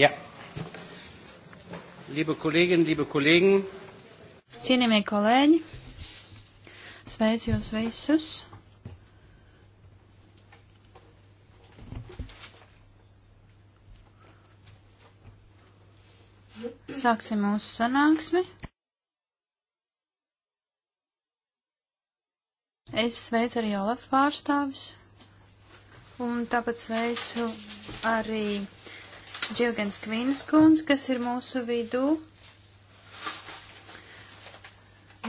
Jā. Liebe kolēģin, liebe kolēģin. Cienījamie kolēģi, sveicu jūs visus. Sāksim mūsu sanāksmi. Es sveicu arī Olaf pārstāvis un tāpat sveicu arī Džilgens Kvīnas kundz, kas ir mūsu vidū.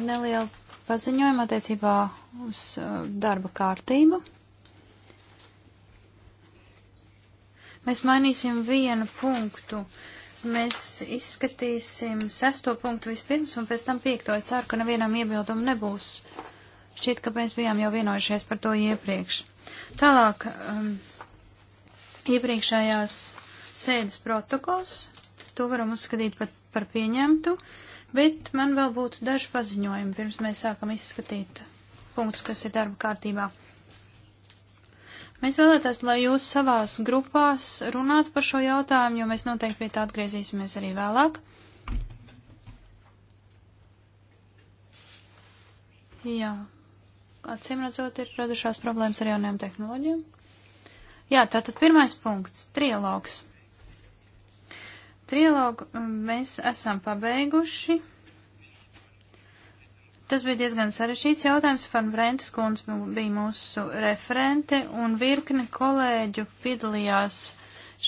Neliela paziņojuma attiecībā uz uh, darba kārtību. Mēs mainīsim vienu punktu. Mēs izskatīsim sesto punktu vispirms un pēc tam piekto. Es ceru, ka nevienam iebildumu nebūs. Šķiet, ka mēs bijām jau vienojušies par to iepriekš. Tālāk, um, iepriekšējās sēdes protokols. To varam uzskatīt pat par pieņemtu, bet man vēl būtu daži paziņojumi, pirms mēs sākam izskatīt punktus, kas ir darba kārtībā. Mēs vēlētos, lai jūs savās grupās runātu par šo jautājumu, jo mēs noteikti pie tā atgriezīsimies arī vēlāk. Jā, acīm redzot, ir radušās problēmas ar jaunajām tehnoloģijām. Jā, tātad pirmais punkts - trialogs trilogu um, mēs esam pabeiguši. Tas bija diezgan sarešķīts jautājums. Fan Brentes kundze bija mūsu referente un virkni kolēģu piedalījās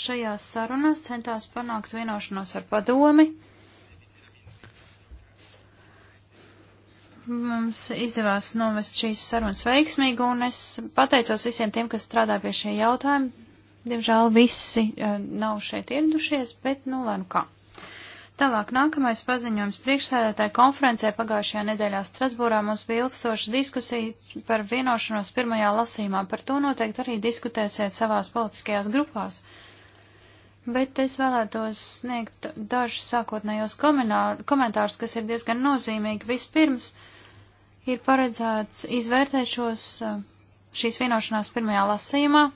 šajās sarunās, centās panākt vienošanos ar padomi. Mums izdevās novest šīs sarunas veiksmīgi un es pateicos visiem tiem, kas strādā pie šie jautājumi Diemžēl visi uh, nav šeit ieradušies, bet nu lai nu kā. Tālāk nākamais paziņojums priekšsēdētāja konferencē pagājušajā nedēļā Strasbūrā mums bija ilgstoša diskusija par vienošanos pirmajā lasīmā. Par to noteikti arī diskutēsiet savās politiskajās grupās. Bet es vēlētos sniegt dažus sākotnējos komentārus, kas ir diezgan nozīmīgi. Vispirms ir paredzēts izvērtēt šos, eh, šīs vienošanās pirmajā lasīmā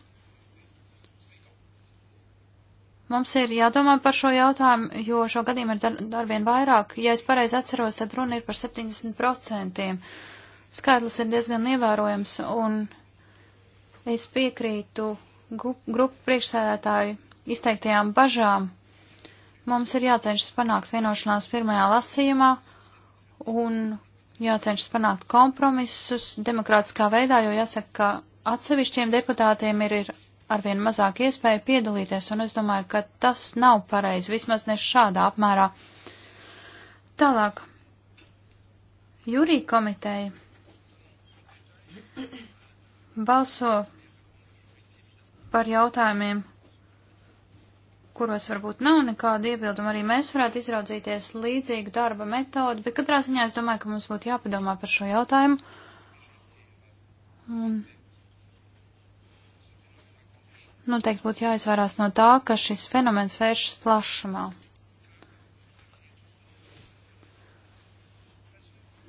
Mums ir jādomā par šo jautājumu, jo šo gadījumu ir dar, darvien vairāk. Ja es pareizi atceros, tad runa ir par 70%. Skaitlis ir diezgan ievērojams, un es piekrītu grupu priekšsēdētāju izteiktajām bažām. Mums ir jācenšas panākt vienošanās pirmajā lasījumā, un jācenšas panākt kompromisus demokrātiskā veidā, jo jāsaka, ka atsevišķiem deputātiem ir, ir arvien mazāk iespēju piedalīties, un es domāju, ka tas nav pareizi, vismaz ne šādā apmērā. Tālāk. Jurija komiteja balso par jautājumiem, kuros varbūt nav nekādu iebildumu. Arī mēs varētu izraudzīties līdzīgu darba metodu, bet katrā ziņā es domāju, ka mums būtu jāpadomā par šo jautājumu. Un noteikti būtu jāizvairās no tā, ka šis fenomens vēršas plašumā.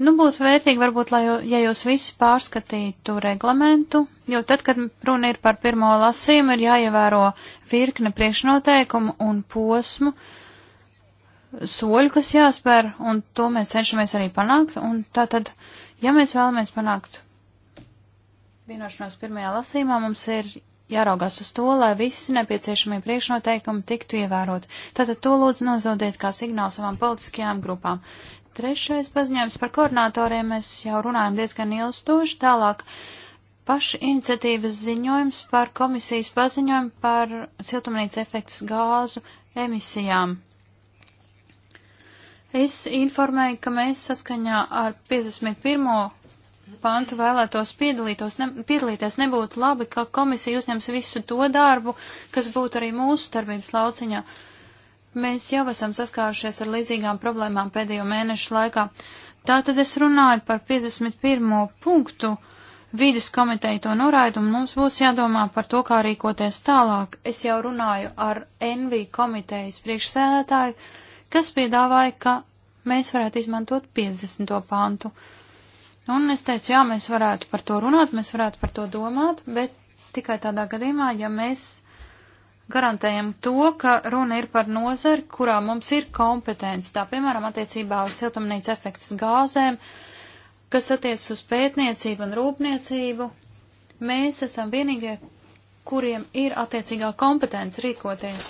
Nu, būtu vērtīgi varbūt, lai, ja jūs visi pārskatītu reglamentu, jo tad, kad runa ir par pirmo lasījumu, ir jāievēro virkne priekšnoteikumu un posmu soļu, kas jāspēr, un to mēs cenšamies arī panākt, un tā tad, ja mēs vēlamies panākt vienošanos pirmajā lasījumā, mums ir jāraugās uz to, lai visi nepieciešamie priekšnoteikumi tiktu ievērot. Tātad to lūdzu nozaudiet kā signālu savām politiskajām grupām. Trešais paziņojums par koordinatoriem mēs jau runājam diezgan ilstoši. Tālāk paši iniciatīvas ziņojums par komisijas paziņojumu par siltumnīca efekts gāzu emisijām. Es informēju, ka mēs saskaņā ar 51 pantu vēlētos piedalītos, ne, piedalīties, nebūtu labi, ka komisija uzņems visu to darbu, kas būtu arī mūsu darbības lauciņā. Mēs jau esam saskārušies ar līdzīgām problēmām pēdējo mēnešu laikā. Tātad es runāju par 51. punktu. Vīdas komiteja to noraida, un mums būs jādomā par to, kā rīkoties tālāk. Es jau runāju ar NV komitejas priekšsēdētāju, kas piedāvāja, ka mēs varētu izmantot 50. pantu. Uh, Un es teicu, jā, mēs varētu par to runāt, mēs varētu par to domāt, bet tikai tādā gadījumā, ja mēs garantējam to, ka runa ir par nozari, kurā mums ir kompetence, tā piemēram attiecībā uz siltumnīca efektas gāzēm, kas attiec uz pētniecību un rūpniecību. Mēs esam vienīgie, kuriem ir attiecīgā kompetence rīkoties.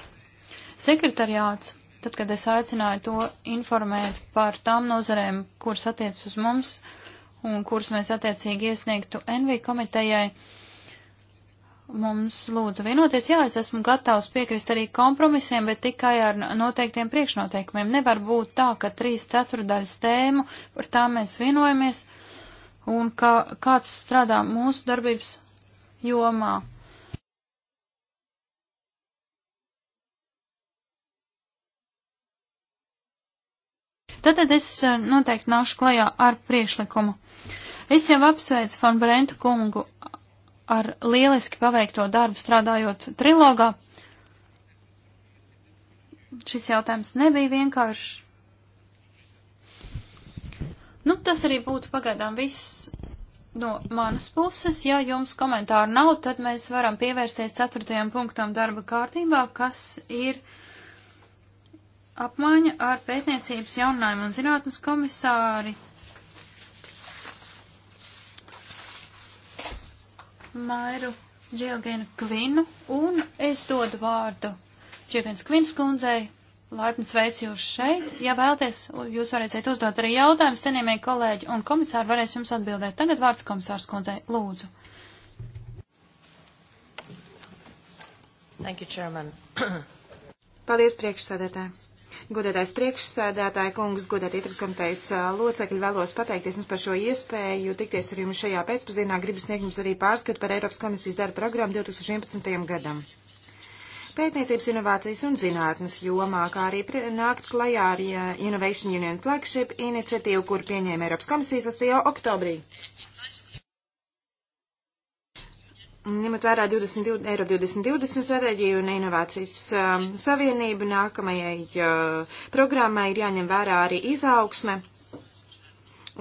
Sekretariāts, tad, kad es aicināju to informēt par tām nozarēm, kuras attiec uz mums, uh, un kurus mēs attiecīgi iesniegtu NV komitejai, mums lūdzu vienoties, jā, es esmu gatavs piekrist arī kompromisiem, bet tikai ar noteiktiem priekšnoteikumiem. Nevar būt tā, ka trīs ceturdaļas tēmu, par tām mēs vienojamies, un ka kāds strādā mūsu darbības jomā. tad, tad es eh, noteikti nāšu klajā ar priešlikumu. Es jau apsveicu Fan Brentu kungu ar lieliski paveikto darbu strādājot trilogā. Šis jautājums nebija vienkāršs. Nu, tas arī būtu pagaidām viss no manas puses. Ja jums komentāru nav, tad mēs varam pievērsties ceturtajam punktam darba kārtībā, kas ir apmaiņa ar pētniecības jaunājumu un zinātnes komisāri. Mairu Džiogēnu Kvinu, un es dodu vārdu Džiogēnas Kvinas kundzei. Laipni sveicu jūs šeit. Ja vēlties, jūs varēsiet uzdot arī jautājumus, cienījamie kolēģi, un komisāri varēs jums atbildēt. Tagad vārds komisārs kundzei. Lūdzu. Thank you, Chairman. Paldies, priekšsēdētāji. Godētais priekšsēdētāji kungs, godētie trīs komitejas locekļi, vēlos pateikties jums par šo iespēju tikties ar jums šajā pēcpusdienā. Gribu sniegt jums arī pārskatu par Eiropas komisijas darba programmu 2011. gadam. Pētniecības inovācijas un zinātnes jomā, kā arī nākt klajā ar Innovation Union flagship iniciatīvu, kur pieņēma Eiropas komisijas 8. oktobrī ņemot vērā 20, Eiro 2020 stratēģiju un inovācijas um, savienību, nākamajai uh, programmai ir jāņem vērā arī izaugsme.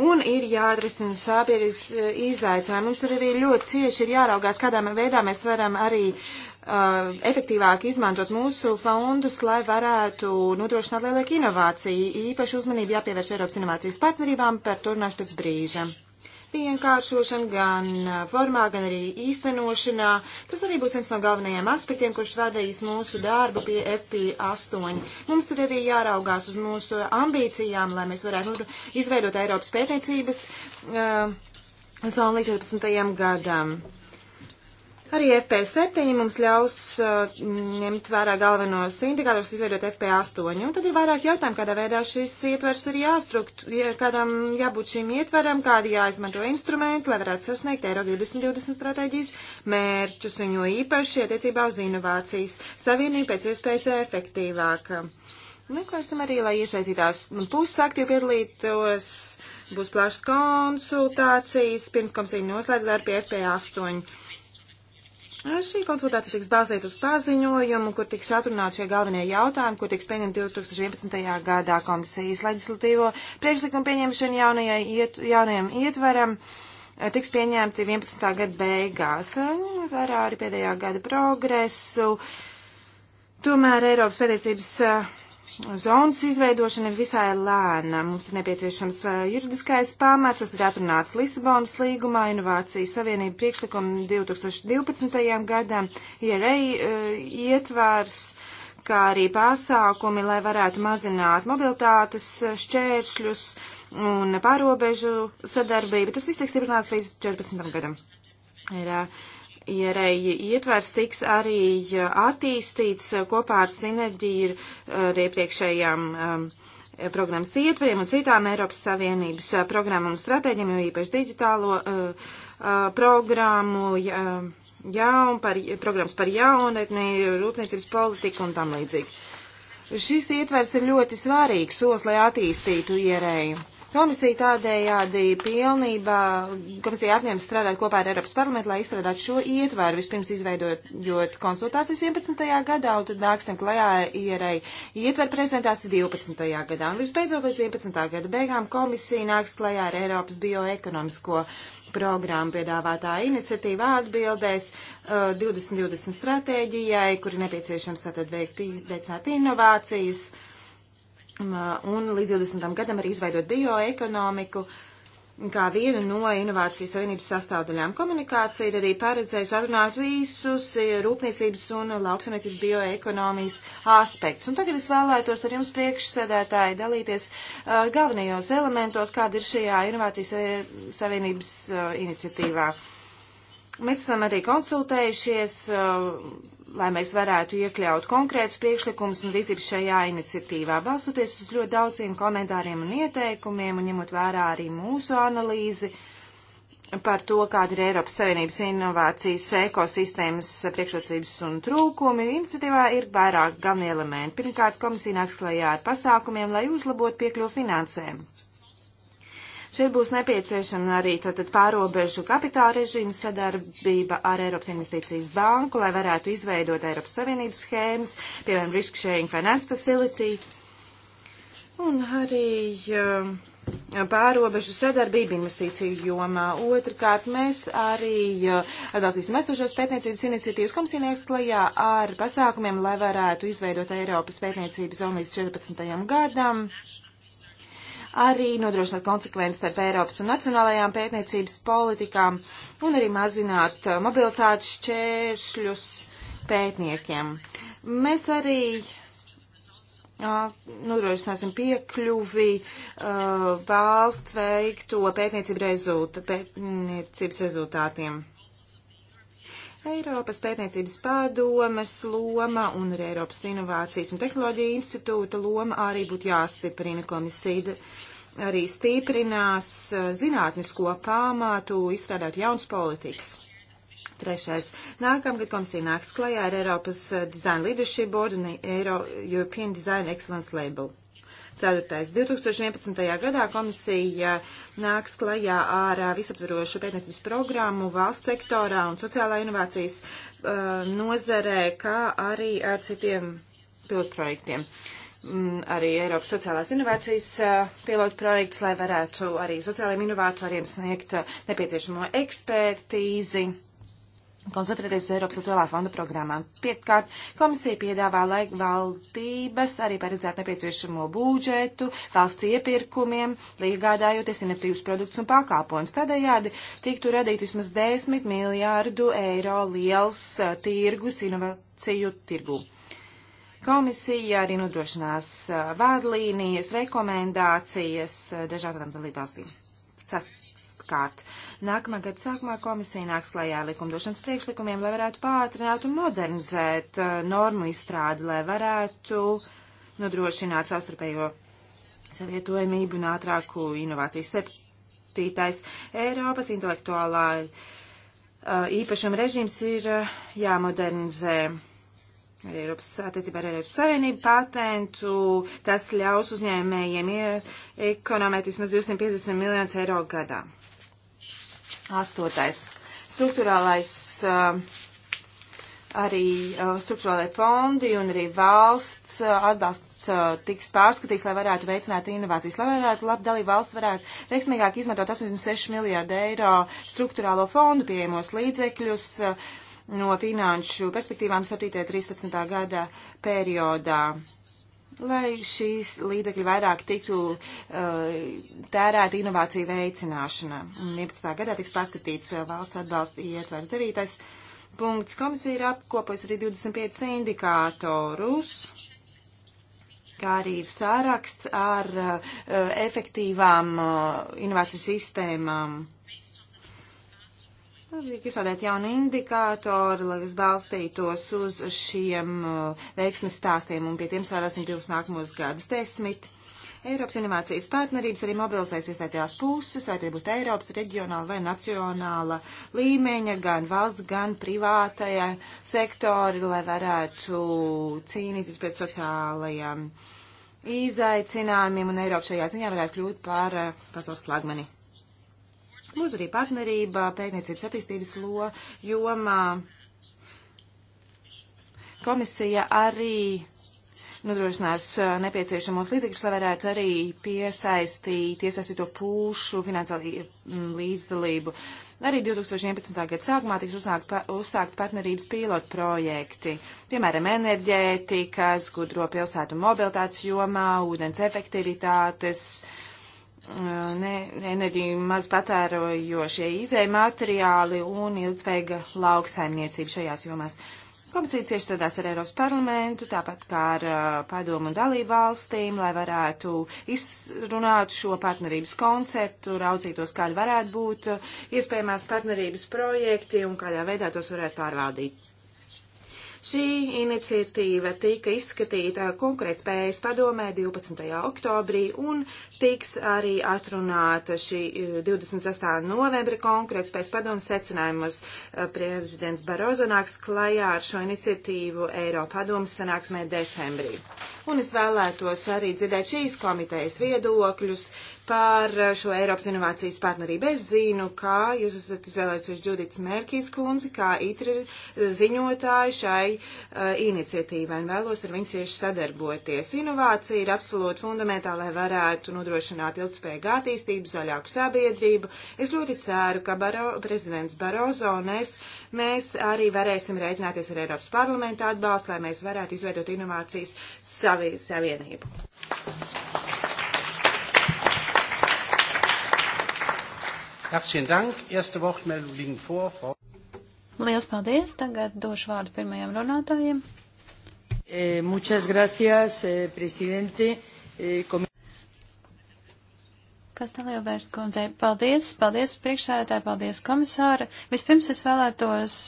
Un ir jāatrisina sāpīgas uh, izaicinājumi. Mums ir arī ļoti cieši ir jāraugās, kādā veidā mēs varam arī uh, efektīvāk izmantot mūsu fondus, lai varētu nodrošināt lielāku inovāciju. Īpaši uzmanību jāpievērš Eiropas inovācijas partnerībām, par to runāšu pēc brīža vienkāršošana gan formā, gan arī īstenošanā. Tas arī būs viens no galvenajiem aspektiem, kurš vadīs mūsu darbu pie FP8. Mums ir arī jāraugās uz mūsu ambīcijām, lai mēs varētu nu, izveidot Eiropas pētniecības uh, zonu līdz 14. gadam. Arī FP7 mums ļaus uh, ņemt vērā galvenos indikātors, izveidot FP8. Un tad ir vairāk jautājumu, kādā veidā šis ietvers ir jāstrukt, kādam jābūt šim ietveram, kādi jāizmanto instrumenti, lai varētu sasniegt Eiro 2020 stratēģijas mērķus un jo īpaši attiecībā uz inovācijas savienību pēc iespējas efektīvāk. Meklēsim arī, lai iesaistītās puses aktīvi piedalītos, būs plašas konsultācijas, pirms komisija noslēdz darbu pie FP8 Šī konsultācija tiks bāzēta uz paziņojumu, kur tiks atrunāti šie galvenie jautājumi, kur tiks pieņemti 2011. gadā komisijas leģislatīvo priekšlikumu pieņemšanu jaunajai iet, jaunajam ietveram. Tiks pieņemti 11. gada beigās, ņemot vērā arī pēdējā gada progresu. Tomēr Eiropas pētniecības zonas izveidošana ir visai lēna. Mums ir nepieciešams juridiskais pamats, tas ir atrunāts Lisabonas līgumā, Inovācijas Savienība priekšlikuma 2012. gadam, ir ietvars, kā arī pasākumi, lai varētu mazināt mobilitātes šķēršļus un pārobežu sadarbību. Tas viss tiek stiprināts līdz 14. gadam. Ir, uh, ierēji ietvers tiks arī attīstīts kopā ar sinerģiju ar iepriekšējām um, programmas ietveriem un citām Eiropas Savienības uh, programmām un stratēģiem, jo īpaši digitālo uh, uh, programmu, ja, jaun, par, programmas par jaunatni, rūpniecības politiku un tam līdzīgi. Šis ietvers ir ļoti svarīgs solis, lai attīstītu ierēju Komisija tādējādi pilnībā, komisija apņems strādāt kopā ar Eiropas parlamentu, lai izstrādātu šo ietvaru, vispirms izveidojot konsultācijas 11. gadā, un tad nāksim klajā ierai ietvaru prezentāciju 12. gadā. Un visbeidzot, līdz 11. gada beigām komisija nāks klajā ar Eiropas bioekonomisko programmu piedāvātā iniciatīva atbildēs uh, 2020 stratēģijai, kuri nepieciešams tātad veikt, veicināt inovācijas. Uh, un līdz 20. gadam arī izveidot bioekonomiku kā vienu no inovācijas savienības sastāvdaļām. Komunikācija ir arī paredzējusi atrunāt visus e, rūpniecības un lauksamniecības bioekonomijas aspektus. Un tagad es vēlētos ar jums priekšsēdētāji dalīties uh, galvenajos elementos, kāda ir šajā inovācijas e, savienības uh, iniciatīvā. Uh, Mēs esam arī konsultējušies, uh, lai mēs varētu iekļaut konkrētus priekšlikumus un rīcības šajā iniciatīvā, balstoties uz ļoti daudziem komentāriem un ieteikumiem un ņemot vērā arī mūsu analīzi par to, kāda ir Eiropas Savienības inovācijas ekosistēmas priekšrocības un trūkumi. Iniciatīvā ir vairāk gan elementi. Pirmkārt, komisija nāks klajā ar pasākumiem, lai uzlabotu piekļuvu finansēm Šeit būs nepieciešama arī tātad pārobežu kapitāla režīma sadarbība ar Eiropas investīcijas banku, lai varētu izveidot Eiropas Savienības schēmas, piemēram, Risk Sharing Finance Facility. Un arī uh, pārobežu sadarbību investīciju jomā. Otrakārt, mēs arī uh, atbalstīsim esošos pētniecības iniciatīvas komisijnieks klajā ar pasākumiem, lai varētu izveidot Eiropas pētniecības zonu līdz 14. gadam arī nodrošināt konsekvences starp Eiropas un nacionālajām pētniecības politikām un arī mazināt uh, mobilitātes šķēršļus pētniekiem. Mēs arī Uh, nodrošināsim piekļuvi uh, valsts veikto pētniecību rezulta, pētniecības rezultātiem. Eiropas pētniecības padomes loma un arī Eiropas inovācijas un tehnoloģija institūta loma arī būtu jāstiprina komisija. Arī stiprinās eh, zinātnisko pamatu, izstrādāt jauns politikas. Trešais. Nākamgad komisija nāks klajā ar Eiropas eh, Design Leadership Board un Euro European Design Excellence Label. Ceturtais. 2011. gadā komisija nāks klajā ar visaptverošu pētniecības programmu valsts sektorā un sociālā inovācijas uh, nozarē, kā arī ar citiem pilotprojektiem. Mm, arī Eiropas sociālās inovācijas uh, pilotprojekts, lai varētu arī sociālajiem inovātoriem sniegt uh, nepieciešamo ekspertīzi koncentrēties uz Eiropas sociālā fonda programmām. Piekārt, komisija piedāvā, lai valdības arī paredzētu nepieciešamo būdžetu valsts iepirkumiem, iegādājoties inaktīvus produktus un pakāpojumus. Tādējādi tiktu radīt vismaz 10 miljārdu eiro liels eh, tirgus inovāciju tirgu. Komisija arī nodrošinās eh, vārdlīnijas, rekomendācijas eh, dažādām dalībvalstīm. Sast. Otrkārt, nākamā gada sākumā komisija nāks klajā likumdošanas priekšlikumiem, lai varētu pātrināt un modernizēt uh, normu izstrādi, lai varētu nodrošināt savstarpējo savietojamību un ātrāku inovācijas septītais Eiropas intelektuālā uh, īpašuma režīms ir uh, jāmodernizē ar Eiropas, attiecībā ar Eiropas Savienību patentu. Tas ļaus uzņēmējiem ekonomēt vismaz 250 miljonus eiro gadā. Astotais. Struktūrālais uh, arī uh, struktūrālai fondi un arī valsts uh, atbalsts uh, tiks pārskatīts, lai varētu veicināt inovācijas, lai varētu labi dalību valsts varētu veiksmīgāk izmantot 86 miljārdu eiro struktūrālo fondu pieejamos līdzekļus uh, no finanšu perspektīvām 7.13. gada periodā lai šīs līdzekļi vairāk tiktu uh, tērēti inovāciju veicināšanā. 11. gadā tiks paskatīts uh, valsts atbalsta ietvers 9. punkts. Komisija ir apkopojusi arī 25 indikātorus, kā arī ir sāraksts ar uh, efektīvām uh, inovāciju sistēmām. Tiek izstrādāt jauni indikātori, lai es balstītos uz šiem uh, veiksmes stāstiem un pie tiem strādāsim divus nākamos gadus desmit. Eiropas inovācijas partnerības arī mobilizēs iesaistījās puses, vai tie būtu Eiropas reģionāla vai nacionāla līmeņa, gan valsts, gan privātajā sektori, lai varētu cīnīties pret sociālajiem izaicinājumiem, un Eiropa šajā ziņā varētu kļūt par uh, pasaules slagmeni. Mums arī partnerība pētniecības attīstības lo, jomā komisija arī nodrošinās uh, nepieciešamos līdzekļus, lai varētu arī piesaistīt iesaistīto pušu finansiālu mm, līdzdalību. Arī 2011. gada sākumā tiks uzsākt, pa, uzsākt partnerības pilotu projekti, piemēram, enerģētikas, gudro pilsētu mobilitātes jomā, ūdens efektivitātes, uh, ne, enerģiju maz patērojošie izēja materiāli un ilgspējīga lauksaimniecība šajās jomās. Komisija cieši strādās ar Eiropas parlamentu, tāpat kā ar uh, padomu un dalību valstīm, lai varētu izrunāt šo partnerības konceptu, raudzītos, kādi varētu būt uh, iespējamās partnerības projekti un kādā veidā tos varētu pārvaldīt. Šī iniciatīva tika izskatīta konkrētspējas padomē 12. oktobrī un tiks arī atrunāta šī 26. Eh, novembra konkrētspējas padomas secinājumus. Eh, prezidents Barozo nāks klajā ar šo iniciatīvu Eiropadomas sanāksmē decembrī. Un es vēlētos arī dzirdēt šīs komitejas viedokļus par eh, šo Eiropas inovācijas partnerību. Es zinu, ka jūs esat izvēlējusies Džudits Mērkīs kundzi kā itri eh, ziņotāju šai uh, iniciatīvai un vēlos ar viņu cieši sadarboties. Inovācija ir absolūti fundamentāla, lai varētu nodrošināt ilgspējīgu attīstību, zaļāku sabiedrību. Es ļoti ceru, ka Baro, prezidents Barozo un es, mēs arī varēsim rēķināties ar Eiropas parlamentu atbalstu, lai mēs varētu izveidot inovācijas savi, savienību. Thank you. Herzlichen Dank. Erste Wortmeldung liegen vor. Frau. Liels paldies. Tagad došu vārdu pirmajam runātājiem. E, muchas gracias, e, presidente. E, eh, kom... Kas tā jau vairs, kundzei? Paldies, paldies priekšsēdētāji, paldies komisāra. Vispirms es vēlētos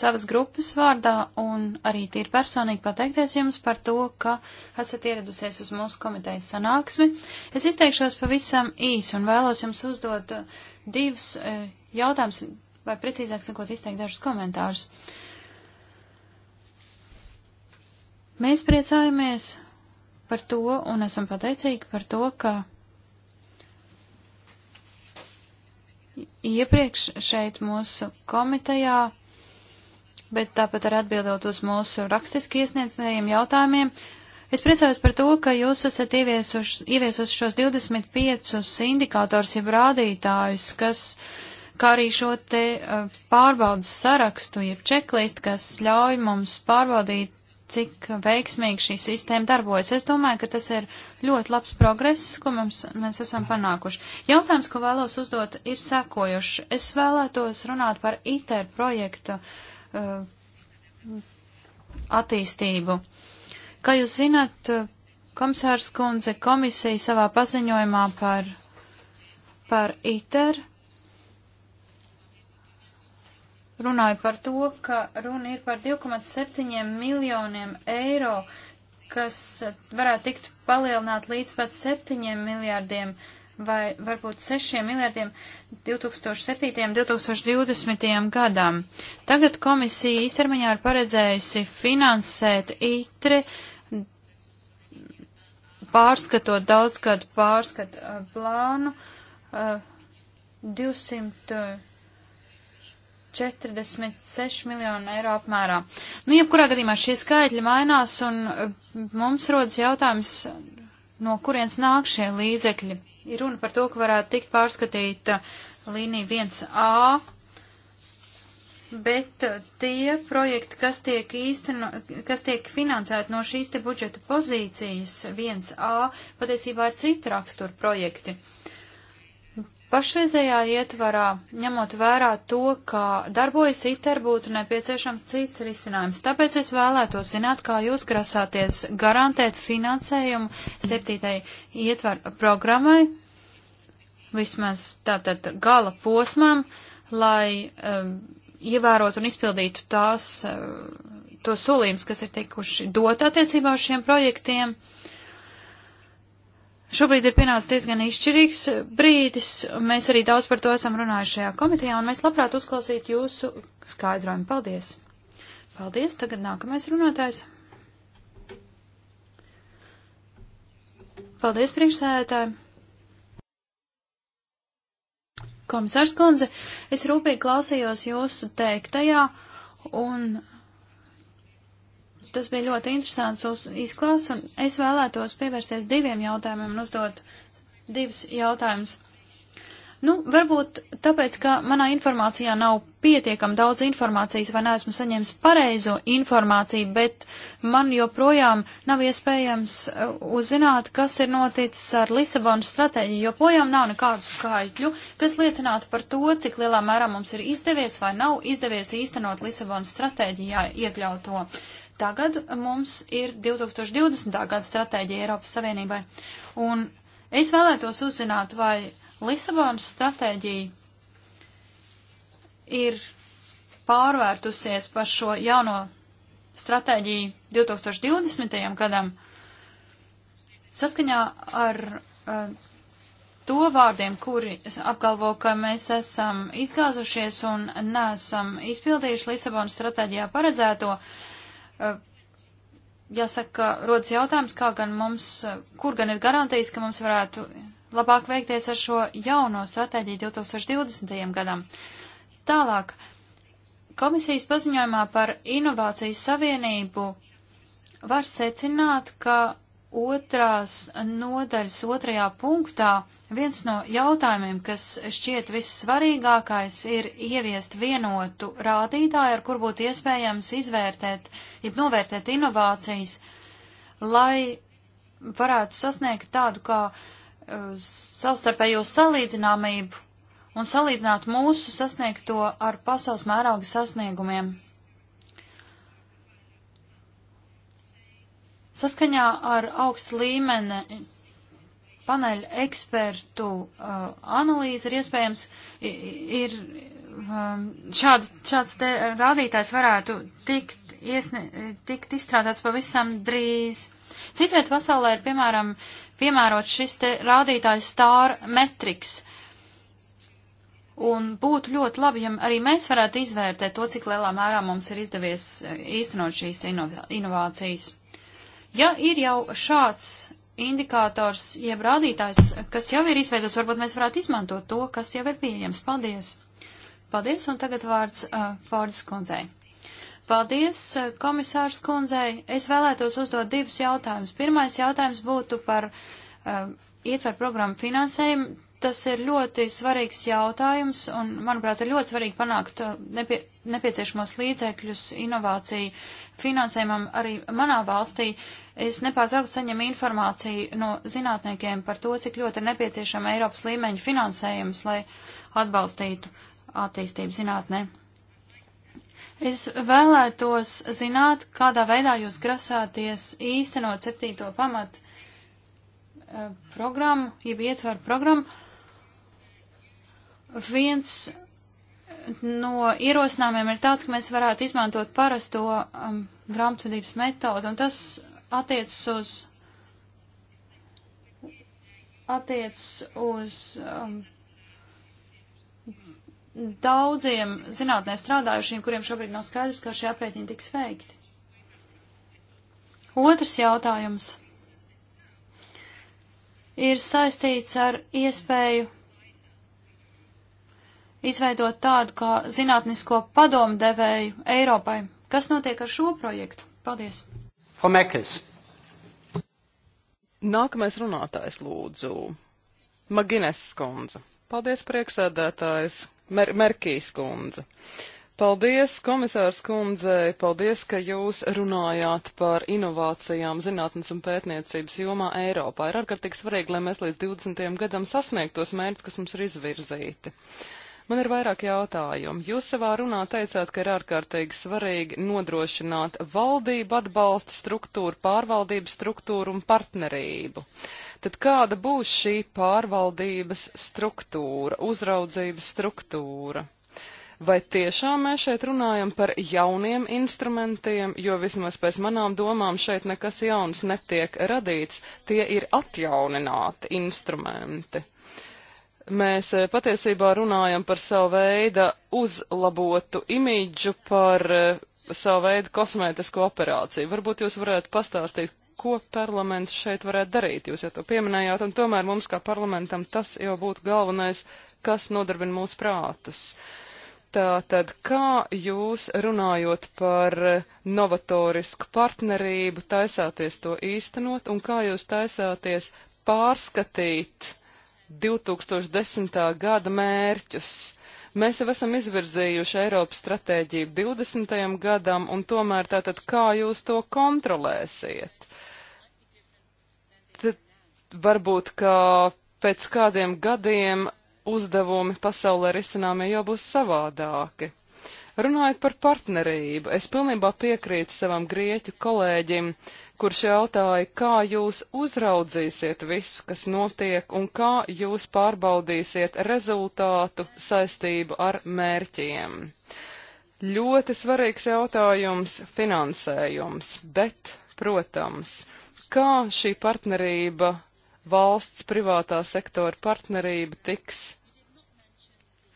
savas grupas vārdā un arī tīri personīgi pateikties jums par to, ka esat ieradusies uz mūsu komitejas sanāksmi. Es izteikšos pavisam īsi un vēlos jums uzdot uh, divus e, jautājumus, vai precīzāk sakot, izteikt dažus komentārus. Mēs priecājamies par to un esam pateicīgi par to, ka iepriekš šeit mūsu komitejā bet tāpat arī atbildot uz mūsu rakstiski iesniedzējiem jautājumiem, Es priecājos par to, ka jūs esat ieviesuši, ieviesuši šos 25 indikātors, jeb rādītājus, kas, kā arī šo te eh, pārbaudas sarakstu, jeb čeklist, kas ļauj mums pārbaudīt, cik veiksmīgi šī sistēma darbojas. Es domāju, ka tas ir ļoti labs progress, ko mums, mēs esam panākuši. Jautājums, ko vēlos uzdot, ir sekojuši. Es vēlētos runāt par ITER projektu uh, attīstību. Uh, Kā jūs zināt, komisārs kundze komisija savā paziņojumā par, par ITER runāja par to, ka runa ir par 2,7 miljoniem eiro, kas varētu tikt palielināt līdz pat 7 miljārdiem vai varbūt 6 miljardiem 2007. 2020. gadam. Tagad komisija īstermiņā ir paredzējusi finansēt ITRE uh, pārskatot daudzgadu pārskatu uh, plānu, uh, 246 uh, miljonu eiro apmērā. Nu, jebkurā gadījumā šie skaitļi mainās un uh, mums rodas jautājums, no kurienes nāk šie līdzekļi. Ir runa par to, ka varētu tikt pārskatīta līnija 1A bet uh, tie projekti, kas tiek, īsteno, kas tiek finansēti no šīs te budžeta pozīcijas 1A, patiesībā ir cita rakstura projekti. Pašreizējā ietvarā, ņemot vērā to, ka darbojas ITER, būtu nepieciešams cits risinājums. Tāpēc es vēlētos zināt, kā jūs grasāties garantēt finansējumu septītai ietvaru programmai, vismaz tātad gala posmam, lai um, ievērotu un izpildītu tās, eh, to solījums, kas ir tikuši dot attiecībā uz šiem projektiem. Šobrīd ir pienācis diezgan izšķirīgs brīdis, mēs arī daudz par to esam runājuši šajā komitejā, un mēs labprāt uzklausītu jūsu skaidrojumu. Paldies! Paldies! Tagad nākamais runātājs. Paldies, priekšsēdētāji! Komisārs Konze, es rūpīgi klausījos jūsu teiktajā, un tas bija ļoti interesants izklāsts, un es vēlētos pievērsties diviem jautājumiem un uzdot divus jautājumus. Nu, varbūt tāpēc, ka manā informācijā nav pietiekam daudz informācijas vai neesmu saņēmis pareizo informāciju, bet man joprojām nav iespējams e, uzzināt, kas ir noticis ar Lisabonas stratēģiju. Joprojām nav nekādu skaitļu, kas liecinātu par to, cik lielā mērā mums ir izdevies vai nav izdevies īstenot Lisabonas stratēģijā iekļauto. Tagad mums ir 2020. gada stratēģija Eiropas Savienībai. Un es vēlētos uzzināt, vai Lisabonas stratēģija ir pārvērtusies par šo jauno stratēģiju 2020. gadam. Saskaņā ar uh, to vārdiem, kuri apgalvo, ka mēs esam izgāzušies un nesam izpildījuši Lisabonas stratēģijā paredzēto, uh, jāsaka, rodas jautājums, kā gan mums, eh, kur gan ir garantijas, ka mums varētu labāk veikties ar šo jauno stratēģiju 2020. gadam. Tālāk, komisijas paziņojumā par inovācijas savienību var secināt, ka otrās nodaļas otrajā punktā viens no jautājumiem, kas šķiet vissvarīgākais, ir ieviest vienotu rādītāju, ar kur būtu iespējams izvērtēt, jeb novērtēt inovācijas, lai varētu sasniegt tādu kā uh, savstarpējo salīdzināmību un salīdzināt mūsu sasniegto ar pasaules mēroga sasniegumiem. Saskaņā ar augstu līmeni paneļa ekspertu uh, analīzi ir iespējams, ir um, šād, šāds te rādītājs varētu tikt, iesne, tikt izstrādāts pavisam drīz. Citviet pasaulē ir, piemēram, uh, piemērot šis te rādītājs stāra metriks. Un būtu ļoti labi, ja arī mēs varētu izvērtēt to, cik lielā mērā mums ir izdevies eh, īstenot šīs inovācijas. Ja ir jau šāds indikators, jeb rādītājs, kas jau ir izveidots, varbūt mēs varētu izmantot to, kas jau ir pieejams. Paldies! Paldies, un tagad vārds uh, Fordas kundzei. Paldies komisārs kundzei. Es vēlētos uzdot divus jautājumus. Pirmais jautājums būtu par uh, ietver programmu finansējumu. Tas ir ļoti svarīgs jautājums un, manuprāt, ir ļoti svarīgi panākt eh, nepie, nepieciešamos līdzekļus inovāciju finansējumam arī manā valstī. Es nepārtraukti saņemu informāciju no zinātniekiem par to, cik ļoti ir nepieciešama Eiropas līmeņa finansējums, lai atbalstītu attīstību zinātnē. Es vēlētos zināt, kādā veidā jūs grasāties īstenot septīto pamatu eh, programmu, jeb ietvaru programmu. Viens no ierosinājumiem ir tāds, ka mēs varētu izmantot parasto um, grāmatvedības metodu, un tas attiecas uz, attiecas uz um, daudziem zinātnē strādājušiem, kuriem šobrīd nav skaidrs, kā šie aprēķini tiks veikti. Otrs jautājums ir saistīts ar iespēju izveidot tādu kā zinātnisko padomu devēju Eiropai. Kas notiek ar šo projektu? Paldies! Homekes. Nākamais runātājs lūdzu. Magines skundze. Paldies, prieksēdētājs Mer Merkīs kundze. Paldies, komisārs kundzei, paldies, ka jūs runājāt par inovācijām zinātnes un pētniecības jomā Eiropā. Ir ārkārtīgi svarīgi, lai mēs līdz 20. gadam sasniegtos mērķus, kas mums ir izvirzīti. Man ir vairāk jautājumu. Jūs savā runā teicāt, ka ir ārkārtīgi svarīgi nodrošināt valdību atbalsta struktūru, pārvaldības struktūru un partnerību. Uh, Tad kāda būs šī pārvaldības struktūra, uzraudzības struktūra? Vai tiešām mēs šeit runājam par jauniem instrumentiem, jo vismaz pēc manām domām šeit nekas jauns netiek radīts, tie ir atjaunināti instrumenti. Mēs e, patiesībā runājam par savu veidu uzlabotu imidžu, par e, savu veidu kosmētisko operāciju. Varbūt jūs varētu pastāstīt, ko parlaments šeit varētu darīt. Jūs jau to pieminējāt, un tomēr mums kā parlamentam tas jau būtu galvenais, kas nodarbina mūsu prātus. Tātad, kā jūs runājot par novatorisku partnerību, taisāties to īstenot, un kā jūs taisāties pārskatīt 2010. gada mērķus? Mēs jau esam izvirzījuši Eiropas stratēģiju 20. gadam, un tomēr tātad kā jūs to kontrolēsiet? varbūt, ka pēc kādiem gadiem uzdevumi pasaulē risināmie jau būs savādāki. Runājot par partnerību, es pilnībā piekrītu savam grieķu kolēģim, kurš jautāja, kā jūs uzraudzīsiet visu, kas notiek, un kā jūs pārbaudīsiet rezultātu saistību ar mērķiem. Ļoti svarīgs jautājums - finansējums, bet, protams, kā šī partnerība valsts privātā sektora partnerība tiks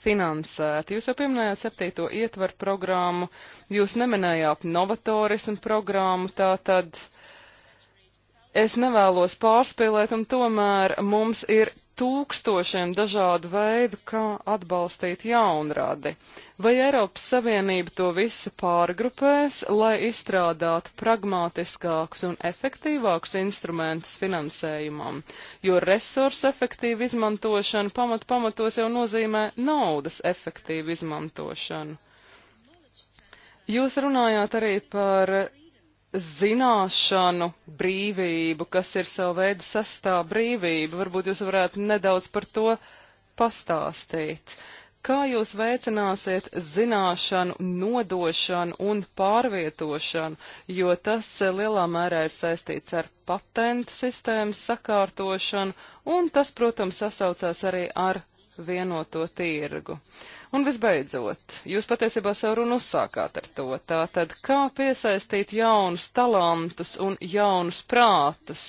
finansēta. Jūs jau pieminējāt septīto ietvaru programmu, jūs neminējāt novatorismu programmu, tātad es nevēlos pārspīlēt, un tomēr mums ir tūkstošiem dažādu veidu, kā atbalstīt jaunradi. Vai Eiropas Savienība to visu pārgrupēs, lai izstrādātu pragmatiskākus un efektīvākus instrumentus finansējumam, jo resursu efektīvu izmantošanu pamat pamatos jau nozīmē naudas efektīvu izmantošanu. Jūs runājāt arī par zināšanu brīvību, kas ir savu veidu sastā brīvība. Varbūt jūs varētu nedaudz par to pastāstīt. Kā jūs veicināsiet zināšanu nodošanu un pārvietošanu, jo tas lielā mērā ir saistīts ar patentu sistēmas sakārtošanu, un tas, protams, sasaucās arī ar vienoto tirgu. Uh, Un visbeidzot, jūs patiesībā savu runu uzsākāt ar to, tātad kā piesaistīt jaunus talantus un jaunus prātus,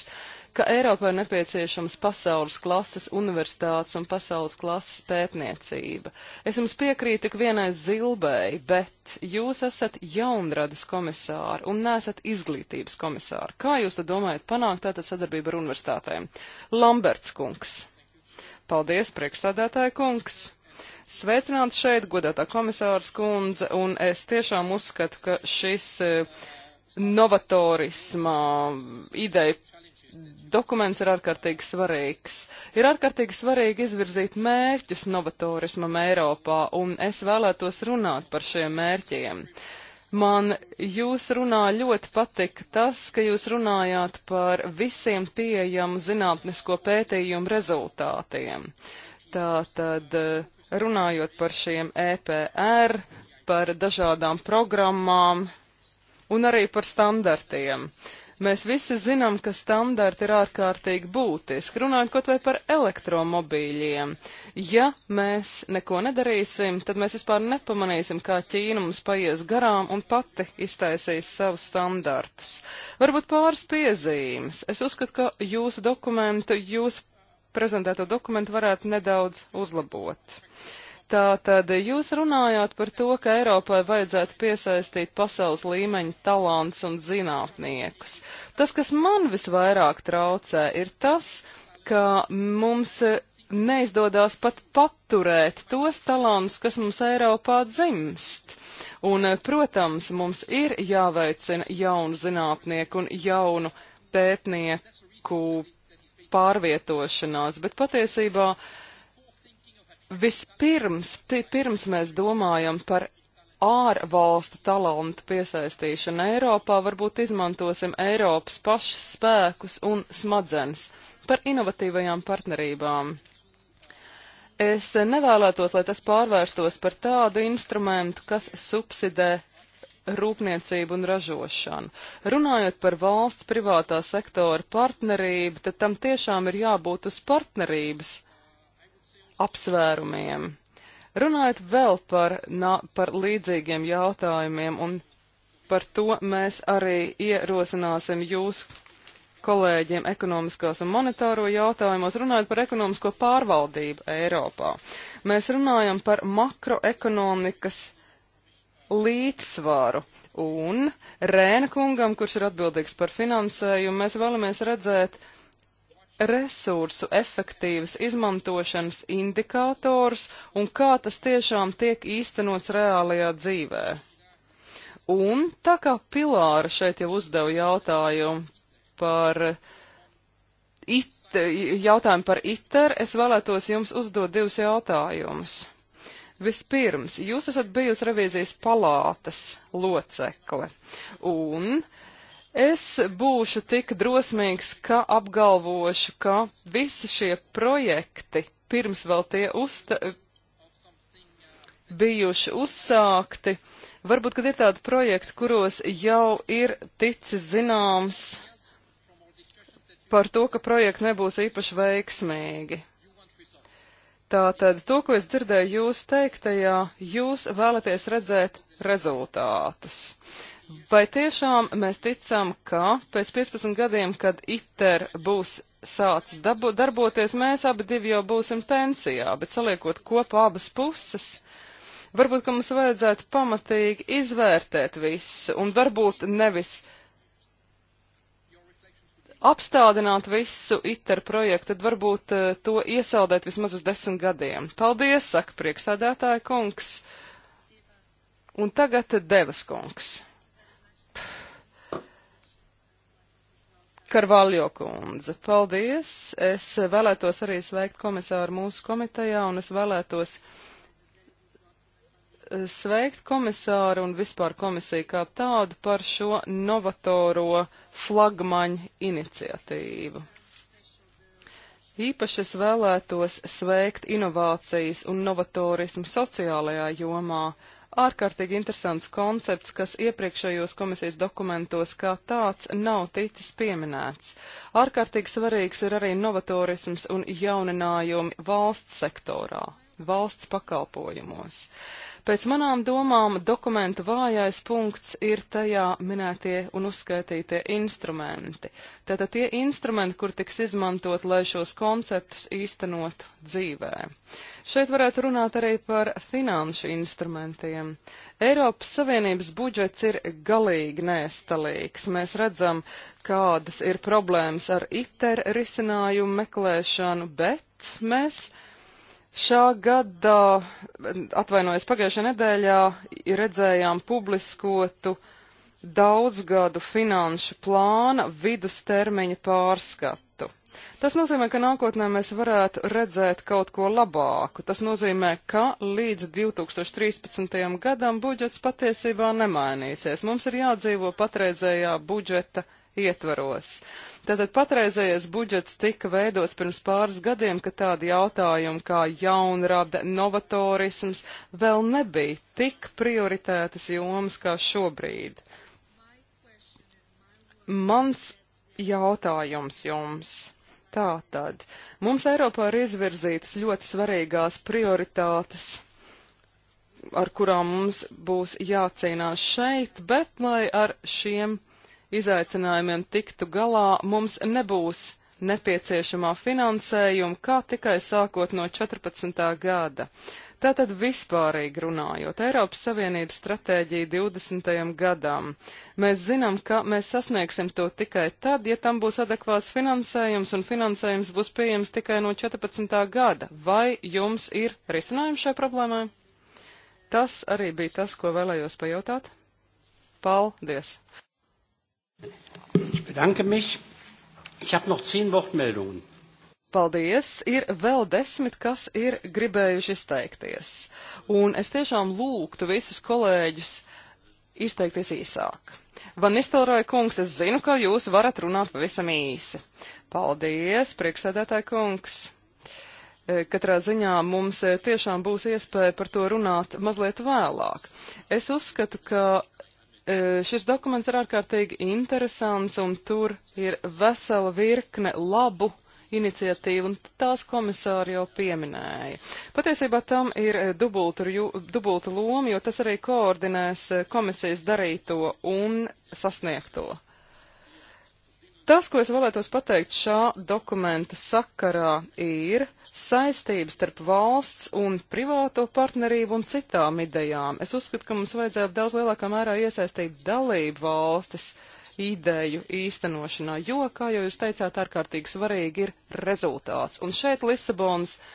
ka Eiropā ir nepieciešams pasaules klases universitātes un pasaules klases pētniecība. Es jums piekrītu tik vienai zilbēji, bet jūs esat jaunradas komisāri un nesat izglītības komisāri. Kā jūs tad domājat panākt tātad sadarbību ar universitātēm? Lamberts kungs. Paldies, priekšsādātāja kungs. Sveicināti šeit, godātā komisārs kundze, un es tiešām uzskatu, ka šis e, novatorismā ideja dokuments ir ārkārtīgi svarīgs. Ir ārkārtīgi svarīgi izvirzīt mērķus novatorismam Eiropā, un es vēlētos runāt par šiem mērķiem. Man jūs runā ļoti patika tas, ka jūs runājāt par visiem pieejamu zinātnisko pētījumu rezultātiem. Tā tad uh, e, runājot par šiem EPR, par dažādām programmām un arī par standartiem. Mēs visi zinām, ka standarti ir ārkārtīgi būtiski, runājot kaut vai par elektromobīļiem. Ja mēs neko nedarīsim, tad mēs vispār nepamanīsim, kā Ķīna mums paies garām un pati iztaisīs savus standartus. Varbūt pāris piezīmes. Es uzskatu, ka jūsu dokumentu, jūsu prezentēto dokumentu varētu nedaudz uzlabot. Tātad jūs runājāt par to, ka Eiropai vajadzētu piesaistīt pasaules līmeņa talants un zinātniekus. Tas, kas man visvairāk traucē, ir tas, ka mums neizdodas pat paturēt tos talantus, kas mums Eiropā dzimst. Un, protams, mums ir jāveicina jaunu zinātnieku un jaunu pētnieku pārvietošanās, bet patiesībā vispirms, pirms mēs domājam par ārvalstu talantu piesaistīšanu Eiropā, varbūt izmantosim Eiropas pašas spēkus un smadzenes par inovatīvajām partnerībām. Es nevēlētos, lai tas pārvērstos par tādu instrumentu, kas subsidē rūpniecību un ražošanu. Runājot par valsts privātā sektora partnerību, tad tam tiešām ir jābūt uz partnerības apsvērumiem. Runājot vēl par, na, par līdzīgiem jautājumiem, un par to mēs arī ierosināsim jūs kolēģiem ekonomiskās un monetāro jautājumos, runājot par ekonomisko pārvaldību Eiropā. Mēs runājam par makroekonomikas līdzsvaru. Un Rēna kungam, kurš ir atbildīgs par finansējumu, mēs vēlamies redzēt resursu efektīvas izmantošanas indikators un kā tas tiešām tiek īstenots reālajā dzīvē. Un tā kā Pilāra šeit jau uzdeva jautājumu par it, jautājumu par ITER, es vēlētos jums uzdot divus jautājumus. Vispirms, jūs esat bijusi revīzijas palātas locekle, un es būšu tik drosmīgs, ka apgalvošu, ka visi šie projekti, pirms vēl tie uzta bijuši uzsākti, varbūt, kad ir tādi projekti, kuros jau ir ticis zināms par to, ka projekti nebūs īpaši veiksmīgi. Tātad to, ko es dzirdēju jūs teiktajā, jūs vēlaties redzēt rezultātus. Vai tiešām mēs ticam, ka pēc 15 gadiem, kad ITER būs sācis dabu, darboties, mēs abi divi jau būsim pensijā, bet saliekot kopā abas puses, varbūt, ka mums vajadzētu pamatīgi izvērtēt visu un varbūt nevis uh, apstādināt visu ITER projektu, tad varbūt uh, to iesaldēt vismaz uz desmit gadiem. Paldies, saka prieksādātāja kungs. Un tagad devas kungs. Karvaljo kundze, paldies. Es vēlētos arī sveikt komisāru mūsu komitejā un es vēlētos uh, sveikt komisāru un vispār komisiju kā tādu par šo novatoro flagmaņu iniciatīvu. Īpaši es vēlētos sveikt inovācijas un novatorismu sociālajā jomā. Ārkārtīgi interesants koncepts, kas iepriekšējos komisijas dokumentos kā tāds nav ticis pieminēts. Ārkārtīgi svarīgs ir arī novatorisms un jauninājumi valsts sektorā, valsts pakalpojumos. Uh, Pēc manām domām dokumenta vājais punkts ir tajā minētie un uzskaitītie instrumenti. Tātad tie instrumenti, kur tiks izmantot, lai šos konceptus īstenotu dzīvē. Šeit varētu runāt arī par finanšu instrumentiem. Eiropas Savienības budžets ir galīgi nestalīgs. Mēs redzam, kādas ir problēmas ar ITER risinājumu meklēšanu, bet mēs Šā gada, atvainojos, pagājušajā nedēļā redzējām publiskotu daudzgadu finanšu plāna vidustermiņa pārskatu. Tas nozīmē, ka nākotnē mēs varētu redzēt kaut ko labāku. Tas nozīmē, ka līdz 2013. gadam budžets patiesībā nemainīsies. Mums ir jādzīvo patreizējā budžeta ietvaros. Uh, Tātad patreizējais budžets tika veidots pirms pāris gadiem, ka tādi jautājumi kā jaunrada, novatorisms vēl nebija tik prioritētas jomas kā šobrīd. Mans jautājums jums. Tātad, mums Eiropā ir izvirzītas ļoti svarīgās prioritātes ar kurām mums būs jācīnās šeit, bet lai ar šiem izaicinājumiem tiktu galā, mums nebūs nepieciešamā finansējuma, kā tikai sākot no 14. gada. Tātad vispārīgi runājot, Eiropas Savienības stratēģija 20. gadam. Mēs zinām, ka mēs sasniegsim to tikai tad, ja tam būs adekvāts finansējums, un finansējums būs pieejams tikai no 14. gada. Vai jums ir risinājums šai problēmai? Tas arī bija tas, ko vēlējos pajautāt. Paldies! Ich bedanke mich. Ich habe noch zehn Wortmeldungen. Paldies! Ir vēl desmit, kas ir gribējuši izteikties. Un es tiešām lūgtu visus kolēģus izteikties īsāk. Van Nistelroja kungs, es zinu, ka jūs varat runāt pavisam īsi. Paldies, priekšsēdētāji kungs! E, katrā ziņā mums e, tiešām būs iespēja par to runāt mazliet vēlāk. Es uzskatu, ka E, šis dokuments ir ārkārtīgi interesants, un tur ir vesela virkne labu iniciatīvu, un tās komisāri jau pieminēja. Patiesībā tam ir dubulta, e, dubulta loma, jo tas arī koordinēs e, komisijas darīto un sasniegto. Tas, ko es vēlētos pateikt šā dokumenta sakarā, ir saistības starp valsts un privāto partnerību un citām idejām. Es uzskatu, ka mums vajadzētu daudz lielākā mērā iesaistīt dalību valstis ideju īstenošanā, jo, kā jau jūs teicāt, ārkārtīgi svarīgi ir rezultāts. Un šeit Lisabonas uh,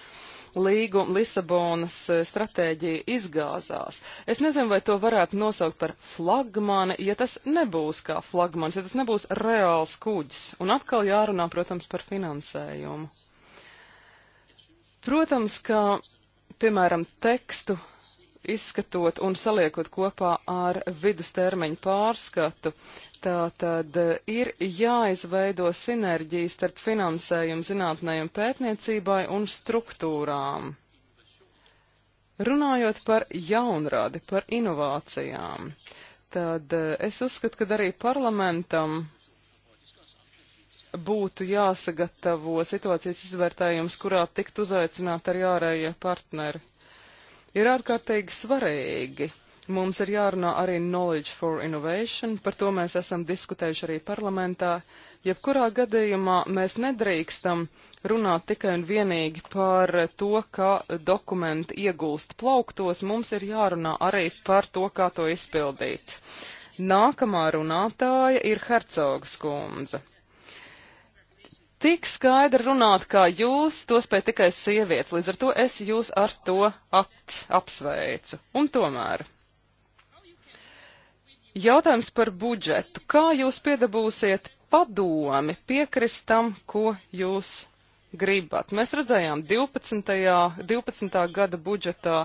līguma Lisabonas e, stratēģija izgāzās. Es nezinu, vai to varētu nosaukt par flagmani, ja tas nebūs kā flagmans, ja tas nebūs reāls kuģis. Un atkal jārunā, protams, par finansējumu. Protams, ka, piemēram, tekstu izskatot un saliekot kopā ar vidustermiņu pārskatu, Tātad eh, ir jāizveido sinerģijas starp finansējumu zinātnējumu pētniecībai un struktūrām. Runājot par jaunradi, par inovācijām, tad eh, es uzskatu, ka arī parlamentam būtu jāsagatavo situācijas izvērtējums, kurā tikt uzaicināt arī ārējie partneri. Ir ārkārtīgi svarīgi Mums ir jārunā arī Knowledge for Innovation, par to mēs esam diskutējuši arī parlamentā. Jebkurā gadījumā mēs nedrīkstam runāt tikai un vienīgi par to, kā dokumenti iegulst plauktos, mums ir jārunā arī par to, kā to izpildīt. Nākamā runātāja ir Hercogs kundze. Tik skaidri runāt, kā jūs, to spēj tikai sievietes, līdz ar to es jūs ar to at, apsveicu. Un tomēr Jautājums par budžetu. Kā jūs piedabūsiet padomi piekrist tam, ko jūs gribat? Mēs redzējām 12. 12. gada budžetā,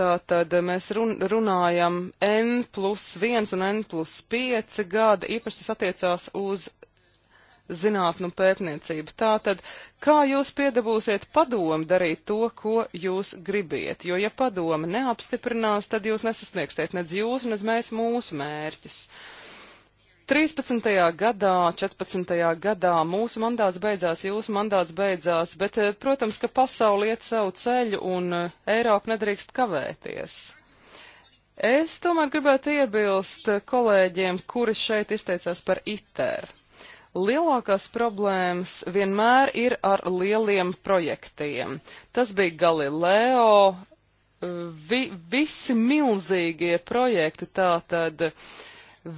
tātad mēs run, runājam N plus 1 un N plus 5 gada, īpaši tas attiecās uz zinātnu pētniecību. Tātad, kā jūs piedabūsiet padomu darīt to, ko jūs gribiet? Jo, ja padoma neapstiprinās, tad jūs nesasniegsiet nedz jūs, nedz mēs mūsu mērķus. 13. gadā, 14. gadā mūsu mandāts beidzās, jūsu mandāts beidzās, bet, eh, protams, ka pasauli iet savu ceļu un eh, Eiropa nedrīkst kavēties. Es tomēr gribētu iebilst kolēģiem, kuri šeit izteicās par ITER. Lielākās problēmas vienmēr ir ar lieliem projektiem. Tas bija Galileo, vi, visi milzīgie projekti tātad.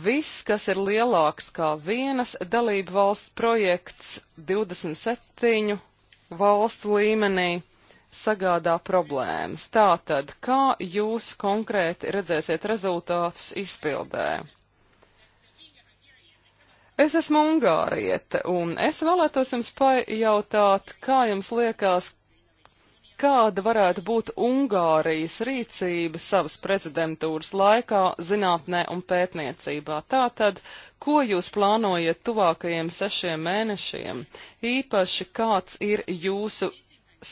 Viss, kas ir lielāks kā vienas dalību valsts projekts 27 valstu līmenī, sagādā problēmas. Tātad, kā jūs konkrēti redzēsiet rezultātus izpildē? Es esmu Ungāriete, un es vēlētos jums pajautāt, kā jums liekas, kāda varētu būt Ungārijas rīcība savas prezidentūras laikā zinātnē un pētniecībā. Tātad, ko jūs plānojat tuvākajiem sešiem mēnešiem? Īpaši kāds ir jūsu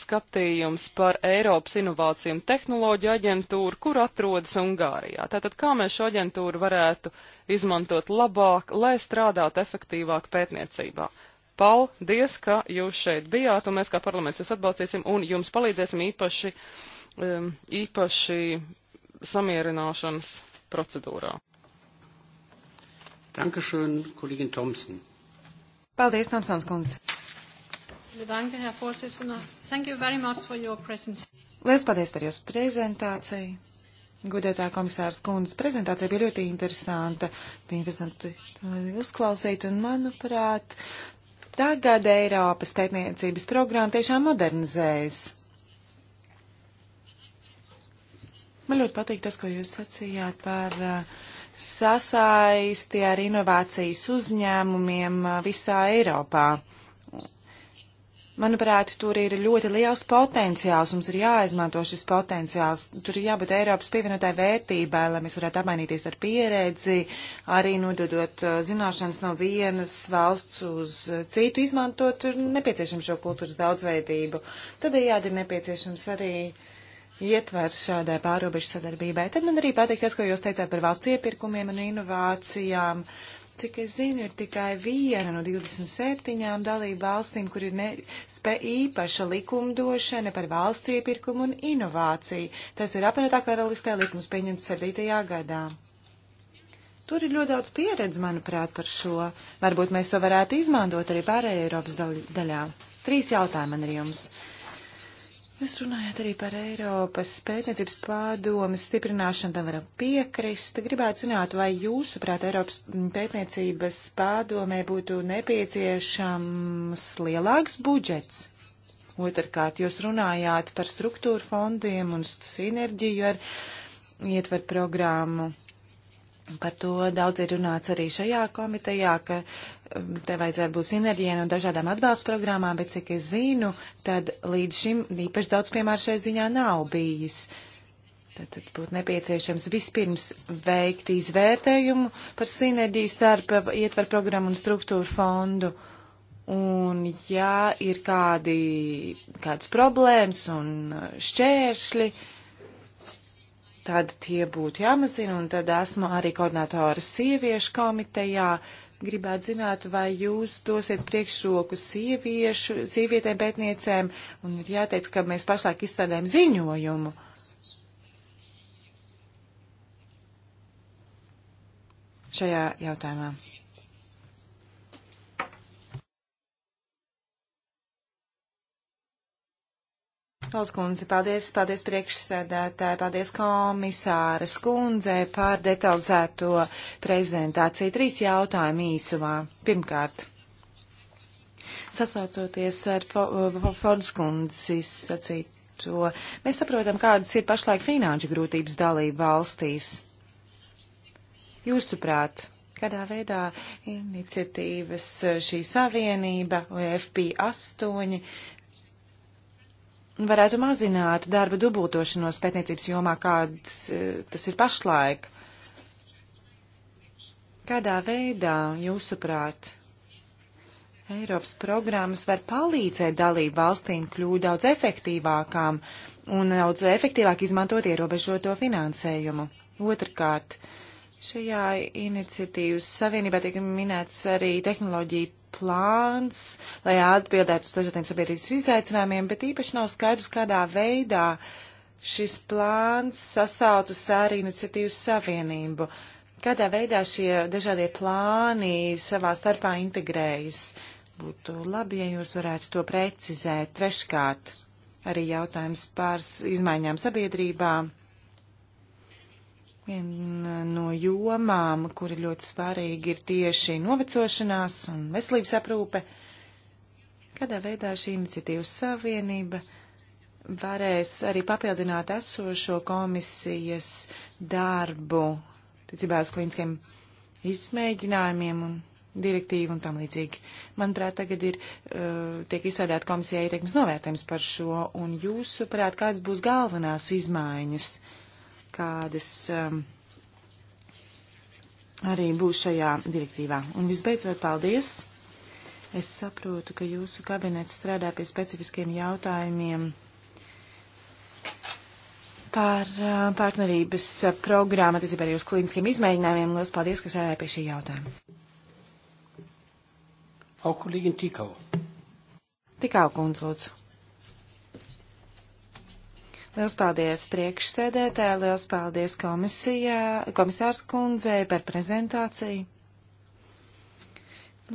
skatījums par Eiropas inovāciju un tehnoloģiju aģentūru, kur atrodas Ungārijā? Tātad, kā mēs šo aģentūru varētu izmantot labāk, lai strādātu efektīvāk pētniecībā. Paldies, ka jūs šeit bijāt, un mēs kā parlaments jūs atbalstīsim, un jums palīdzēsim īpaši, um, īpaši samierināšanas procedūrā. Dankeschön, kolēģin Thompson. Paldies, Tomsons kundze. Danke, Herr Vorsitzender. Thank you very much for your presence. Liels paldies par jūsu prezentāciju. Godētā komisārs kundzes prezentācija bija ļoti interesanta. Bija interesanti uzklausīt, un manuprāt, tagad Eiropas pētniecības programma tiešām modernizējas. Man ļoti patīk tas, ko jūs sacījāt par uh, sasaisti ar inovācijas uzņēmumiem uh, visā Eiropā. Manuprāt, tur ir ļoti liels potenciāls, mums ir jāizmanto šis potenciāls, tur ir jābūt Eiropas pievienotāji vērtībai, lai mēs varētu apmainīties ar pieredzi, arī nododot uh, zināšanas no vienas valsts uz citu, izmantot nepieciešams šo kultūras daudzveidību. Tādējādi ir nepieciešams arī ietvers šādai pārobežu sadarbībai. Tad man arī patīk tas, ko jūs teicāt par valsts iepirkumiem un inovācijām. Uh, Cik es zinu, ir tikai viena no 27 dalību valstīm, kur ir nespē īpaša likumdošana par valsts iepirkumu un inovāciju. Tas ir apvienotā karaliskā likums pieņemts 7. gadā. Tur ir ļoti daudz pieredzi, manuprāt, par šo. Varbūt mēs to varētu izmantot arī pārējai Eiropas daļā. Trīs jautājumi man ir jums. Uh, Jūs runājāt arī par Eiropas pētniecības pārdomas stiprināšanu, tam varam piekrist. Gribētu zināt, vai jūsuprāt Eiropas pētniecības pārdomē būtu nepieciešams lielāks budžets? Otrkārt, jūs runājāt par struktūru fondiem un sinerģiju ar ietver programmu. Par to daudz ir runāts arī šajā komitejā, ka te vajadzētu būt sinerģijai no dažādām atbalsta programmām, bet cik es zinu, tad līdz šim īpaši daudz piemēru šai ziņā nav bijis. Tad būtu nepieciešams vispirms veikt izvērtējumu par sinerģiju starp ietver programmu un struktūru fondu. Un ja ir kādi, kādas problēmas un šķēršļi, tad tie būtu jāmazina. Un tad esmu arī koordinātora sieviešu komitejā. Uh, Gribētu zināt, vai jūs dosiet priekšroku sieviešu, sievietēm pētniecēm, un ir jāteic, ka mēs pašlaik izstrādājam ziņojumu. šajā jautājumā. Klaus kundze, paldies, paldies priekšsēdētāji, paldies komisāra skundze par detalizēto prezentāciju. Trīs jautājumi īsumā. Pirmkārt, sasaucoties ar Fordas kundzes sacīto, mēs saprotam, kādas ir pašlaik finanšu grūtības dalība valstīs. Jūsuprāt, kādā veidā iniciatīvas šī savienība, FP8, varētu mazināt darba dubultošanos pētniecības jomā, kāds eh, tas ir pašlaik. Kādā veidā, jūsuprāt, Eiropas programmas var palīdzēt dalību valstīm kļūt daudz efektīvākām un daudz efektīvāk izmantot ierobežoto finansējumu? Otrkārt, šajā iniciatīvas savienībā tiek minēts arī tehnoloģija plāns, lai atbildētu uz dažādiem sabiedrības izaicinājumiem, bet īpaši nav skaidrs, kādā veidā šis plāns sasaucas ar iniciatīvu savienību, kādā veidā šie dažādie plāni savā starpā integrējas. Būtu labi, ja jūs varētu to precizēt. Treškārt, arī jautājums par izmaiņām sabiedrībā Viena no jomām, kura ļoti svarīga, ir tieši novecošanās un veselības aprūpe. Kādā veidā šī iniciatīvas savienība varēs arī papildināt esošo komisijas darbu, ticībā uz klīniskiem izmēģinājumiem un direktīvu un tam līdzīgi. Manuprāt, tagad ir, uh, tiek izsādāt komisijai ieteikums novērtējums par šo, un jūsuprāt, kādas būs galvenās izmaiņas? Uh, kādas um, arī būs šajā direktīvā. Un visbeidzot, paldies! Es saprotu, ka jūsu kabinets strādā pie specifiskiem jautājumiem par uh, partnerības programmu, attiecībā arī uz klīniskiem izmēģinājumiem. Lielas paldies, ka strādājāt pie šī jautājuma. Frau Kollegin Tikau. Tikau, kundz, lūdzu. Liels paldies priekšsēdētāji, liels paldies komisijā, komisārs kundzei par prezentāciju.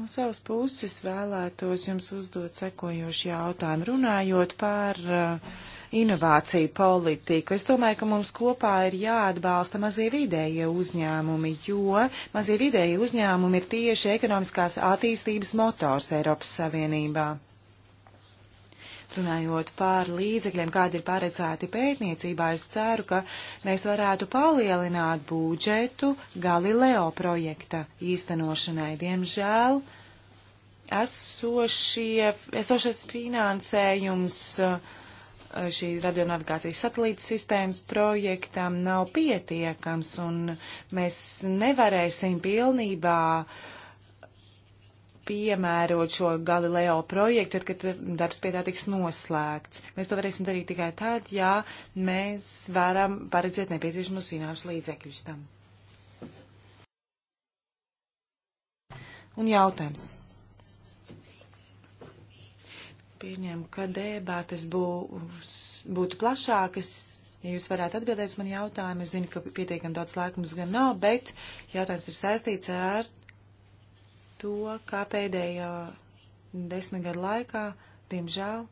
No savas puses vēlētos jums uzdot sekojošu jautājumu, runājot par uh, inovāciju politiku. Es domāju, ka mums kopā ir jāatbalsta mazie vidējie uzņēmumi, jo mazie vidējie uzņēmumi ir tieši ekonomiskās attīstības motors Eiropas Savienībā. Runājot par līdzekļiem, kādi ir paredzēti pētniecībā, es ceru, ka mēs varētu palielināt budžetu Galileo projekta īstenošanai. Diemžēl esošie, esošais finansējums eh, šī radionavigācijas satelīta sistēmas projektam nav pietiekams, un mēs nevarēsim pilnībā uh, piemērot šo Galileo projektu, tad, kad darbs pie tā tiks noslēgts. Mēs to varēsim darīt tikai tad, ja mēs varam paredzēt nepieciešamos finanšu līdzekļus tam. Un jautājums. Pieņem, ka debātes būs, būtu plašākas, Ja jūs varētu atbildēt man jautājumu, es zinu, ka pietiekami daudz laikums gan nav, bet jautājums ir saistīts ar to, kā pēdējā desmitgadu laikā, diemžēl,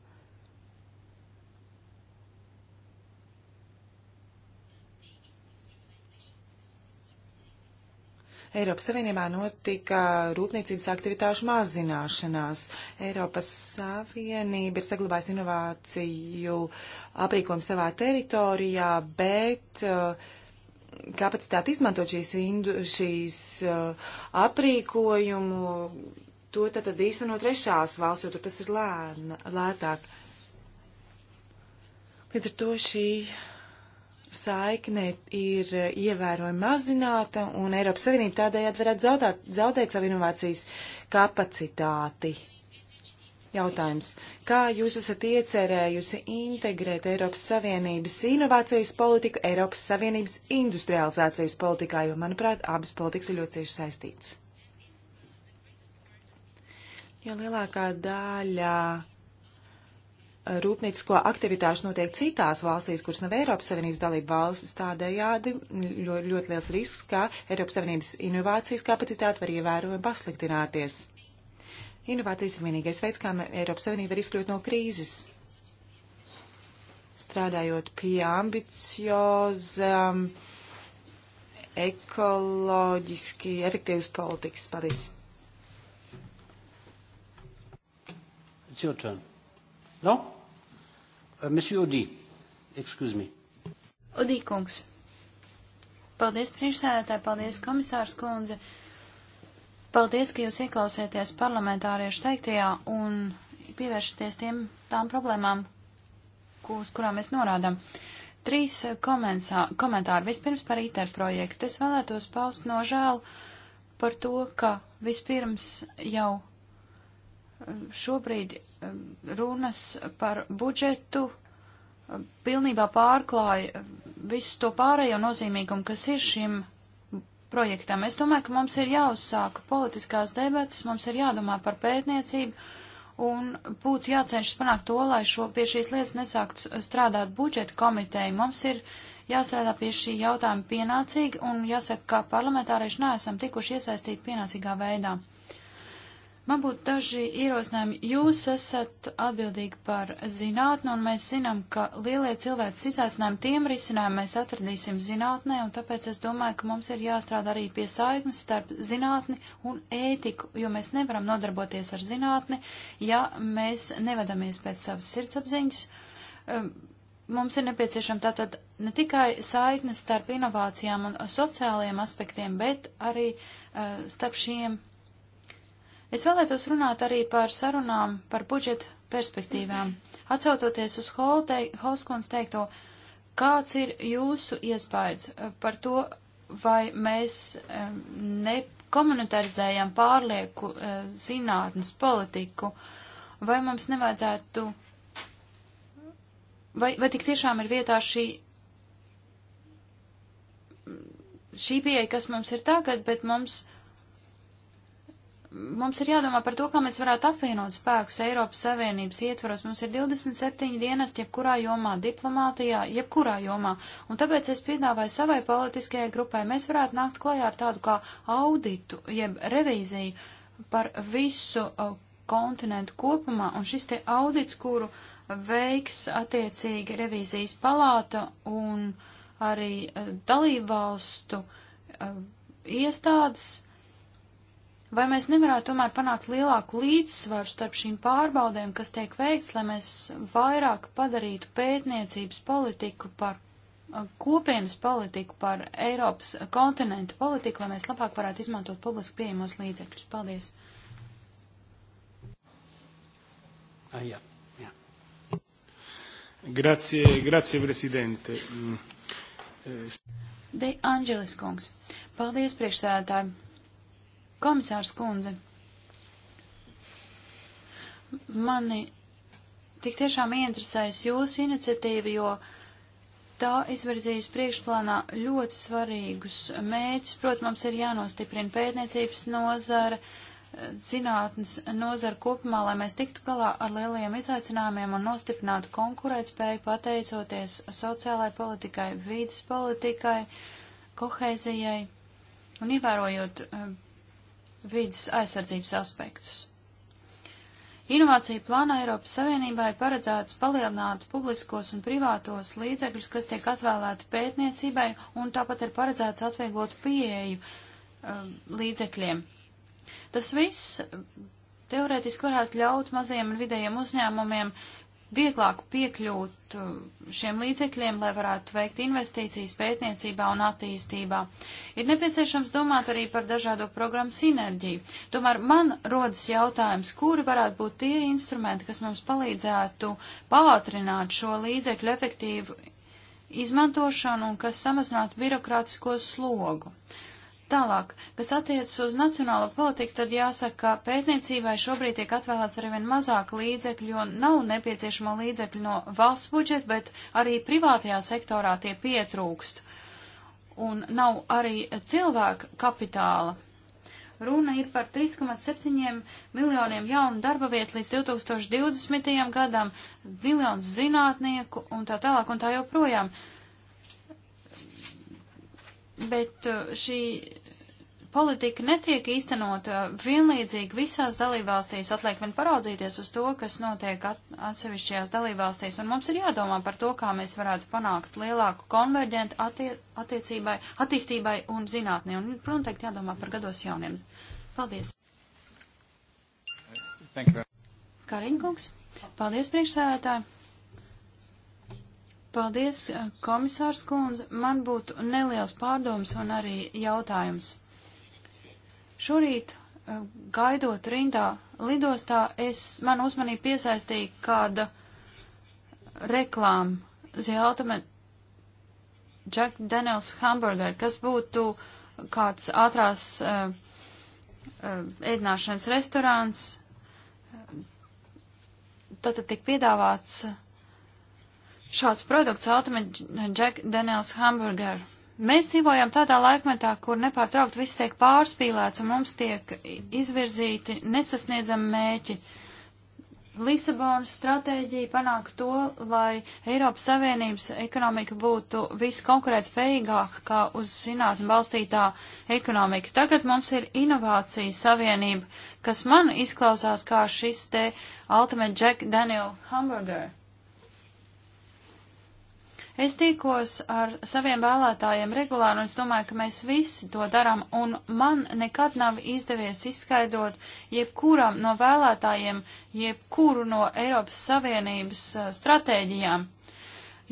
Eiropas Savienībā notika rūpniecības aktivitāšu mazināšanās. Eiropas Savienība ir saglabājusi inovāciju aprīkojumu savā teritorijā, bet uh, kapacitāti izmantot šīs, indu, šīs uh, aprīkojumu, to tad, tad īstenot trešās valsts, jo tur tas ir lēna, lētāk. Līdz ar to šī saikne ir ievērojami mazināta, un Eiropas Savienība tādējādi varētu zaudāt, zaudēt savu inovācijas kapacitāti. Jautājums. Kā jūs esat iecerējusi integrēt Eiropas Savienības inovācijas politiku Eiropas Savienības industrializācijas politikā, jo, manuprāt, abas politikas ir ļoti cieši saistītas? Ja lielākā daļa rūpnīcisko aktivitāšu notiek citās valstīs, kuras nav Eiropas Savienības dalība valstis, tādējādi ļoti liels risks, ka Eiropas Savienības inovācijas kapacitāte var ievērojami pasliktināties. Inovācijas ir vienīgais veids, kā Eiropas Savienība var izkļūt no krīzes. Strādājot pie ambiciozām, ekoloģiski efektīvas politikas. Paldies! It's your turn. No? Uh, Monsieur Audi, excuse me. Audi kungs. Paldies priekšsēdētāji, paldies komisārs kundze. Uh, Paldies, ka jūs ieklausieties parlamentāriešu teiktajā un pievēršaties tiem tām problēmām, uz kurām mēs norādam. Trīs komensā, komentāri. Vispirms par ITER projektu. Es vēlētos paust nožēlu par to, ka vispirms jau um, šobrīd um, runas par budžetu um, pilnībā pārklāja visu to pārējo nozīmīgumu, kas ir šim projektam. Es domāju, ka mums ir jāuzsāk politiskās debatas, mums ir jādomā par pētniecību. Un būtu jācenšas panākt to, lai šo, pie šīs lietas nesāktu strādāt budžeta komiteja. Mums ir jāstrādā pie šī jautājuma pienācīgi, un jāsaka, ka parlamentārieši neesam tikuši iesaistīti pienācīgā veidā. Uh, Man būtu daži ierosinājumi. Jūs esat atbildīgi par zinātnu, un mēs zinām, ka lielie cilvēks izaicinājumi tiem risinājumiem mēs atradīsim zinātnē, un tāpēc es domāju, ka mums ir jāstrādā arī pie saiknes starp zinātni un ētiku, jo mēs nevaram nodarboties ar zinātni, ja mēs nevadamies pēc savas sirdsapziņas. Ehm, mums ir nepieciešama tātad ne tikai saiknes starp inovācijām un sociālajiem aspektiem, bet arī uh, starp šiem Es vēlētos runāt arī par sarunām par budžetu perspektīvām. Atcautoties uz Holskons teikto, kāds ir jūsu iespējas par to, vai mēs nekomunitarizējam pārlieku eh, zinātnes politiku, vai mums nevajadzētu, vai, vai tik tiešām ir vietā šī šī pieeja, kas mums ir tagad, bet mums mums ir jādomā par to, kā mēs varētu apvienot spēkus Eiropas Savienības ietvaros. Mums ir 27 dienas, jebkurā jomā, diplomātijā, jebkurā jomā. Un tāpēc es piedāvāju savai politiskajai grupai, mēs varētu nākt klajā ar tādu kā auditu, jeb revīziju par visu uh, kontinentu kopumā. Un šis te audits, kuru veiks attiecīgi revīzijas palāta un arī uh, dalībvalstu uh, iestādes, Vai mēs nevarētu tomēr panākt lielāku līdzsvaru starp šīm pārbaudēm, kas tiek veikts, lai mēs vairāk padarītu pētniecības politiku par kopienas politiku, par Eiropas kontinentu politiku, lai mēs labāk varētu izmantot publiski pieejamos līdzekļus? Paldies! Ah, jā, jā. Grazie, grazie, prezidente. Mm. Eh, De Angelis kungs. Paldies, priekšsēdētāji. Komisārs kundze, mani tik tiešām ieinteresējas jūsu iniciatīva, jo tā izvirzījis priekšplānā ļoti svarīgus mēģus. Protams, mums ir jānostiprina pētniecības nozara, zinātnes nozara kopumā, lai mēs tiktu galā ar lielajiem izaicinājumiem un nostiprinātu konkurētspēju pateicoties sociālai politikai, vīdas politikai, kohēzijai un ievērojot eh, vidas aizsardzības aspektus. Inovāciju plānā Eiropas Savienībā ir paredzēts palielināt publiskos un privātos līdzekļus, kas tiek atvēlēti pētniecībai, un tāpat ir paredzēts atvieglot pieeju um, līdzekļiem. Tas viss teorētiski varētu ļaut maziem un vidējiem uzņēmumiem vieglāk piekļūt uh, šiem līdzekļiem, lai varētu veikt investīcijas pētniecībā un attīstībā. Ir nepieciešams domāt arī par dažādo programmu sinerģiju. Tomēr man rodas jautājums, kuri varētu būt tie instrumenti, kas mums palīdzētu pātrināt šo līdzekļu efektīvu izmantošanu un kas samazinātu birokrātisko slogu. Uh, Tālāk, kas attiecas uz nacionālo politiku, tad jāsaka, ka pētniecībai šobrīd tiek atvēlēts arvien mazāk līdzekļu, jo nav nepieciešamo līdzekļu no valsts budžeta, bet arī privātajā sektorā tie pietrūkst. Un nav arī cilvēku kapitāla. Runa ir par 3,7 miljoniem jaunu darba vietu līdz 2020. gadam, miljons zinātnieku un tā tālāk un tā joprojām. Uh, bet uh, šī politika netiek īstenota vienlīdzīgi visās dalībvalstīs. Atliek vien paraudzīties uz to, kas notiek at atsevišķajās dalībvalstīs, un mums ir jādomā par to, kā mēs varētu panākt lielāku konverģentu attie attiecībai, attīstībai un zinātnē. Un, protams, teikt jādomā par gados jauniem. Paldies. Kariņkungs. Paldies, priekšsēdētāji. Paldies, eh, komisārs kundze. Man būtu neliels pārdoms un arī jautājums. Šorīt, eh, gaidot rindā lidostā, es, man uzmanību piesaistīja kāda reklāma Zeltame Jack Daniels Hamburger, kas būtu kāds ātrās uh, uh, ēdināšanas restorāns. Tātad tik piedāvāts. Uh, šāds produkts Ultimate Jack Daniels Hamburger. Mēs dzīvojam tādā laikmetā, kur nepārtraukt viss tiek pārspīlēts un mums tiek izvirzīti nesasniedzami mēķi. Lisabonas stratēģija panāk to, lai Eiropas Savienības ekonomika būtu viskonkurētspējīgāka kā uz zinātni balstītā ekonomika. Tagad mums ir inovācija savienība, kas man izklausās kā šis te Ultimate Jack Daniel Hamburger. Es tikos ar saviem vēlētājiem regulāri, un es domāju, ka mēs visi to darām, un man nekad nav izdevies izskaidrot jebkuram no vēlētājiem, jebkuru no Eiropas Savienības stratēģijām.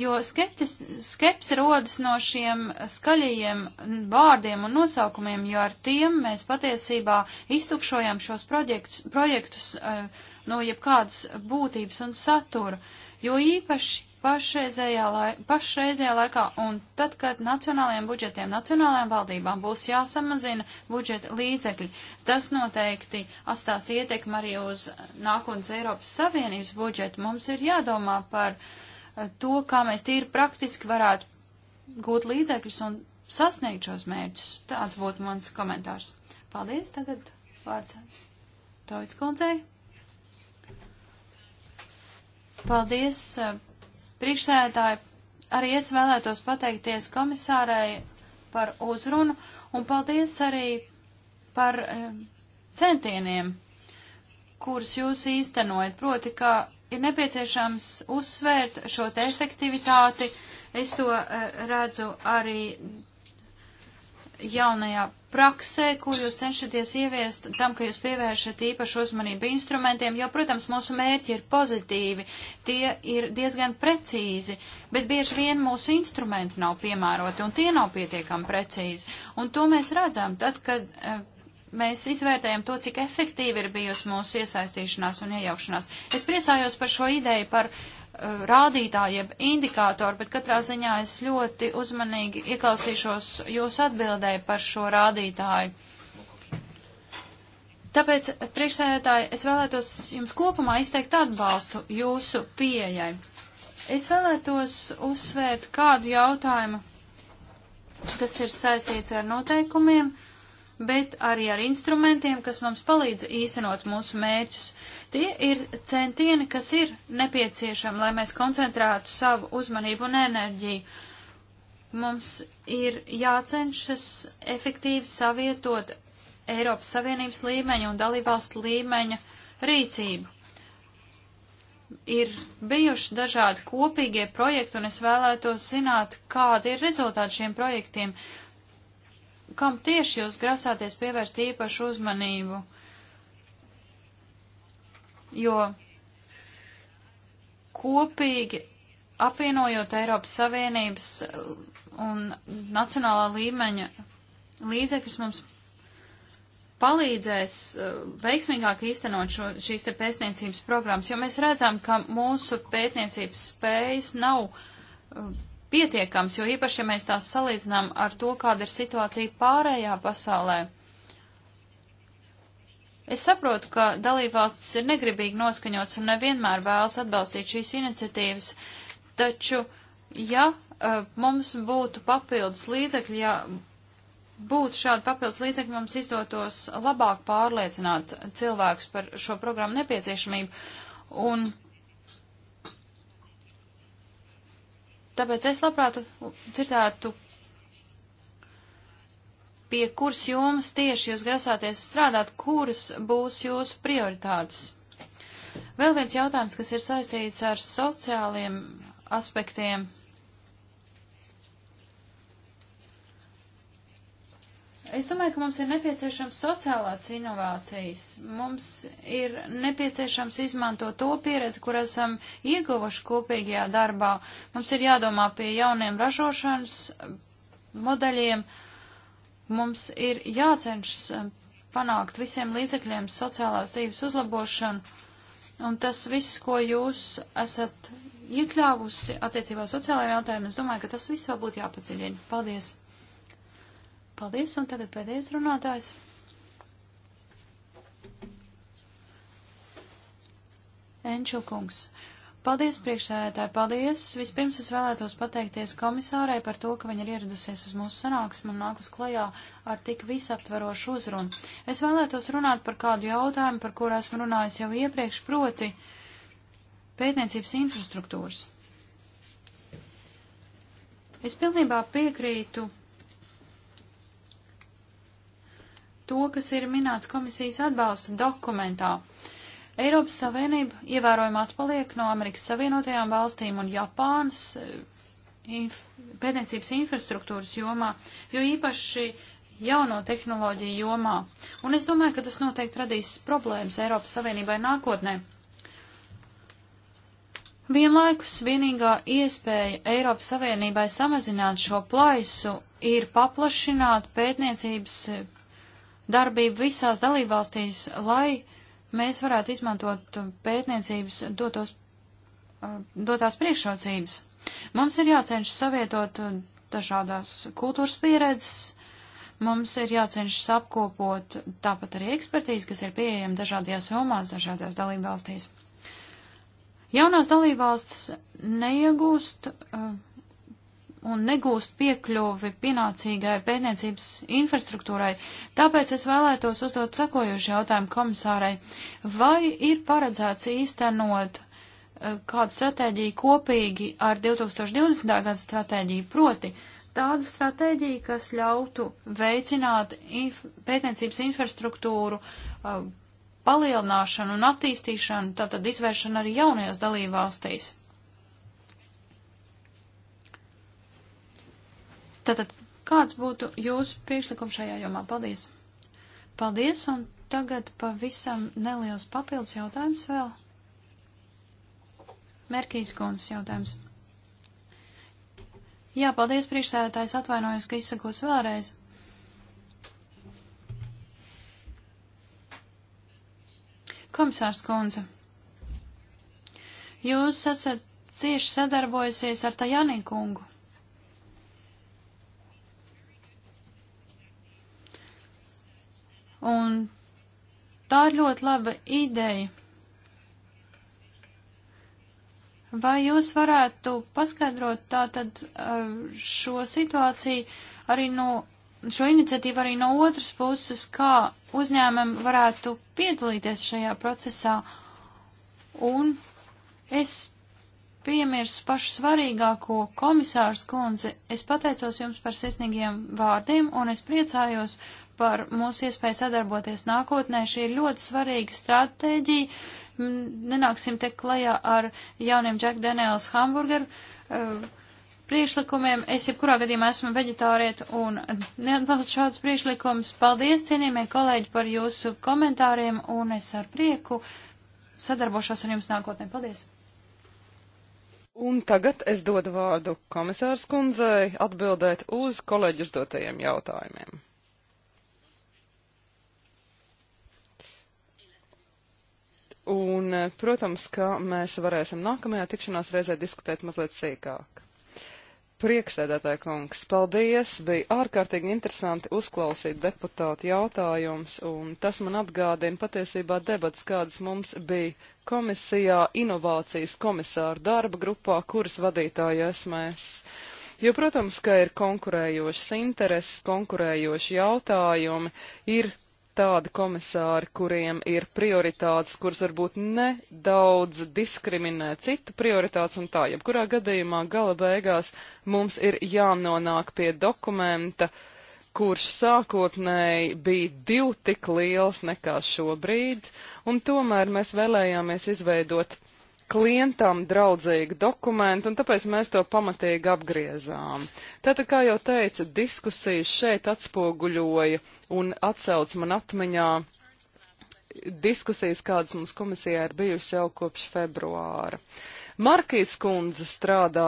Jo skeptis, skepsi rodas no šiem skaļajiem vārdiem un nosaukumiem, jo ar tiem mēs patiesībā iztukšojam šos projektus, projektus no jebkādas būtības un satura, jo īpaši pašreizējā, laik, pašreizējā laikā, un tad, kad nacionālajiem budžetiem, nacionālajām valdībām būs jāsamazina budžeta līdzekļi, tas noteikti atstās ietekmi arī uz nākotnes Eiropas Savienības budžetu. Mums ir jādomā par eh, to, kā mēs tīri praktiski varētu gūt līdzekļus un sasniegt šos mērķus. Tāds būtu mans komentārs. Paldies, tagad vārds Toits kundzei. Paldies, eh, Priekšsēdētāji, arī es vēlētos pateikties komisārai par uzrunu un paldies arī par centieniem, kurus jūs īstenojat. Proti, ka ir nepieciešams uzsvērt šo te efektivitāti. Es to eh, redzu arī jaunajā praksē, ko jūs cenšaties ieviest, tam, ka jūs pievēršat īpašu uzmanību instrumentiem, jo, protams, mūsu mērķi ir pozitīvi, tie ir diezgan precīzi, bet bieži vien mūsu instrumenti nav piemēroti un tie nav pietiekami precīzi. Un to mēs redzam tad, kad eh, mēs izvērtējam to, cik efektīvi ir bijusi mūsu iesaistīšanās un iejaukšanās. Es priecājos par šo ideju par uh, Eh, rādītāji, jeb indikātori, bet katrā ziņā es ļoti uzmanīgi ieklausīšos jūsu atbildēju par šo rādītāju. Tāpēc, priekšsēdētāji, es vēlētos jums kopumā izteikt atbalstu jūsu pieejai. Es vēlētos uzsvērt kādu jautājumu, kas ir saistīts ar noteikumiem, bet arī ar instrumentiem, kas mums palīdz īstenot mūsu mērķus. Tie ir centieni, kas ir nepieciešami, lai mēs koncentrētu savu uzmanību un enerģiju. Mums ir jācenšas efektīvi savietot Eiropas Savienības līmeņa un dalībvalstu līmeņa rīcību. Ir bijuši dažādi kopīgie projekti, un es vēlētos zināt, kādi ir rezultāti šiem projektiem, kam tieši jūs grasāties pievērst īpašu uzmanību. Uh, jo kopīgi apvienojot Eiropas Savienības uh, un nacionālā līmeņa līdzekļus mums palīdzēs uh, veiksmīgāk īstenot šo, šīs te pētniecības programmas, jo mēs redzam, ka mūsu pētniecības spējas nav uh, pietiekams, jo īpaši, ja mēs tās salīdzinām ar to, kāda ir situācija pārējā pasaulē. Es saprotu, ka dalībvalstis ir negribīgi noskaņots un nevienmēr vēlas atbalstīt šīs iniciatīvas, taču, ja e, mums būtu papildus līdzekļi, ja būtu šādi papildus līdzekļi, mums izdotos labāk pārliecināt cilvēkus par šo programmu nepieciešamību. Un tāpēc es labprāt dzirdētu pie kuras jomas tieši jūs grasāties strādāt, kuras būs jūsu prioritātes? Vēl viens jautājums, kas ir saistīts ar sociāliem aspektiem. Es domāju, ka mums ir nepieciešams sociālās inovācijas. Mums ir nepieciešams izmantot to pieredzi, kur esam ieguvuši kopīgajā darbā. Mums ir jādomā pie jauniem ražošanas modeļiem, Mums ir jācenšas eh, panākt visiem līdzekļiem sociālās dzīves uzlabošanu, un tas viss, ko jūs esat iekļāvusi attiecībā sociālajiem jautājumiem, es domāju, ka tas viss vēl būtu jāpadziļina. Paldies! Paldies, un tagad pēdējais runātājs. Enčukungs. kungs. Paldies, priekšsēdētāji, paldies. Vispirms es vēlētos pateikties komisārai par to, ka viņa ir ieradusies uz mūsu sanāksmu un nākus klajā ar tik visaptvarošu uzrunu. Es vēlētos runāt par kādu jautājumu, par kuru esmu runājis jau iepriekš, proti pētniecības infrastruktūras. Es pilnībā piekrītu to, kas ir minēts komisijas atbalsta dokumentā. Uh, Eiropas Savienība ievērojami atpaliek no Amerikas Savienotajām valstīm un Japānas eh, inf pētniecības infrastruktūras jomā, jo īpaši jauno tehnoloģiju jomā. Un es domāju, ka tas noteikti radīs problēmas Eiropas Savienībai nākotnē. Vienlaikus vienīgā iespēja Eiropas Savienībai samazināt šo plaisu ir paplašināt pētniecības eh, darbību visās dalībvalstīs, lai mēs varētu izmantot pētniecības dotos, eh, dotās priekšrocības. Mums ir jācenšas savietot eh, dažādās kultūras pieredzes, mums ir jācenšas apkopot tāpat arī ekspertīzi, kas ir pieejama dažādajās jomās, dažādās dalībvalstīs. Jaunās dalībvalstis neiegūst uh, un negūst piekļuvi pienācīgai pētniecības infrastruktūrai. Tāpēc es vēlētos uzdot sakojuši jautājumu komisārai, vai ir paredzēts īstenot eh, kādu stratēģiju kopīgi ar 2020. gada stratēģiju, proti tādu stratēģiju, kas ļautu veicināt inf pētniecības infrastruktūru eh, palielināšanu un attīstīšanu, tātad izvēršanu arī jaunajās dalībvalstīs. Tātad, kāds būtu jūsu priekšlikums šajā jomā? Paldies! Paldies, un tagad pavisam neliels papildus jautājums vēl. Merkīs kundzes jautājums. Jā, paldies, priekšsēdētājs, atvainojos, ka izsakos vēlreiz. Komisārs kundze, jūs esat cieši sadarbojusies ar Tajani kungu. Un tā ir ļoti laba ideja. Vai jūs varētu paskaidrot tātad uh, šo situāciju arī no, šo iniciatīvu arī no otras puses, kā uzņēmumi varētu piedalīties šajā procesā? Un es piemirsu pašu svarīgāko komisārs kundze. Es pateicos jums par sirsnīgiem vārdiem un es priecājos, uh, par mūsu iespēju sadarboties nākotnē. Šī ir ļoti svarīga stratēģija. Nenāksim te klajā ar jauniem Jack Daniels hamburgeru uh, priekšlikumiem. Es jebkurā gadījumā esmu veģetārieta un neatbalstu šādus priekšlikumus. Paldies, cienījamie kolēģi, par jūsu komentāriem un es ar prieku sadarbošos ar jums nākotnē. Paldies! Un tagad es dodu vārdu komisārs kundzei atbildēt uz kolēģi uzdotajiem jautājumiem. Un, eh, protams, ka mēs varēsim nākamajā tikšanās reizē diskutēt mazliet sīkāk. Prieksēdētāja kungs, paldies! Bija ārkārtīgi interesanti uzklausīt deputātu jautājumus, un tas man atgādina patiesībā debats, kādas mums bija komisijā inovācijas komisāru darba grupā, kuras vadītāji esmēs. Jo, protams, ka ir konkurējošas intereses, konkurējoši jautājumi, ir tādi komisāri, kuriem ir prioritātes, kuras varbūt nedaudz diskriminē citu prioritātes un tā. Jebkurā gadījumā gala beigās mums ir jānonāk pie dokumenta, kurš sākotnēji bija div tik liels nekā šobrīd, un tomēr mēs vēlējāmies izveidot klientam draudzīgu dokumentu, un tāpēc mēs to pamatīgi apgriezām. Tātad, kā jau teicu, diskusijas šeit atspoguļoja un atsauc man atmiņā diskusijas, kādas mums komisijā ir bijusi jau kopš februāra. Markīs kundze strādā,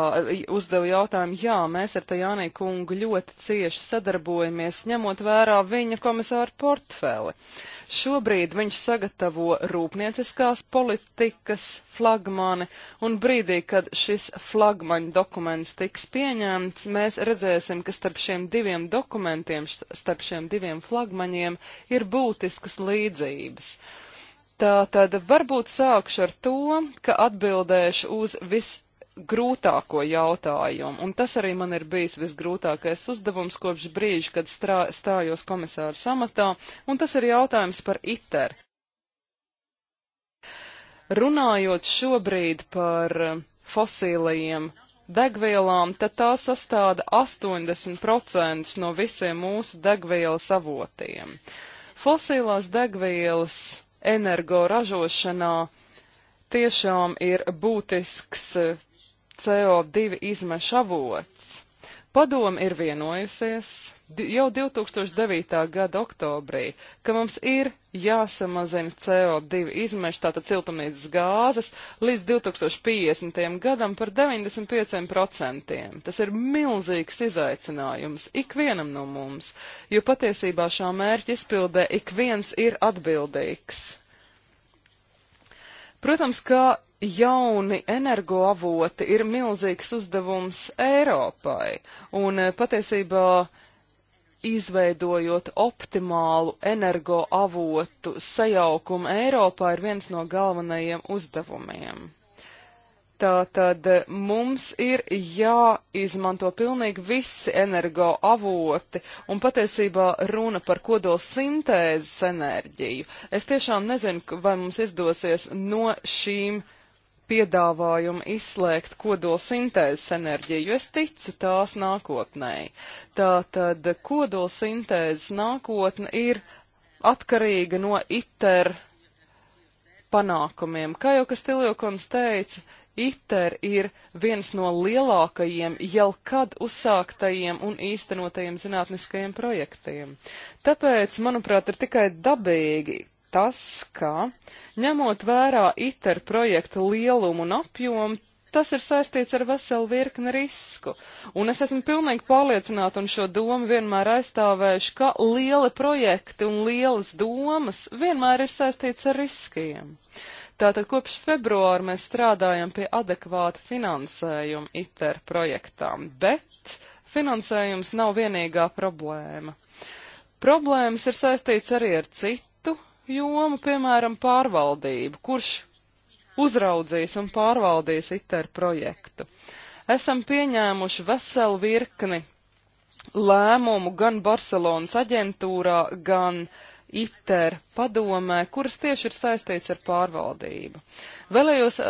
uzdeva jautājumu, jā, mēs ar Tajānī kungu ļoti cieši sadarbojamies, ņemot vērā viņa komisāru portfeli. Uh, Šobrīd viņš sagatavo rūpnieciskās politikas flagmani, un brīdī, kad šis flagmaņu dokuments tiks pieņemts, mēs redzēsim, ka starp šiem diviem dokumentiem, starp šiem diviem flagmaņiem ir būtiskas līdzības. Tātad varbūt sākšu ar to, ka atbildēšu uz vis grūtāko jautājumu, un tas arī man ir bijis visgrūtākais uzdevums kopš brīža, kad strā, stājos komisāra samatā, un tas ir jautājums par ITER. Runājot šobrīd par fosīlajiem degvielām, tad tā sastāda 80% no visiem mūsu degvielas avotiem. Fosīlās degvielas energoražošanā tiešām ir būtisks CO2 izmešu avots. Padoma ir vienojusies jau 2009. gada oktobrī, ka mums ir jāsamazina CO2 izmeši, tātad siltumnīcas gāzes, līdz 2050. gadam par 95%. Tas ir milzīgs izaicinājums ikvienam no mums, jo patiesībā šā mērķa izpildē ik viens ir atbildīgs. Protams, ka jauni energoavoti ir milzīgs uzdevums Eiropai, un eh, patiesībā izveidojot optimālu energoavotu sajaukumu Eiropā ir viens no galvenajiem uzdevumiem. Tātad eh, mums ir jāizmanto pilnīgi visi energoavoti, un patiesībā runa par kodola sintēzes enerģiju. Es tiešām nezinu, vai mums izdosies no šīm uh, piedāvājumu izslēgt kodola sintēzes enerģiju, jo es ticu tās nākotnē. Tātad kodola sintēzes nākotne ir atkarīga no ITER panākumiem. Kā jau Kastiljokunds teica, ITER ir viens no lielākajiem jau kad uzsāktajiem un īstenotajiem zinātniskajiem projektiem. Tāpēc, manuprāt, ir tikai dabīgi tas, ka uh, Ņemot vērā ITER projekta lielumu un apjomu, tas ir saistīts ar veselu virkni risku. Un es esmu pilnīgi pārliecināta un šo domu vienmēr aizstāvējuši, ka lieli projekti un lielas domas vienmēr ir saistīts ar riskiem. Tātad kopš februāra mēs strādājam pie adekvāta finansējuma ITER projektām, bet finansējums nav vienīgā problēma. Problēmas ir saistīts arī ar citu jomu, piemēram, pārvaldību, kurš uzraudzīs un pārvaldīs ITER projektu. Esam pieņēmuši veselu virkni lēmumu gan Barcelonas aģentūrā, gan ITER padomē, kuras tieši ir saistīts ar pārvaldību. Vēlējos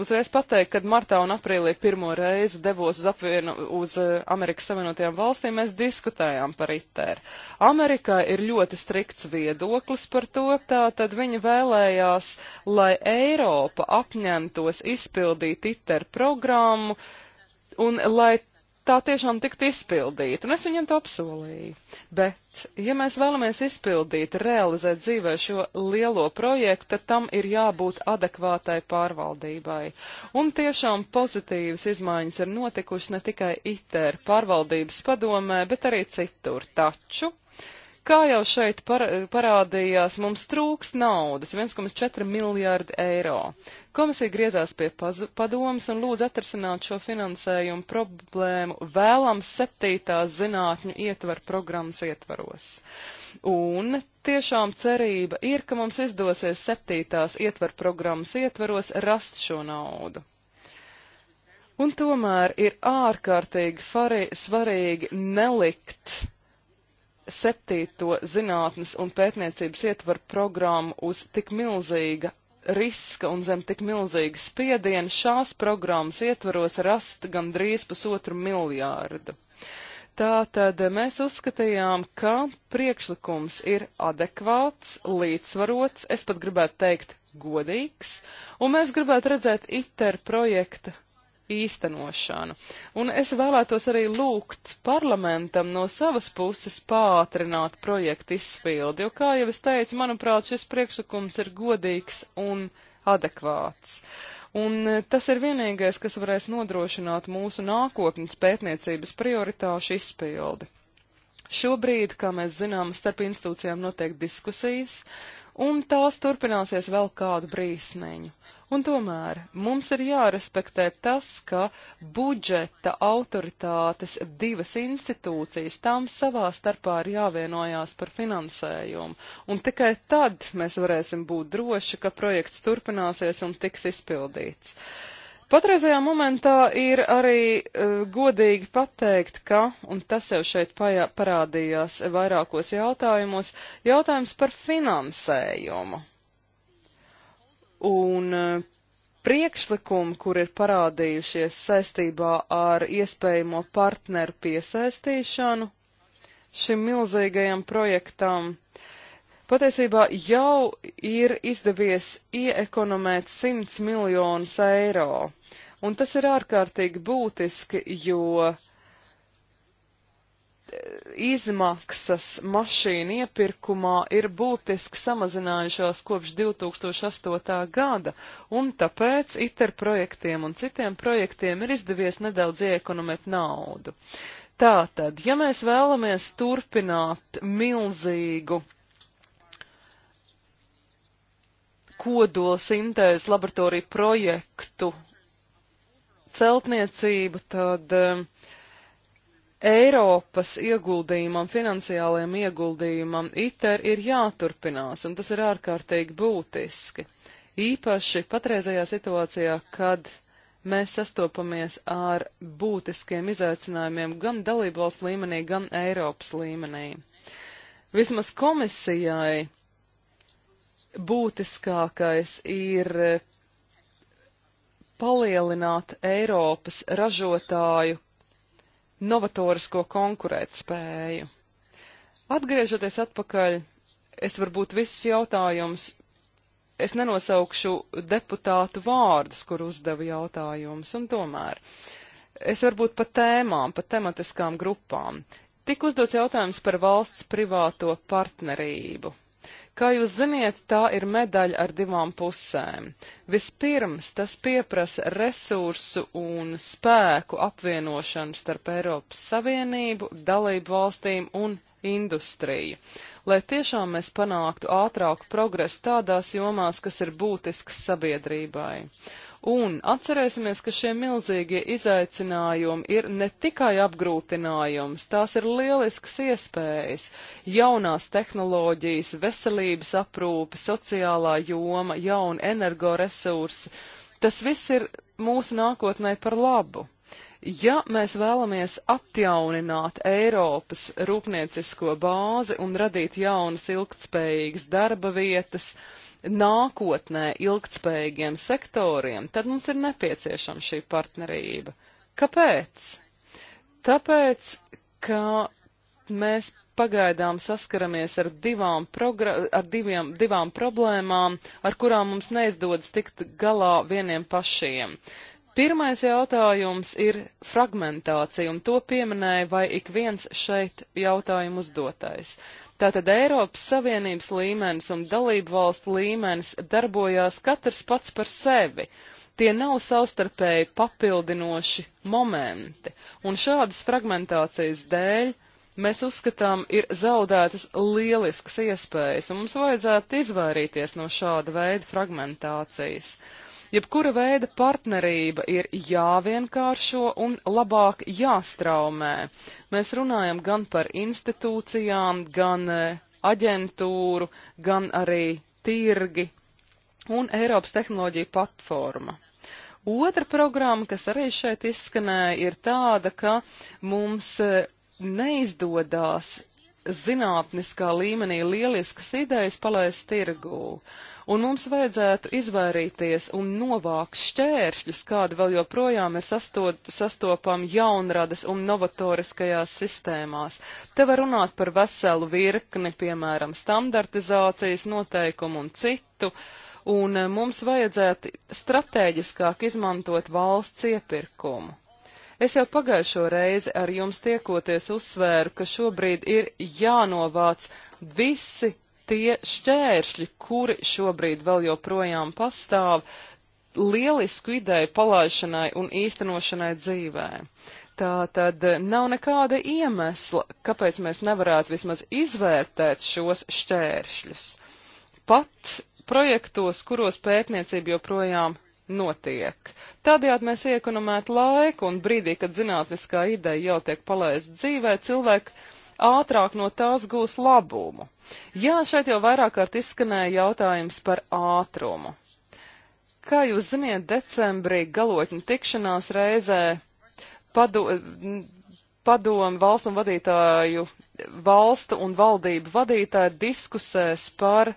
uzreiz pateikt, kad martā un aprīlī pirmo reizi devos uz, apvienu, uz eh, Amerikas Savienotajām valstīm, mēs diskutējām par ITER. Amerikā ir ļoti strikts viedoklis par to, tā tad viņi vēlējās, lai Eiropa apņemtos izpildīt ITER programmu un lai tā tiešām tiktu izpildīta, un es viņam to apsolīju. Bet, ja mēs vēlamies izpildīt, realizēt dzīvē šo lielo projektu, tad tam ir jābūt adekvātai pārvaldībai. Un tiešām pozitīvas izmaiņas ir notikušas ne tikai ITER pārvaldības padomē, bet arī citur. Taču Kā jau šeit par, parādījās, mums trūks naudas - 1,4 miljārdi eiro. Komisija griezās pie padomas un lūdz atrasināt šo finansējumu problēmu vēlams septītās zinātņu ietver programmas ietvaros. Un tiešām cerība ir, ka mums izdosies septītās ietver programmas ietvaros rast šo naudu. Un tomēr ir ārkārtīgi farī, svarīgi nelikt septīto zinātnes un pētniecības ietvaru programmu uz tik milzīga riska un zem tik milzīga spiediena šās programmas ietvaros rast gandrīz pusotru miljārdu. Tātad mēs uzskatījām, ka priekšlikums ir adekvāts, līdzsvarots, es pat gribētu teikt godīgs, un mēs gribētu redzēt ITER projekta īstenošanu. Un es vēlētos arī lūgt parlamentam no savas puses pātrināt projektu izpildi, jo, kā jau es teicu, manuprāt, šis priekšlikums ir godīgs un adekvāts. Un e, tas ir vienīgais, kas varēs nodrošināt mūsu nākotnes pētniecības prioritāšu izpildi. Šobrīd, kā mēs zinām, starp institūcijām notiek diskusijas, un tās turpināsies vēl kādu brīsniņu. Un tomēr mums ir jārespektē tas, ka budžeta autoritātes divas institūcijas tam savā starpā ir jāvienojās par finansējumu, un tikai tad mēs varēsim būt droši, ka projekts turpināsies un tiks izpildīts. Patreizajā momentā ir arī uh, godīgi pateikt, ka, un tas jau šeit parādījās vairākos jautājumos, jautājums par finansējumu Un eh, priekšlikumi, kur ir parādījušies saistībā ar iespējamo partneru piesaistīšanu šim milzīgajam projektam, patiesībā jau ir izdevies ieekonomēt 100 miljonus eiro. Un tas ir ārkārtīgi būtiski, jo izmaksas mašīnu iepirkumā ir būtiski samazinājušās kopš 2008. gada, un tāpēc ITER projektiem un citiem projektiem ir izdevies nedaudz iekonomēt naudu. Tātad, ja mēs vēlamies turpināt milzīgu kodola sintēzes laboratoriju projektu celtniecību, tad um, Eiropas ieguldījumam, finansiālajam ieguldījumam ITER ir jāturpinās, un tas ir ārkārtīgi būtiski. Īpaši patreizajā situācijā, kad mēs sastopamies ar būtiskiem izaicinājumiem gan dalībvalstu līmenī, gan Eiropas līmenī. Vismaz komisijai būtiskākais ir palielināt Eiropas ražotāju novatorisko konkurētspēju. Atgriežoties atpakaļ, es varbūt visus jautājumus, es nenosaukšu deputātu vārdus, kur uzdevu jautājumus, un tomēr es varbūt pa tēmām, pa tematiskām grupām. Tik uzdots jautājums par valsts privāto partnerību. Kā jūs ziniet, tā ir medaļa ar divām pusēm. Vispirms tas pieprasa resursu un spēku apvienošanu starp Eiropas Savienību, dalību valstīm un industriju, lai tiešām mēs panāktu ātrāku progresu tādās jomās, kas ir būtiskas sabiedrībai. Un atcerēsimies, ka šie milzīgie izaicinājumi ir ne tikai apgrūtinājums, tās ir lieliskas iespējas. Jaunās tehnoloģijas, veselības aprūpe, sociālā joma, jauni energoresursi, tas viss ir mūsu nākotnē par labu. Ja mēs vēlamies atjaunināt Eiropas rūpniecisko bāzi un radīt jaunas ilgtspējīgas darba vietas, uh, nākotnē ilgtspējīgiem sektoriem, tad mums ir nepieciešama šī partnerība. Kāpēc? Tāpēc, ka mēs pagaidām saskaramies ar divām, ar diviem, divām problēmām, ar kurām mums neizdodas tikt galā vieniem pašiem. Pirmais jautājums ir fragmentācija, un to pieminēja vai ik viens šeit jautājumu uzdotais. Uh, Tātad Eiropas Savienības līmenis un dalību valstu līmenis darbojās katrs pats par sevi. Tie nav savstarpēji papildinoši momenti, un šādas fragmentācijas dēļ mēs uzskatām, ir zaudētas lieliskas iespējas, un mums vajadzētu izvairīties no šāda veida fragmentācijas. Uh, Jebkura veida partnerība ir jāvienkāršo un labāk jāstraumē. Mēs runājam gan par institūcijām, gan e, aģentūru, gan arī tirgi un Eiropas tehnoloģija platforma. Otra programma, kas arī šeit izskanēja, ir tāda, ka mums e, neizdodas zinātniskā līmenī lieliskas idejas palaist tirgū un mums vajadzētu izvairīties un novākt šķēršļus, kādi vēl joprojām mēs sastopam jaunradas un novatoriskajās sistēmās. Te var runāt par veselu virkni, piemēram, standartizācijas noteikumu un citu, un e, mums vajadzētu strateģiskāk izmantot valsts iepirkumu. Es jau pagājušo reizi ar jums tiekoties uzsvēru, ka šobrīd ir jānovāc visi tie šķēršļi, kuri šobrīd vēl joprojām pastāv, lielisku ideju palaišanai un īstenošanai dzīvē. Tā tad nav nekāda iemesla, kāpēc mēs nevarētu vismaz izvērtēt šos šķēršļus. Pat projektos, kuros pētniecība joprojām notiek. Tādējādi mēs iekonomētu laiku un brīdī, kad zinātniskā ideja jau tiek palaista dzīvē, cilvēki ātrāk no tās gūs labumu. Jā, šeit jau vairāk kārt izskanēja jautājums par ātrumu. Kā jūs ziniet, decembrī galotņu tikšanās reizē pado, padomu valstu un vadītāju, valstu un valdību vadītāju diskusēs par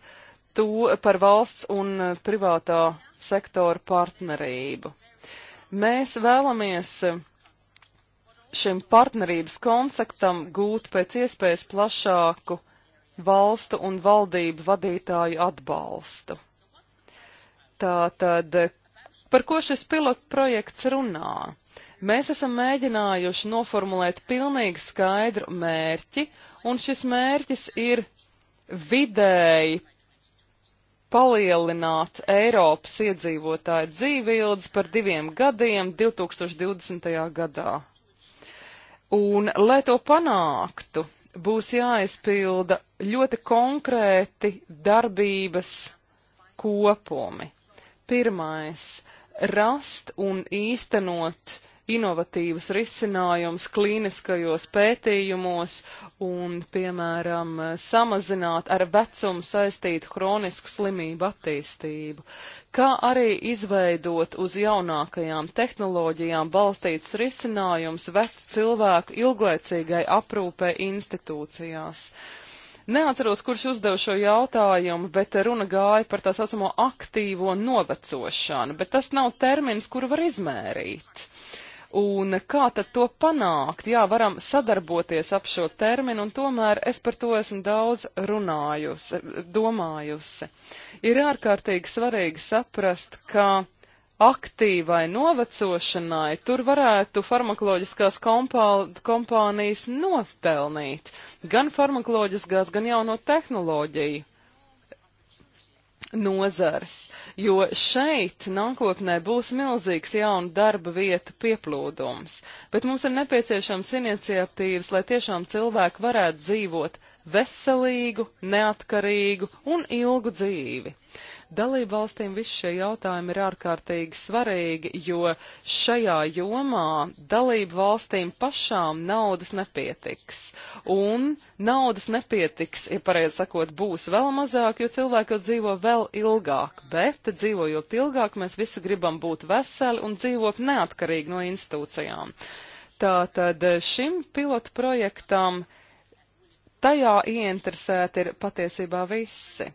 to, par valsts un eh, privātā sektora partnerību. Mēs vēlamies eh, šim partnerības konceptam gūt pēc iespējas plašāku valstu un valdību vadītāju atbalstu. Tātad, par ko šis pilotprojekts runā? Mēs esam mēģinājuši noformulēt pilnīgi skaidru mērķi, un šis mērķis ir vidēji palielināt Eiropas iedzīvotāju dzīvības par diviem gadiem 2020. gadā. Un, lai to panāktu, būs jāizpilda ļoti konkrēti darbības kopumi. Pirmais - rast un īstenot inovatīvus risinājumus klīniskajos pētījumos un, piemēram, samazināt ar vecumu saistītu kronisku slimību attīstību, kā arī izveidot uz jaunākajām tehnoloģijām balstītus risinājumus vecu cilvēku ilglaicīgai aprūpē institūcijās. Neatceros, kurš uzdev šo jautājumu, bet runa gāja par tā saucamo aktīvo novecošanu, bet tas nav termins, kuru var izmērīt. Un kā tad to panākt? Jā, varam sadarboties ap šo terminu, un tomēr es par to esmu daudz runājusi, domājusi. Ir ārkārtīgi svarīgi saprast, ka aktīvai novecošanai, tur varētu farmakoloģiskās kompā, kompānijas nopelnīt gan farmakoloģiskās, gan jauno tehnoloģiju nozars, jo šeit nākotnē būs milzīgs jaunu darba vietu pieplūdums, bet mums ir nepieciešams iniciatīvas, lai tiešām cilvēki varētu dzīvot veselīgu, neatkarīgu un ilgu dzīvi. Dalību valstīm visi šie jautājumi ir ārkārtīgi svarīgi, jo šajā jomā dalību valstīm pašām naudas nepietiks. Un naudas nepietiks, ja pareizi sakot, būs vēl mazāk, jo cilvēki jau dzīvo vēl ilgāk, bet dzīvojot ilgāk mēs visi gribam būt veseli un dzīvot neatkarīgi no institūcijām. Tātad šim pilotu projektam tajā ieinteresēti ir patiesībā visi.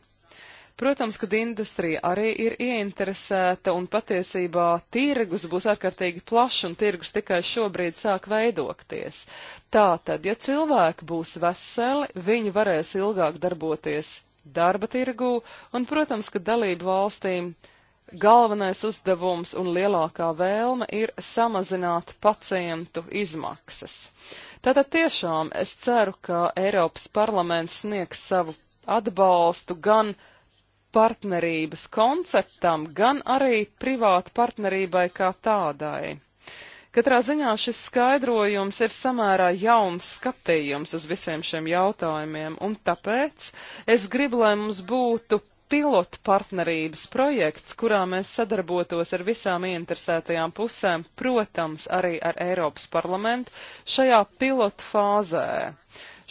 Protams, kad industrija arī ir ieinteresēta un patiesībā tirgus būs ārkārtīgi plašs un tirgus tikai šobrīd sāk veidokties. Tātad, ja cilvēki būs veseli, viņi varēs ilgāk darboties darba tirgū un, protams, ka dalību valstīm galvenais uzdevums un lielākā vēlme ir samazināt pacientu izmaksas. Tātad tiešām es ceru, ka Eiropas parlaments sniegs savu atbalstu gan partnerības konceptam, gan arī privātu partnerībai kā tādai. Katrā ziņā šis skaidrojums ir samērā jauns skatījums uz visiem šiem jautājumiem, un tāpēc es gribu, lai mums būtu pilotu partnerības projekts, kurā mēs sadarbotos ar visām interesētajām pusēm, protams, arī ar Eiropas parlamentu šajā pilotu fāzē.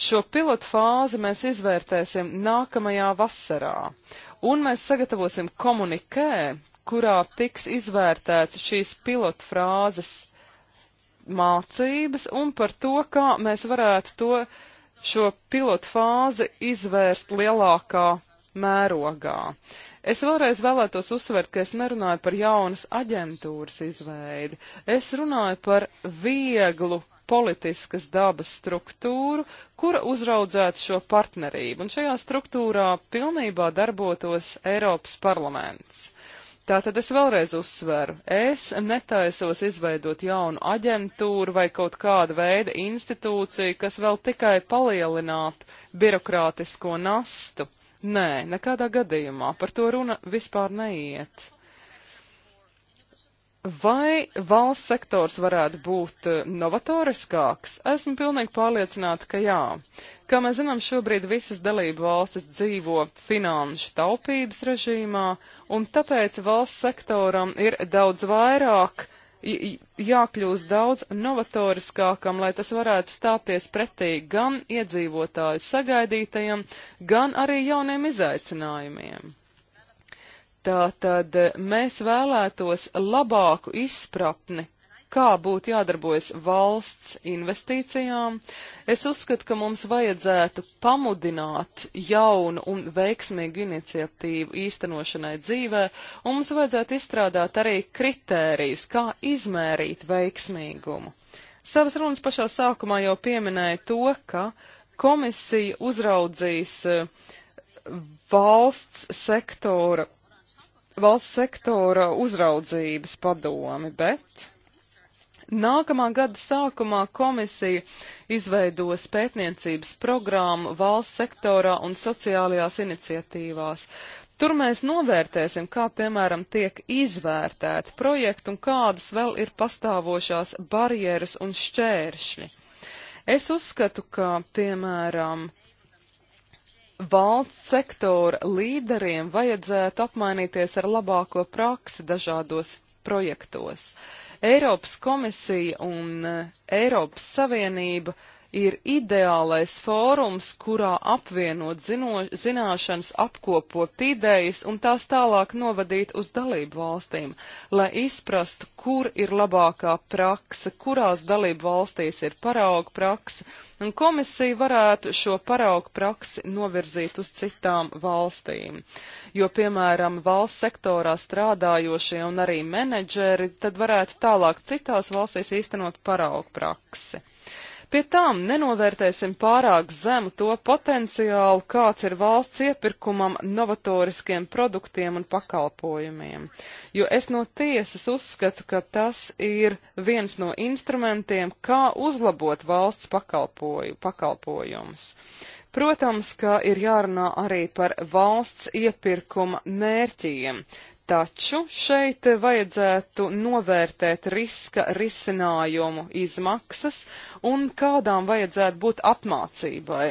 Šo pilotu fāzi mēs izvērtēsim nākamajā vasarā, Un mēs sagatavosim komunikē, kurā tiks izvērtēts šīs pilotfrāzes mācības un par to, kā mēs varētu to šo pilotfāzi izvērst lielākā mērogā. Es vēlreiz vēlētos uzsvert, ka es nerunāju par jaunas aģentūras izveidi. Es runāju par vieglu politiskas dabas struktūru, kura uzraudzētu šo partnerību, un šajā struktūrā pilnībā darbotos Eiropas parlaments. Tātad es vēlreiz uzsveru, es netaisos izveidot jaunu aģentūru vai kaut kādu veidu institūciju, kas vēl tikai palielinātu birokrātisko nastu. Nē, nekādā gadījumā par to runa vispār neiet. Vai valsts sektors varētu būt eh, novatoriskāks? Esmu pilnīgi pārliecināta, ka jā. Kā mēs zinām, šobrīd visas dalību valstis dzīvo finanšu taupības režīmā, un tāpēc valsts sektoram ir daudz vairāk jākļūst daudz novatoriskākam, lai tas varētu stāties pretī gan iedzīvotāju sagaidītajam, gan arī jauniem izaicinājumiem. Tātad mēs vēlētos labāku izpratni, kā būtu jādarbojas valsts investīcijām. Es uzskatu, ka mums vajadzētu pamudināt jaunu un veiksmīgu iniciatīvu īstenošanai dzīvē, un mums vajadzētu izstrādāt arī kritērijus, kā izmērīt veiksmīgumu. Savas runas pašā sākumā jau pieminēja to, ka komisija uzraudzīs eh, valsts sektora valsts sektora uzraudzības padomi, bet Nākamā gada sākumā komisija izveidos pētniecības programmu valsts sektorā un sociālajās iniciatīvās. Tur mēs novērtēsim, kā piemēram tiek izvērtēti projekti un kādas vēl ir pastāvošās barjeras un šķēršļi. Es uzskatu, ka piemēram valsts sektora līderiem vajadzētu apmainīties ar labāko praksi dažādos projektos. Eiropas komisija un eh, Eiropas Savienība uh, ir ideālais fórums, kurā apvienot zino, zināšanas, apkopot idejas un tās tālāk novadīt uz dalību valstīm, lai izprastu, kur ir labākā praksa, kurās dalību valstīs ir parauga praksa, un komisija varētu šo parauga praksi novirzīt uz citām valstīm. Jo, piemēram, valsts sektorā strādājošie un arī menedžeri tad varētu tālāk citās valstīs īstenot parauga praksi. Pie tām nenovērtēsim pārāk zemu to potenciālu, kāds ir valsts iepirkumam novatoriskiem produktiem un pakalpojumiem, jo es no tiesas uzskatu, ka tas ir viens no instrumentiem, kā uzlabot valsts pakalpoju, pakalpojumus. Protams, ka ir jārunā arī par valsts iepirkuma mērķiem. Taču šeit vajadzētu novērtēt riska risinājumu izmaksas un kādām vajadzētu būt apmācībai.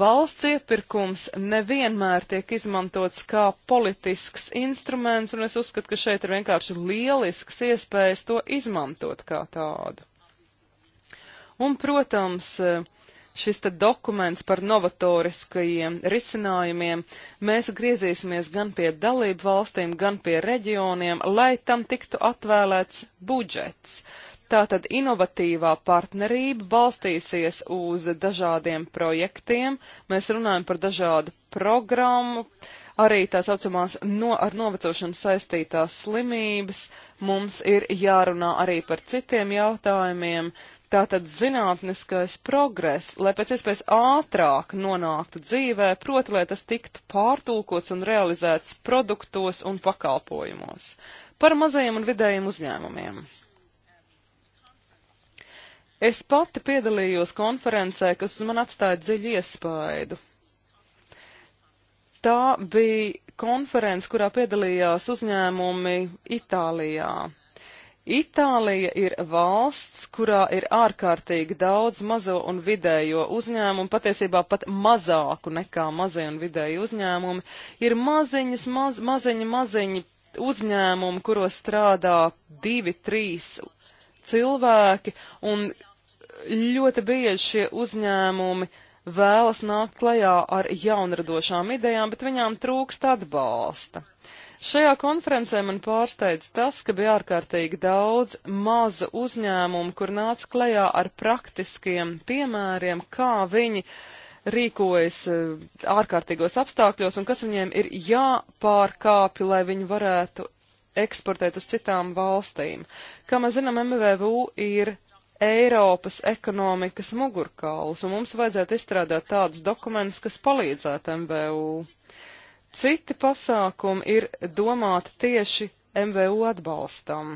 Valsts iepirkums nevienmēr tiek izmantots kā politisks instruments, un es uzskatu, ka šeit ir vienkārši lielisks iespējas to izmantot kā tādu. Un, protams, šis te dokuments par novatoriskajiem risinājumiem, mēs griezīsimies gan pie dalību valstīm, gan pie reģioniem, lai tam tiktu atvēlēts budžets. Tātad inovatīvā partnerība balstīsies uz dažādiem projektiem. Mēs runājam par dažādu programmu, arī tā saucamās no, ar novecošanu saistītās slimības. Mums ir jārunā arī par citiem jautājumiem. Uh, Tātad zinātniskais progress, lai pēc iespējas ātrāk nonāktu dzīvē, proti, lai tas tiktu pārtulkots un realizēts produktos un pakalpojumos. Par mazajiem un vidējiem uzņēmumiem. Es pati piedalījos konferencē, kas uz man atstāja dziļu iespaidu. Tā bija konference, kurā piedalījās uzņēmumi Itālijā. Itālija ir valsts, kurā ir ārkārtīgi daudz mazo un vidējo uzņēmumu, patiesībā pat mazāku nekā mazie un vidēji uzņēmumi. Ir maziņas, maz, maziņi, maziņi uzņēmumi, kuros strādā divi, trīs cilvēki, un ļoti bieži šie uzņēmumi vēlas nākt klajā ar jaunradošām idejām, bet viņām trūkst atbalsta. Šajā konferencē man pārsteidz tas, ka bija ārkārtīgi daudz maza uzņēmumu, kur nāca klajā ar praktiskiem piemēriem, kā viņi rīkojas eh, ārkārtīgos apstākļos un kas viņiem ir jāpārkāpj, lai viņi varētu eksportēt uz citām valstīm. Kā mēs zinām, MVU ir Eiropas ekonomikas mugurkauls, un mums vajadzētu izstrādāt tādus dokumentus, kas palīdzētu MVU. Citi pasākumi ir domāti tieši MVU atbalstam.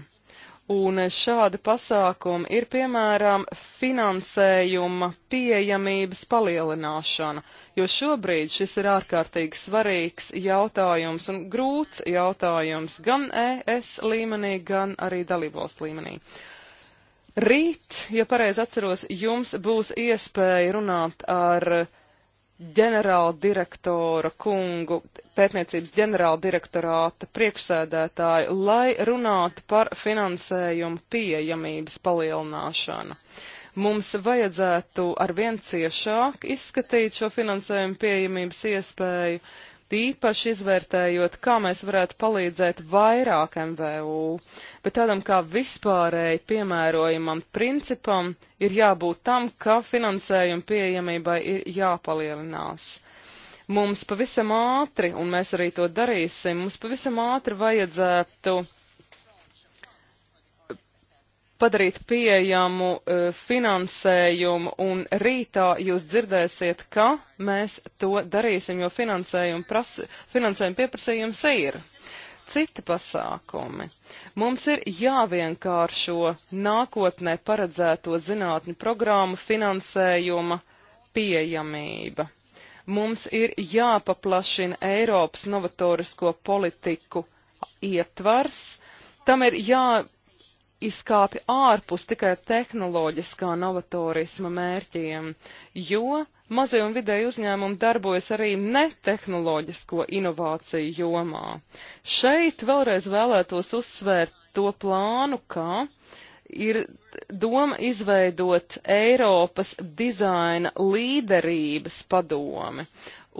Un šādi pasākumi ir piemēram finansējuma pieejamības palielināšana, jo šobrīd šis ir ārkārtīgi svarīgs jautājums un grūts jautājums gan ES līmenī, gan arī dalībvalstu līmenī. Rīt, ja pareizi atceros, jums būs iespēja runāt ar uh, ģenerāldirektora kungu, pētniecības ģenerāldirektorāta priekšsēdētāju, lai runātu par finansējumu pieejamības palielināšanu. Mums vajadzētu arvien ciešāk izskatīt šo finansējumu pieejamības iespēju, tīpaši izvērtējot, kā mēs varētu palīdzēt vairāk MVU. Uh, bet tādam kā vispārēji piemērojumam principam ir jābūt tam, ka finansējuma pieejamībai ir jāpalielinās. Mums pavisam ātri, un mēs arī to darīsim, mums pavisam ātri vajadzētu padarīt pieejamu uh, finansējumu, un rītā jūs dzirdēsiet, ka mēs to darīsim, jo finansējuma, prasa, finansējuma pieprasījums ir citi pasākumi. Mums ir jāvienkāršo nākotnē paredzēto zinātņu programmu finansējuma pieejamība. Mums ir jāpaplašina Eiropas novatorisko politiku ietvars, tam ir jāizkāpj ārpus tikai tehnoloģiskā novatorisma mērķiem, jo Mazie un vidēji uzņēmumi darbojas arī netehnoloģisko inovāciju jomā. Šeit vēlreiz vēlētos uzsvērt to plānu, kā ir doma izveidot Eiropas dizaina līderības padomi.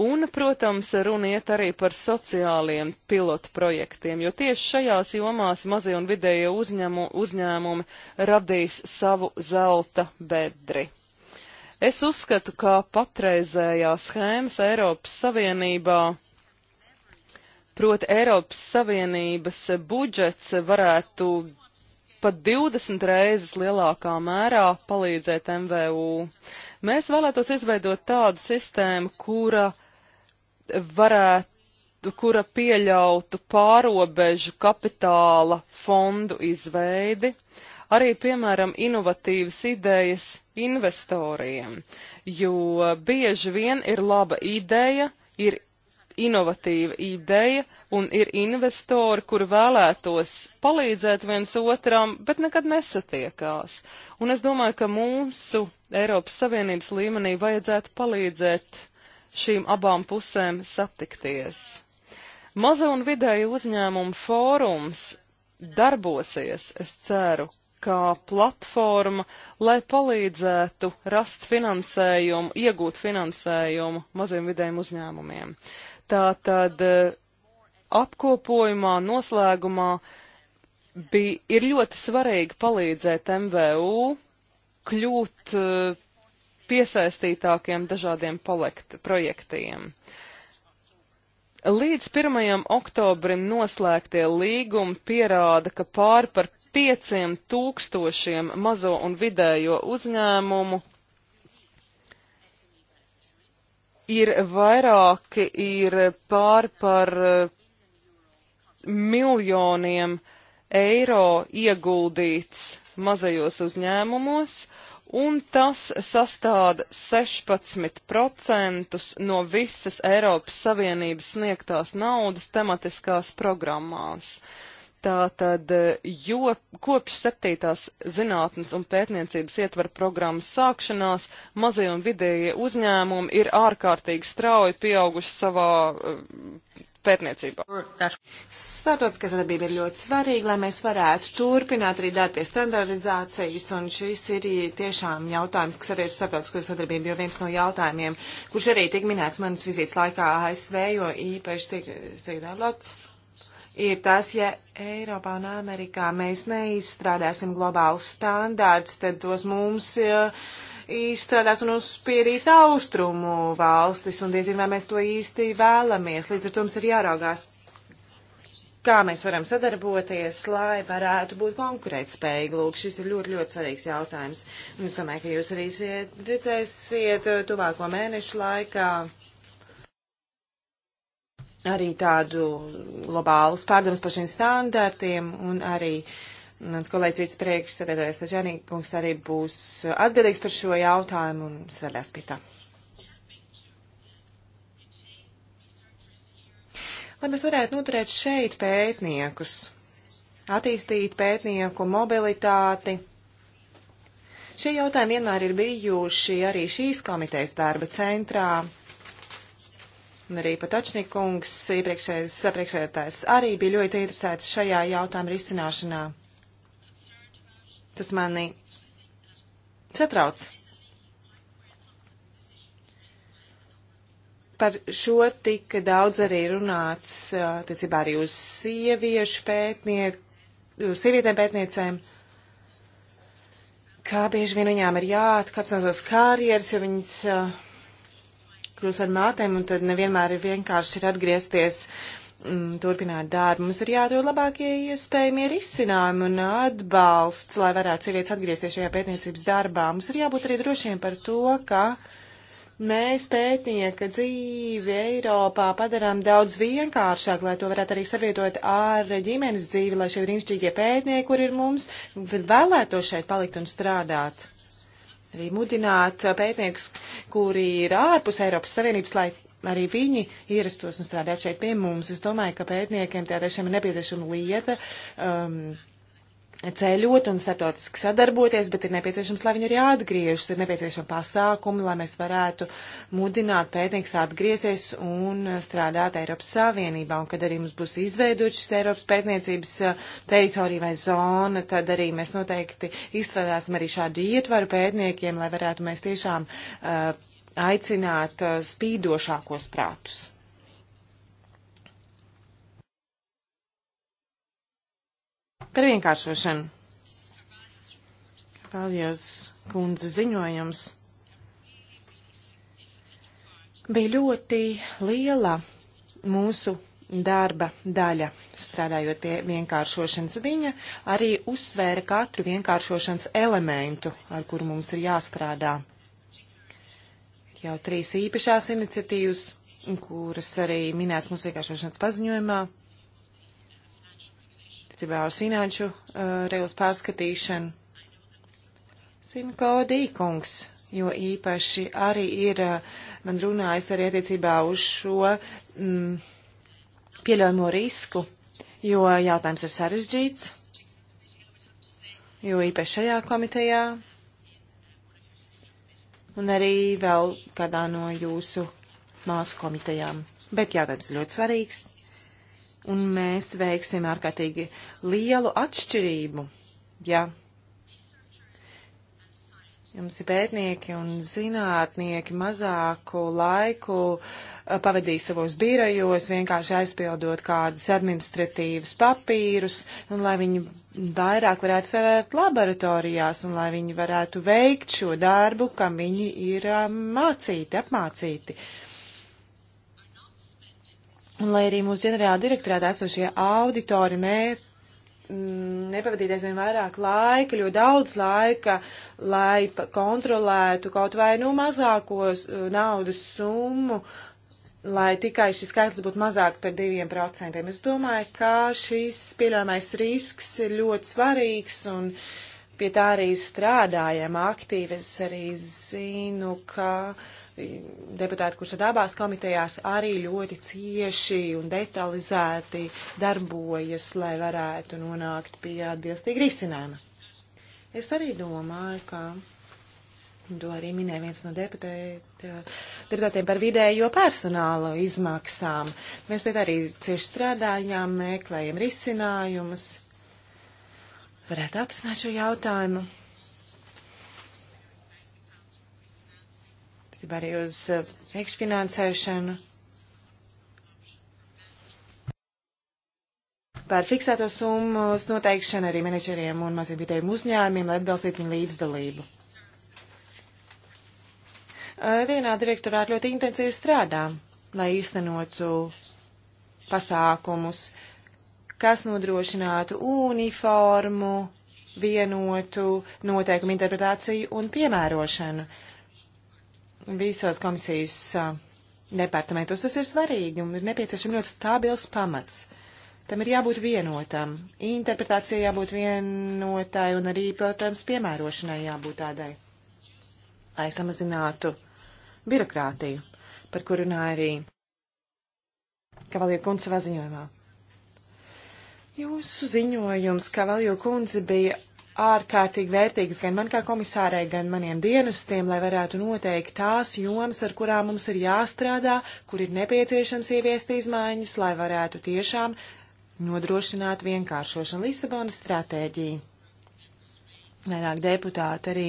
Un, protams, runiet arī par sociāliem pilotu projektiem, jo tieši šajās jomās mazie un vidējie uzņēmu, uzņēmumi radīs savu zelta bedri. Es uzskatu, ka patreizējā schēmas Eiropas Savienībā, proti Eiropas Savienības budžets varētu pat 20 reizes lielākā mērā palīdzēt MVU. Mēs vēlētos izveidot tādu sistēmu, kura varētu kura pieļautu pārobežu kapitāla fondu izveidi, arī, piemēram, inovatīvas idejas investoriem, jo bieži vien ir laba ideja, ir inovatīva ideja un ir investori, kur vēlētos palīdzēt viens otram, bet nekad nesatiekās. Un es domāju, ka mūsu Eiropas Savienības līmenī vajadzētu palīdzēt šīm abām pusēm satikties. Maza un vidēja uzņēmuma fórums darbosies, es ceru, kā platforma, lai palīdzētu rast finansējumu, iegūt finansējumu maziem vidējiem uzņēmumiem. Tātad eh, apkopojumā, noslēgumā bija, ir ļoti svarīgi palīdzēt MVU kļūt eh, piesaistītākiem dažādiem palekt, projektiem. Līdz 1. oktobrim noslēgtie līgumi pierāda, ka pāri par pieciem tūkstošiem mazo un vidējo uzņēmumu ir vairāki, ir pār par e, miljoniem eiro ieguldīts mazajos uzņēmumos, un tas sastāda 16% no visas Eiropas Savienības sniegtās naudas tematiskās programmās. Uh, Tātad, eh, jo kopš septītās zinātnes un pētniecības ietver programmas sākšanās, mazie un vidējie uzņēmumi ir ārkārtīgi strauji pieauguši savā uh, pētniecībā. Startautiskā sadarbība ir ļoti svarīga, lai mēs varētu turpināt arī darbu pie standardizācijas, un šis ir tiešām jautājums, kas arī ir startautiskā sadarbība, jo viens no jautājumiem, kurš arī tika minēts manas vizītes laikā ASV, jo īpaši tika, tika, tika ir tas, ja Eiropā un Amerikā mēs neizstrādāsim globālus standārts, tad tos mums eh, izstrādās un uzspiedīs austrumu valstis, un diezin vai mēs to īsti vēlamies. Līdz ar to mums ir jāraugās, kā mēs varam sadarboties, lai varētu būt konkurētspējīgi. Lūk, šis ir ļoti, ļoti svarīgs jautājums. Un es domāju, ka jūs arī redzēsiet eh, tuvāko mēnešu laikā arī tādu globālus pārdomas par šiem standartiem un arī mans kolēģis Vits priekšsēdētājs Tažanī kungs arī būs atbildīgs par šo jautājumu un strādās pie tā. Lai mēs varētu noturēt šeit pētniekus, attīstīt pētnieku mobilitāti. Šie jautājumi vienmēr ir bijuši arī šīs komitejas darba centrā. Un arī Patačnī kungs, iepriekšējais sapriekšētājs, arī bija ļoti interesēts šajā jautājuma risināšanā. Tas mani satrauc. Par šo tika daudz arī runāts, tiecībā arī uz sieviešu pētniet, uz sievietēm pētniecēm kā bieži vien viņām ir jāatkāpjas no savas karjeras, jo viņas uh, kļūst ar mātēm, un tad nevienmēr ir vienkārši ir atgriezties, mm, turpināt darbu. Mums ir jādod labākie iespējamie risinājumi un atbalsts, lai varētu sievietes atgriezties šajā pētniecības darbā. Mums ir jābūt arī drošiem par to, ka mēs pētnieka dzīvi Eiropā padarām daudz vienkāršāk, lai to varētu arī savietot ar ģimenes dzīvi, lai šie brīnišķīgie pētnieki, kur ir mums, vēlētos šeit palikt un strādāt arī mudināt pētniekus, kuri ir ārpus Eiropas Savienības, lai arī viņi ierastos un strādāt šeit pie mums. Es domāju, ka pētniekiem tā tiešām ir nepieciešama lieta. Um, ceļot un starptautiski sadarboties, bet ir nepieciešams, lai viņi arī atgriežas, ir nepieciešama pasākumi, lai mēs varētu mudināt pētnieks atgriezties un strādāt Eiropas Savienībā. Un kad arī mums būs izveidot šis Eiropas pētniecības eh, teritorija vai zona, tad arī mēs noteikti izstrādāsim arī šādu ietvaru pētniekiem, lai varētu mēs tiešām uh, aicināt uh, spīdošākos prātus. Par vienkāršošanu. Paldies, kundze, ziņojums. Bija ļoti liela mūsu darba daļa, strādājot pie vienkāršošanas. Viņa arī uzsvēra katru vienkāršošanas elementu, ar kuru mums ir jāstrādā. Jau trīs īpašās iniciatīvas, kuras arī minēts mūsu vienkāršošanas paziņojumā attiecībā uz finanšu uh, regulas pārskatīšanu. Sinko Dīkungs, jo īpaši arī ir, uh, man runājis arī attiecībā uz šo mm, pieļaujamo risku, jo jautājums ir sarežģīts, jo īpaši šajā komitejā un arī vēl kādā no jūsu māsu komitejām. Bet jautājums ļoti svarīgs un mēs veiksim ārkārtīgi lielu atšķirību, ja jums ir pētnieki un zinātnieki mazāku laiku eh, pavadīs savos birojos, vienkārši aizpildot kādus administratīvus papīrus, un lai viņi vairāk varētu strādāt laboratorijās, un lai viņi varētu veikt šo darbu, kam viņi ir eh, mācīti, apmācīti. Uh, Un lai arī mūsu ģenerāla direktorāta esošie auditori ne, mm, nepavadīties vien vairāk laika, ļoti daudz laika, lai kontrolētu kaut vai nu mazākos uh, naudas summu, lai tikai šis skaitlis būtu mazāk par diviem procentiem. Es domāju, ka šis pieļaujamais risks ir ļoti svarīgs un pie tā arī strādājam aktīvi. Es arī zinu, ka. Uh, deputāti, kurš ir abās komitejās, arī ļoti cieši un detalizēti darbojas, lai varētu nonākt pie atbilstīga risinājuma. Es arī domāju, ka. To arī minēja viens no deputēt, deputātiem par vidējo personāla izmaksām. Mēs pie tā arī cieši strādājām, meklējam risinājumus. Varētu atrisināt šo jautājumu. attiecībā arī uz eh, iekšfinansēšanu. Par fiksēto summu noteikšanu arī menedžeriem un mazvidējiem uzņēmumiem, lai atbalstītu viņu līdzdalību. Dienā eh, direktorāt ļoti intensīvi strādā, lai īstenotu pasākumus, kas nodrošinātu uniformu, vienotu noteikumu interpretāciju un piemērošanu visos komisijas departamentos. Tas ir svarīgi un ir nepieciešams ļoti stabils pamats. Tam ir jābūt vienotam, interpretācijai jābūt vienotai un arī, protams, piemērošanai jābūt tādai, lai samazinātu birokrātiju, par kuru runāja arī Kavalija kundze savā ziņojumā. Jūsu ziņojums, Kavalija kundze, bija ārkārtīgi vērtīgas gan man kā komisārai, gan maniem dienestiem, lai varētu noteikt tās jomas, ar kurām mums ir jāstrādā, kur ir nepieciešams ieviest izmaiņas, lai varētu tiešām nodrošināt vienkāršošanu Lisabonas stratēģiju. Vairāk deputāti arī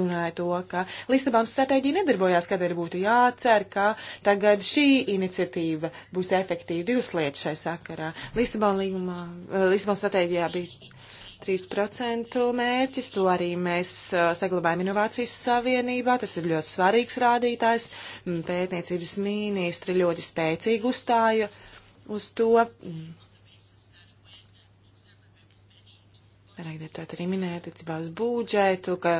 runāja to, ka Lisabonas stratēģija nedarbojās, kad arī būtu jācer, ka tagad šī iniciatīva būs efektīva divas lietas šai sakarā. Lisabona līgumā, eh, Lisabonas stratēģijā bija 3% mērķis, to arī mēs saglabājam inovācijas savienībā, tas ir ļoti svarīgs rādītājs. Mm, pētniecības ministri ļoti spēcīgi uzstāja uz to. Mm Vairāk deputāti arī minēja attiecībā uz budžetu, ka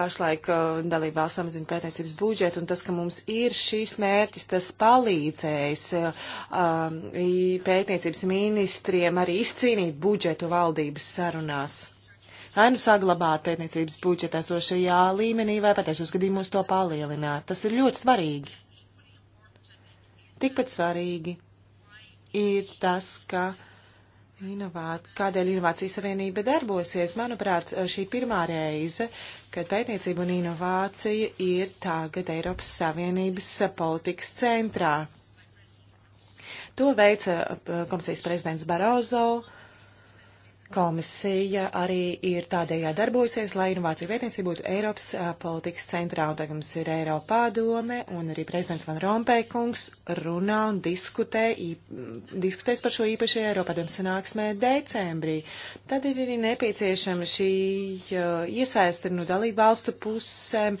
pašlaik uh, dalība valsts samazina pētniecības budžetu, un tas, ka mums ir šīs mērķis, tas palīdzēs uh, um, pētniecības ministriem arī izcīnīt budžetu valdības sarunās. Vai nu saglabāt pētniecības budžetā sošajā līmenī, vai pat šos gadījumos to palielināt. Tas ir ļoti svarīgi. Tikpat svarīgi ir tas, ka Inovāt. Kādēļ Inovācijas Savienība darbosies? Manuprāt, šī pirmā reize, kad pētniecība un inovācija ir tagad Eiropas Savienības politikas centrā. To veica uh, komisijas prezidents Barozo, Komisija arī ir tādējā darbojusies, lai inovācija vēstniecība būtu Eiropas a, politikas centrā, un tagad mums ir Eiropa padome, un arī prezidents Van Rompēkungs runā un diskutē, i, diskutēs par šo īpašajā Eiropa padomas sanāksmē decembrī. Tad ir arī nepieciešama šī iesaista no dalību valstu pusēm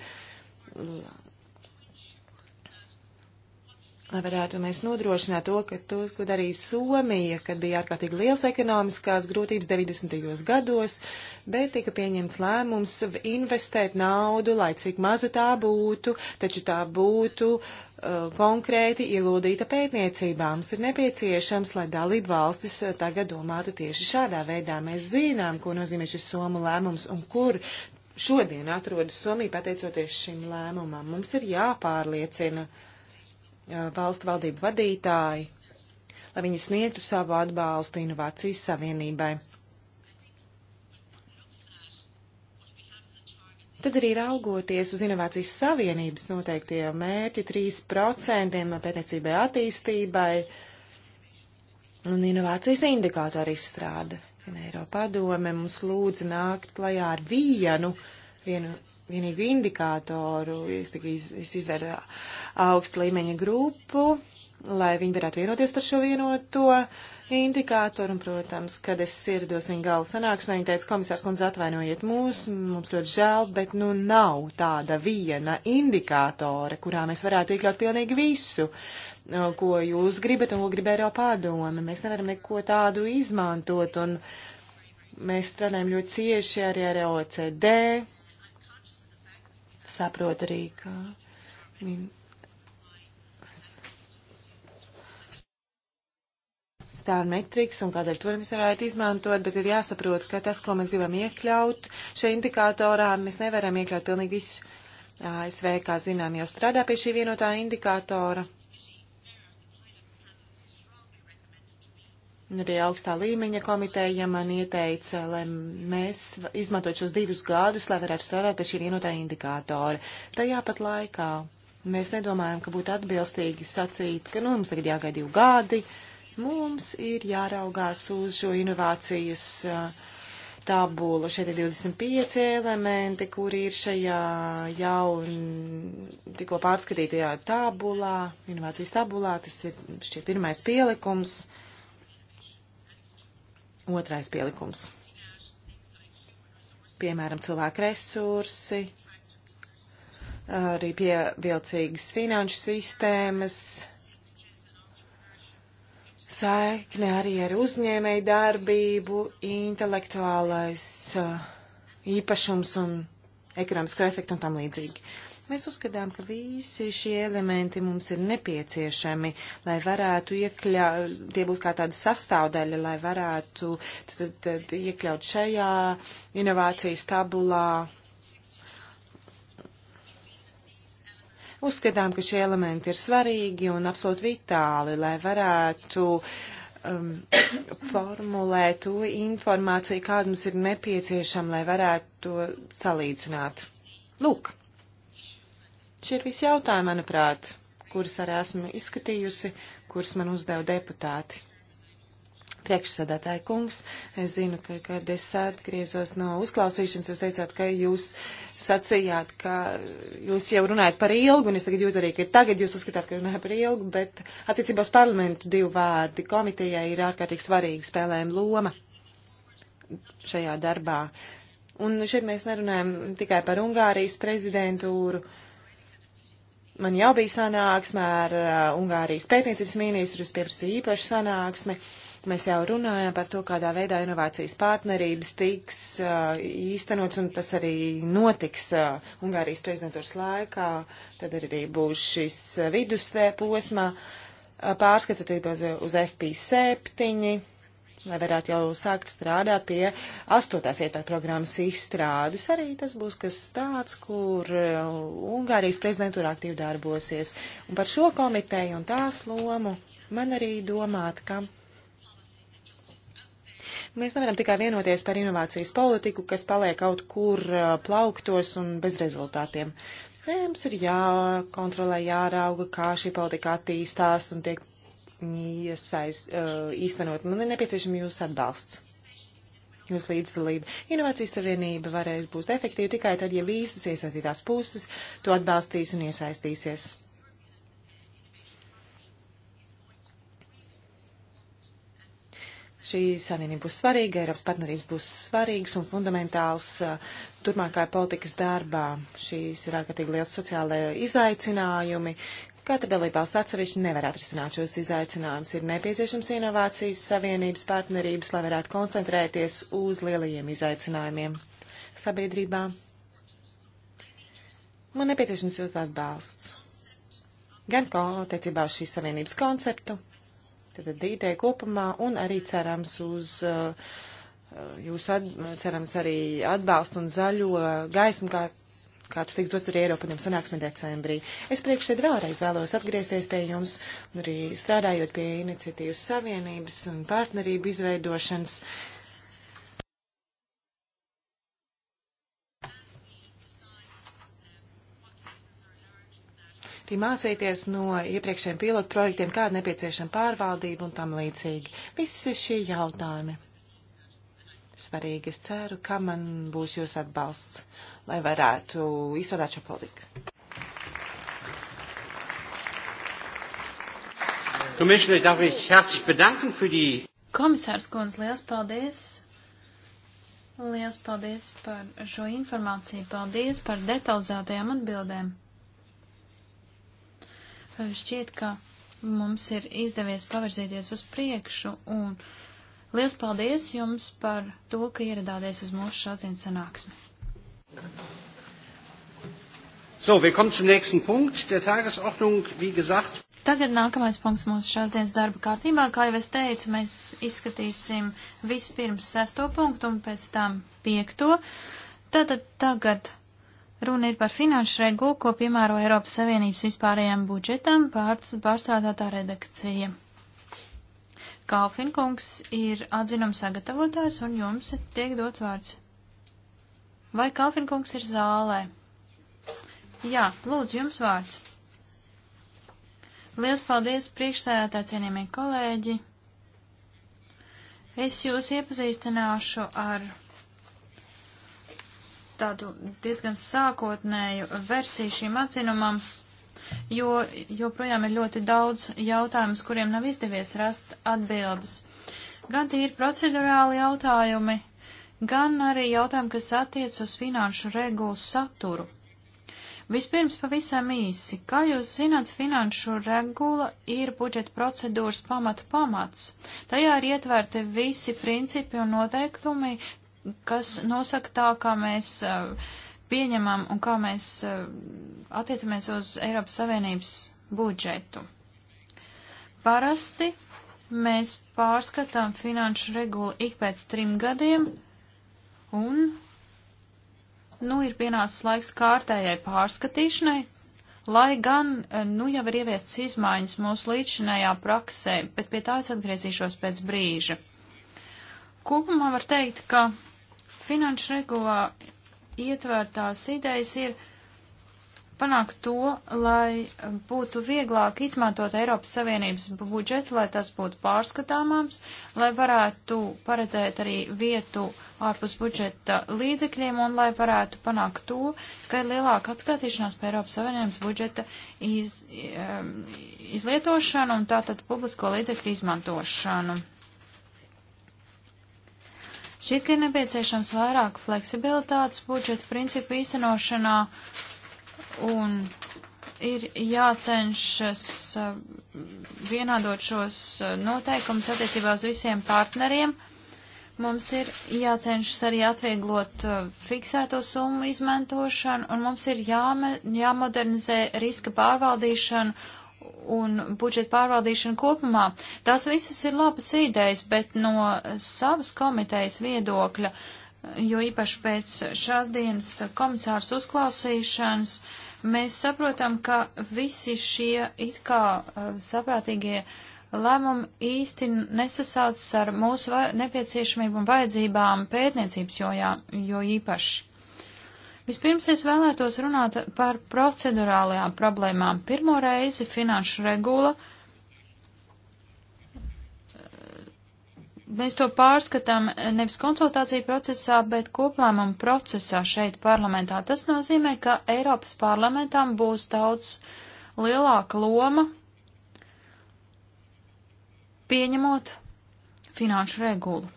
lai varētu mēs nodrošināt to, ka to, ko darīja Somija, kad bija ārkārtīgi liels ekonomiskās grūtības 90. gados, bet tika pieņemts lēmums investēt naudu, lai cik maza tā būtu, taču tā būtu uh, konkrēti ieguldīta pētniecībā. Mums ir nepieciešams, lai dalību valstis uh, tagad domātu tieši šādā veidā. Mēs zinām, ko nozīmē šis Somu lēmums un kur šodien atrodas Somija pateicoties šim lēmumam. Mums ir jāpārliecina. Uh, valstu valdību vadītāji, lai viņi sniegtu savu atbalstu inovācijas savienībai. Tad arī raugoties uz Inovācijas Savienības noteiktie mērķi 3% pētniecībai attīstībai un inovācijas indikātori izstrāde. Eiropā dome mums lūdza nākt klajā ar vienu, vienu vienīgu indikātoru, es, iz, es izvedu augstu līmeņa grupu, lai viņi varētu vienoties par šo vienoto indikātoru. Un, protams, kad es ierados viņa gala sanāksmē, viņa teica, komisārs kundze, atvainojiet mūs, mums ļoti žēl, bet nu nav tāda viena indikātora, kurā mēs varētu iekļaut pilnīgi visu ko jūs gribat un ko grib Eiropā doma. Mēs nevaram neko tādu izmantot un mēs strādājam ļoti cieši arī ar OECD, saprot arī, ka stāv metriks un kādēļ to mēs varētu izmantot, bet ir jāsaprot, ka tas, ko mēs gribam iekļaut šajā indikatorā, mēs nevaram iekļaut pilnīgi visu. ASV, kā zinām, jau strādā pie šī vienotā indikatora. Un arī augstā līmeņa komiteja man ieteica, lai mēs izmantot šos divus gadus, lai varētu strādāt pie šī vienotā indikātora. Tajā pat laikā mēs nedomājam, ka būtu atbilstīgi sacīt, ka nu, mums tagad jāgaida divi gadi, mums ir jāraugās uz šo inovācijas uh, tabulu. Šeit ir 25 elementi, kuri ir šajā jau tikko pārskatītajā tabulā, inovācijas tabulā. Tas ir šķiet pirmais pielikums. Otrais pielikums. Piemēram, cilvēku resursi, arī pievilcīgas finanšu sistēmas, saikne arī ar uzņēmēju darbību, intelektuālais uh, īpašums un ekonomisko efektu un tam līdzīgi. Uh, Mēs uzskatām, ka visi šie elementi mums ir nepieciešami, lai varētu iekļaut, tie būtu kā tāda sastāvdaļa, lai varētu tad, tad, iekļaut šajā inovācijas tabulā. Uzskatām, ka šie elementi ir svarīgi un absolūti vitāli, lai varētu um, formulēt to informāciju, kāda mums ir nepieciešama, lai varētu to salīdzināt. Lūk, Šie ir visi jautājumi, manuprāt, kurus arī esmu izskatījusi, kurus man uzdeva deputāti. Priekšsēdētāja kungs, es zinu, ka, kad es atgriezos no uzklausīšanas, jūs teicāt, ka jūs sacījāt, ka jūs jau runājat par ilgu, un es tagad jūtu arī, ka tagad jūs uzskatāt, ka runājat par ilgu, bet attiecībā uz parlamentu divu vārdi komitejai ir ārkārtīgi svarīga spēlējuma loma šajā darbā. Un šeit mēs nerunājam tikai par Ungārijas prezidentūru. Uh, man jau bija sanāksme ar uh, Ungārijas pētniecības ministru, es pieprasīju īpašu sanāksmi. Mēs jau runājam par to, kādā veidā inovācijas partnerības tiks uh, īstenots, un tas arī notiks uh, Ungārijas prezidentūras laikā. Tad arī būs šis vidustē posma uh, uh pārskatotībā uz, uz FP7 lai varētu jau sākt strādāt pie astotās ietvaru programmas izstrādes. Arī tas būs kas tāds, kur uh, Ungārijas prezidentūra aktīvi darbosies. Un par šo komiteju un tās lomu man arī domāt, ka. Mēs nevaram tikai vienoties par inovācijas politiku, kas paliek kaut kur uh, plauktos un bez rezultātiem. Mums ir jākontrolē, jārauga, kā šī politika attīstās un tiek iesaist, uh, īstenot. Man ir nepieciešama jūsu atbalsts. Jūs līdzdalība. Inovācijas savienība varēs būt efektīva tikai tad, ja visas iesaistītās puses to atbalstīs un iesaistīsies. Šī savienība būs svarīga, Eiropas partnerības būs svarīgs un fundamentāls uh, turpmākajā politikas darbā. Šīs ir ārkārtīgi liels sociālai izaicinājumi, Katra dalībvalsts atsevišķi nevar atrisināt šos izaicinājumus. Ir nepieciešams inovācijas savienības partnerības, lai varētu koncentrēties uz lielajiem izaicinājumiem sabiedrībā. Man nepieciešams jūsu atbalsts. Gan attiecībā uz šīs savienības konceptu, tad ideja kopumā un arī cerams uz uh, uh, jūsu, at, cerams arī atbalstu un zaļo gaismu, kā kāds tiks dots arī Eiropa un sanāksme decembrī. Es priekšsēd vēlreiz vēlos atgriezties pie jums, un arī strādājot pie iniciatīvas savienības un partnerību izveidošanas. Arī mācīties no iepriekšējiem pilotu projektiem, kāda nepieciešama pārvaldība un tam līdzīgi. Visi šie jautājumi svarīgi. Es ceru, ka man būs jūs atbalsts, lai varētu izsvarāt šo politiku. Komisārs Kons, liels paldies! Liels paldies par šo informāciju, paldies par detalizētajām atbildēm. Šķiet, ka mums ir izdevies pavirzīties uz priekšu un. Lielas paldies jums par to, ka ieradāties uz mūsu šodienas sanāksmi. So, wir kommen zum nächsten Punkt der Tagesordnung, wie gesagt. Tagad nākamais punkts mūsu šodienas darba kārtībā. Kā jau es teicu, mēs izskatīsim vispirms sesto punktu un pēc tam piekto. Tātad tagad runa ir par finanšu regulu, ko piemēro Eiropas Savienības vispārējām budžetam pārstrādātā redakcija. Kalfinkungs ir atzinums sagatavotājs un jums tiek dots vārds. Vai Kalfinkungs ir zālē? Jā, lūdzu, jums vārds. Liels paldies priekšsēdētā cienījamie kolēģi. Es jūs iepazīstināšu ar tādu diezgan sākotnēju versiju šīm atzinumam jo joprojām ir ļoti daudz jautājumus, kuriem nav izdevies rast atbildes. Gan tie ir procedurāli jautājumi, gan arī jautājumi, kas attiec uz finanšu regulas saturu. Vispirms pavisam īsi, kā jūs zināt, finanšu regula ir budžeta procedūras pamata pamats. Tajā ir ietverti visi principi un noteikumi, kas nosaka tā, kā mēs uh, pieņemam un kā mēs eh, attiecamies uz Eiropas Savienības budžetu. Parasti mēs pārskatām finanšu regulu ik pēc trim gadiem un, nu, ir pienācis laiks kārtējai pārskatīšanai, lai gan, eh, nu, jau ir ieviestas izmaiņas mūsu līdzinējā praksē, bet pie tā es atgriezīšos pēc brīža. Kopumā var teikt, ka finanšu regulā ietvērtās idejas ir panākt to, lai būtu vieglāk izmantot Eiropas Savienības budžetu, lai tas būtu pārskatāmāms, lai varētu paredzēt arī vietu ārpus budžeta līdzekļiem un lai varētu panākt to, ka ir lielāka atskaitīšanās par Eiropas Savienības budžeta iz, iz, um, izlietošanu un tātad publisko līdzekļu izmantošanu. Šķiet, ka ir nepieciešams vairāk fleksibilitātes budžeta principu īstenošanā un ir jācenšas uh, vienādot šos uh, noteikumus attiecībā uz visiem partneriem. Mums ir jācenšas arī atvieglot uh, fiksēto summu izmantošanu, un mums ir jāme, jāmodernizē riska pārvaldīšanu un budžeta pārvaldīšana kopumā. Tās visas ir labas idejas, bet no savas komitejas viedokļa, jo īpaši pēc šās dienas komisārs uzklausīšanas, mēs saprotam, ka visi šie it kā uh, saprātīgie lēmumi īsti nesasaucas ar mūsu nepieciešamību un vajadzībām pētniecības jojā, jo īpaši. Vispirms es vēlētos runāt par procedurālajām problēmām. Pirmo reizi finanšu regula. Mēs to pārskatām nevis konsultāciju procesā, bet koplēmumu procesā šeit parlamentā. Tas nozīmē, ka Eiropas parlamentam būs daudz lielāka loma pieņemot finanšu regulu.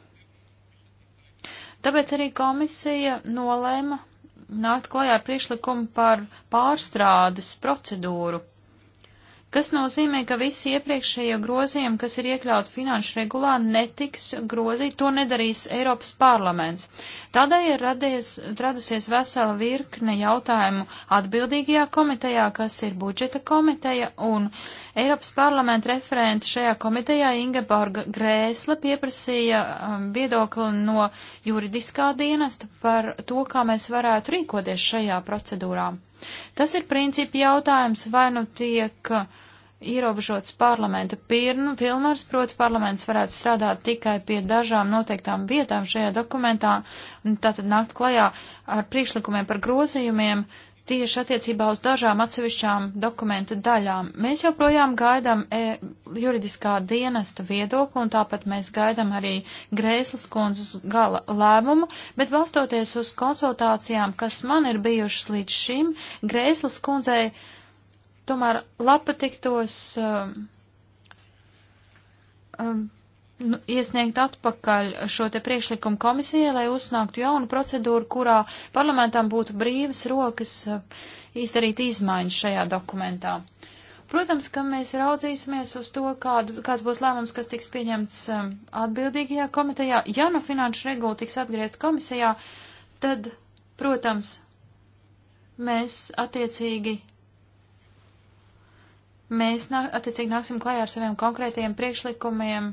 Tāpēc arī komisija nolēma nākt klajā ar priekšlikumu par pārstrādes procedūru, kas nozīmē, ka visi iepriekšējie grozījumi, kas ir iekļauti finanšu regulā, netiks grozīti, to nedarīs Eiropas parlaments. Tādēļ ir radies, radusies vesela virkne jautājumu atbildīgajā komitejā, kas ir budžeta komiteja, un Eiropas parlamenta referenta šajā komitejā Ingeborga Grēsla pieprasīja um, viedokli no juridiskā dienesta par to, kā mēs varētu rīkoties šajā procedūrā. Tas ir principi jautājums, vai nu tiek uh, ierobežots parlamenta pilnvars, proti parlaments varētu strādāt tikai pie dažām noteiktām vietām šajā dokumentā, un tātad nākt klajā ar priekšlikumiem par grozījumiem, uh, tieši attiecībā uz dažām atsevišķām dokumenta daļām. Mēs joprojām gaidām e, juridiskā dienesta viedokli, un tāpat mēs gaidām arī Grēslas kundzes gala lēmumu, bet balstoties uz konsultācijām, kas man ir bijušas līdz šim, Grēslas kundzei tomēr lapa tiktos. Um, um, nu, iesniegt atpakaļ šo te priekšlikumu komisijai, lai uznāktu jaunu procedūru, kurā parlamentām būtu brīvas rokas eh, izdarīt izmaiņas šajā dokumentā. Protams, ka mēs raudzīsimies uz to, kādu, kāds būs lēmums, kas tiks pieņemts eh, atbildīgajā komitejā. Ja nu finanšu regula tiks atgriezt komisijā, tad, protams, mēs attiecīgi mēs nā, attiecīgi nāksim klajā ar saviem konkrētajiem priekšlikumiem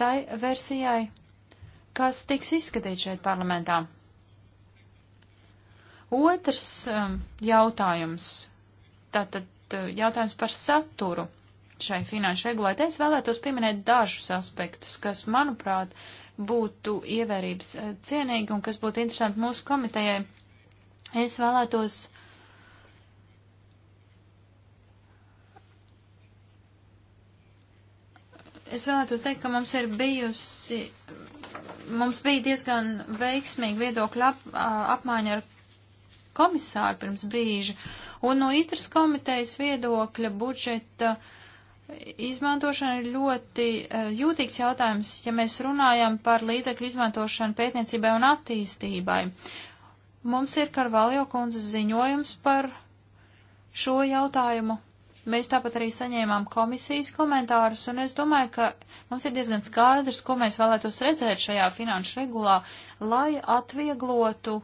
tai versijai, kas tiks izskatīt šeit parlamentā. Otrs um, jautājums, tātad uh, jautājums par saturu šai finanšu regulētai. Es vēlētos pieminēt dažus aspektus, kas, manuprāt, būtu ievērības uh, cienīgi un kas būtu interesanti mūsu komitejai. Es vēlētos es vēlētos teikt, ka mums ir bijusi, mums bija diezgan veiksmīga viedokļa ap, apmaiņa ar komisāru pirms brīža, un no itras komitejas viedokļa budžeta izmantošana ir ļoti jūtīgs jautājums, ja mēs runājam par līdzekļu izmantošanu pētniecībai un attīstībai. Mums ir Karvaljo kundzes ziņojums par šo jautājumu. Mēs tāpat arī saņēmām komisijas komentārus, un es domāju, ka mums ir diezgan skaidrs, ko mēs vēlētos redzēt šajā finanšu regulā, lai atvieglotu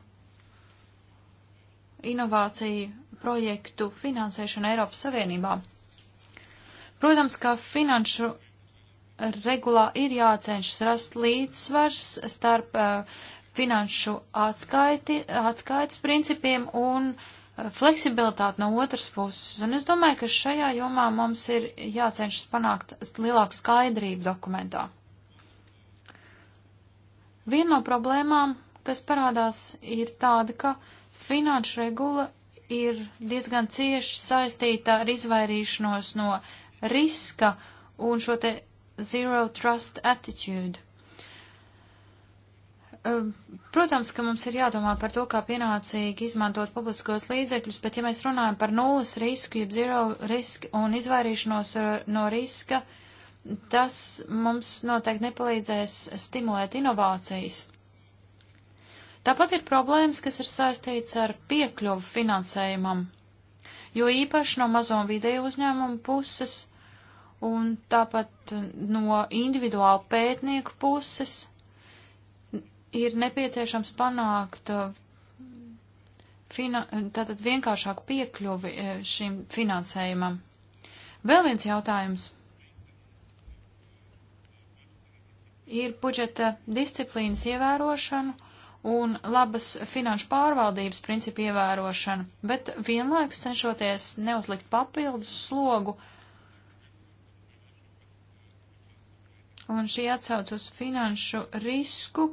inovāciju projektu finansēšanu Eiropas Savienībā. Protams, ka finanšu regulā ir jācenšas rast līdzsvars starp uh, finanšu atskaiti, atskaites principiem un uh, fleksibilitāti no otras puses. Un es domāju, ka šajā jomā mums ir jācenšas panākt lielāku skaidrību dokumentā. Viena no problēmām, kas parādās, ir tāda, ka finanšu regula ir diezgan cieši saistīta ar izvairīšanos no riska un šo te zero trust attitude. Ehm, protams, ka mums ir jādomā par to, kā pienācīgi izmantot publiskos līdzekļus, bet ja mēs runājam par nulles risku, jeb zero risku un izvairīšanos eh, no riska, tas mums noteikti nepalīdzēs stimulēt inovācijas. Tāpat ir problēmas, kas ir saistīts ar piekļuvu finansējumam, jo īpaši no mazo un vidēju uzņēmumu puses un tāpat no individuālu pētnieku puses ir nepieciešams panākt uh, fina, tātad vienkāršāku piekļuvi uh, šim finansējumam. Vēl viens jautājums. Ir budžeta disciplīnas ievērošana un labas finanšu pārvaldības principu ievērošana, bet vienlaikus cenšoties neuzlikt papildus slogu. Un šī atsauc uz finanšu risku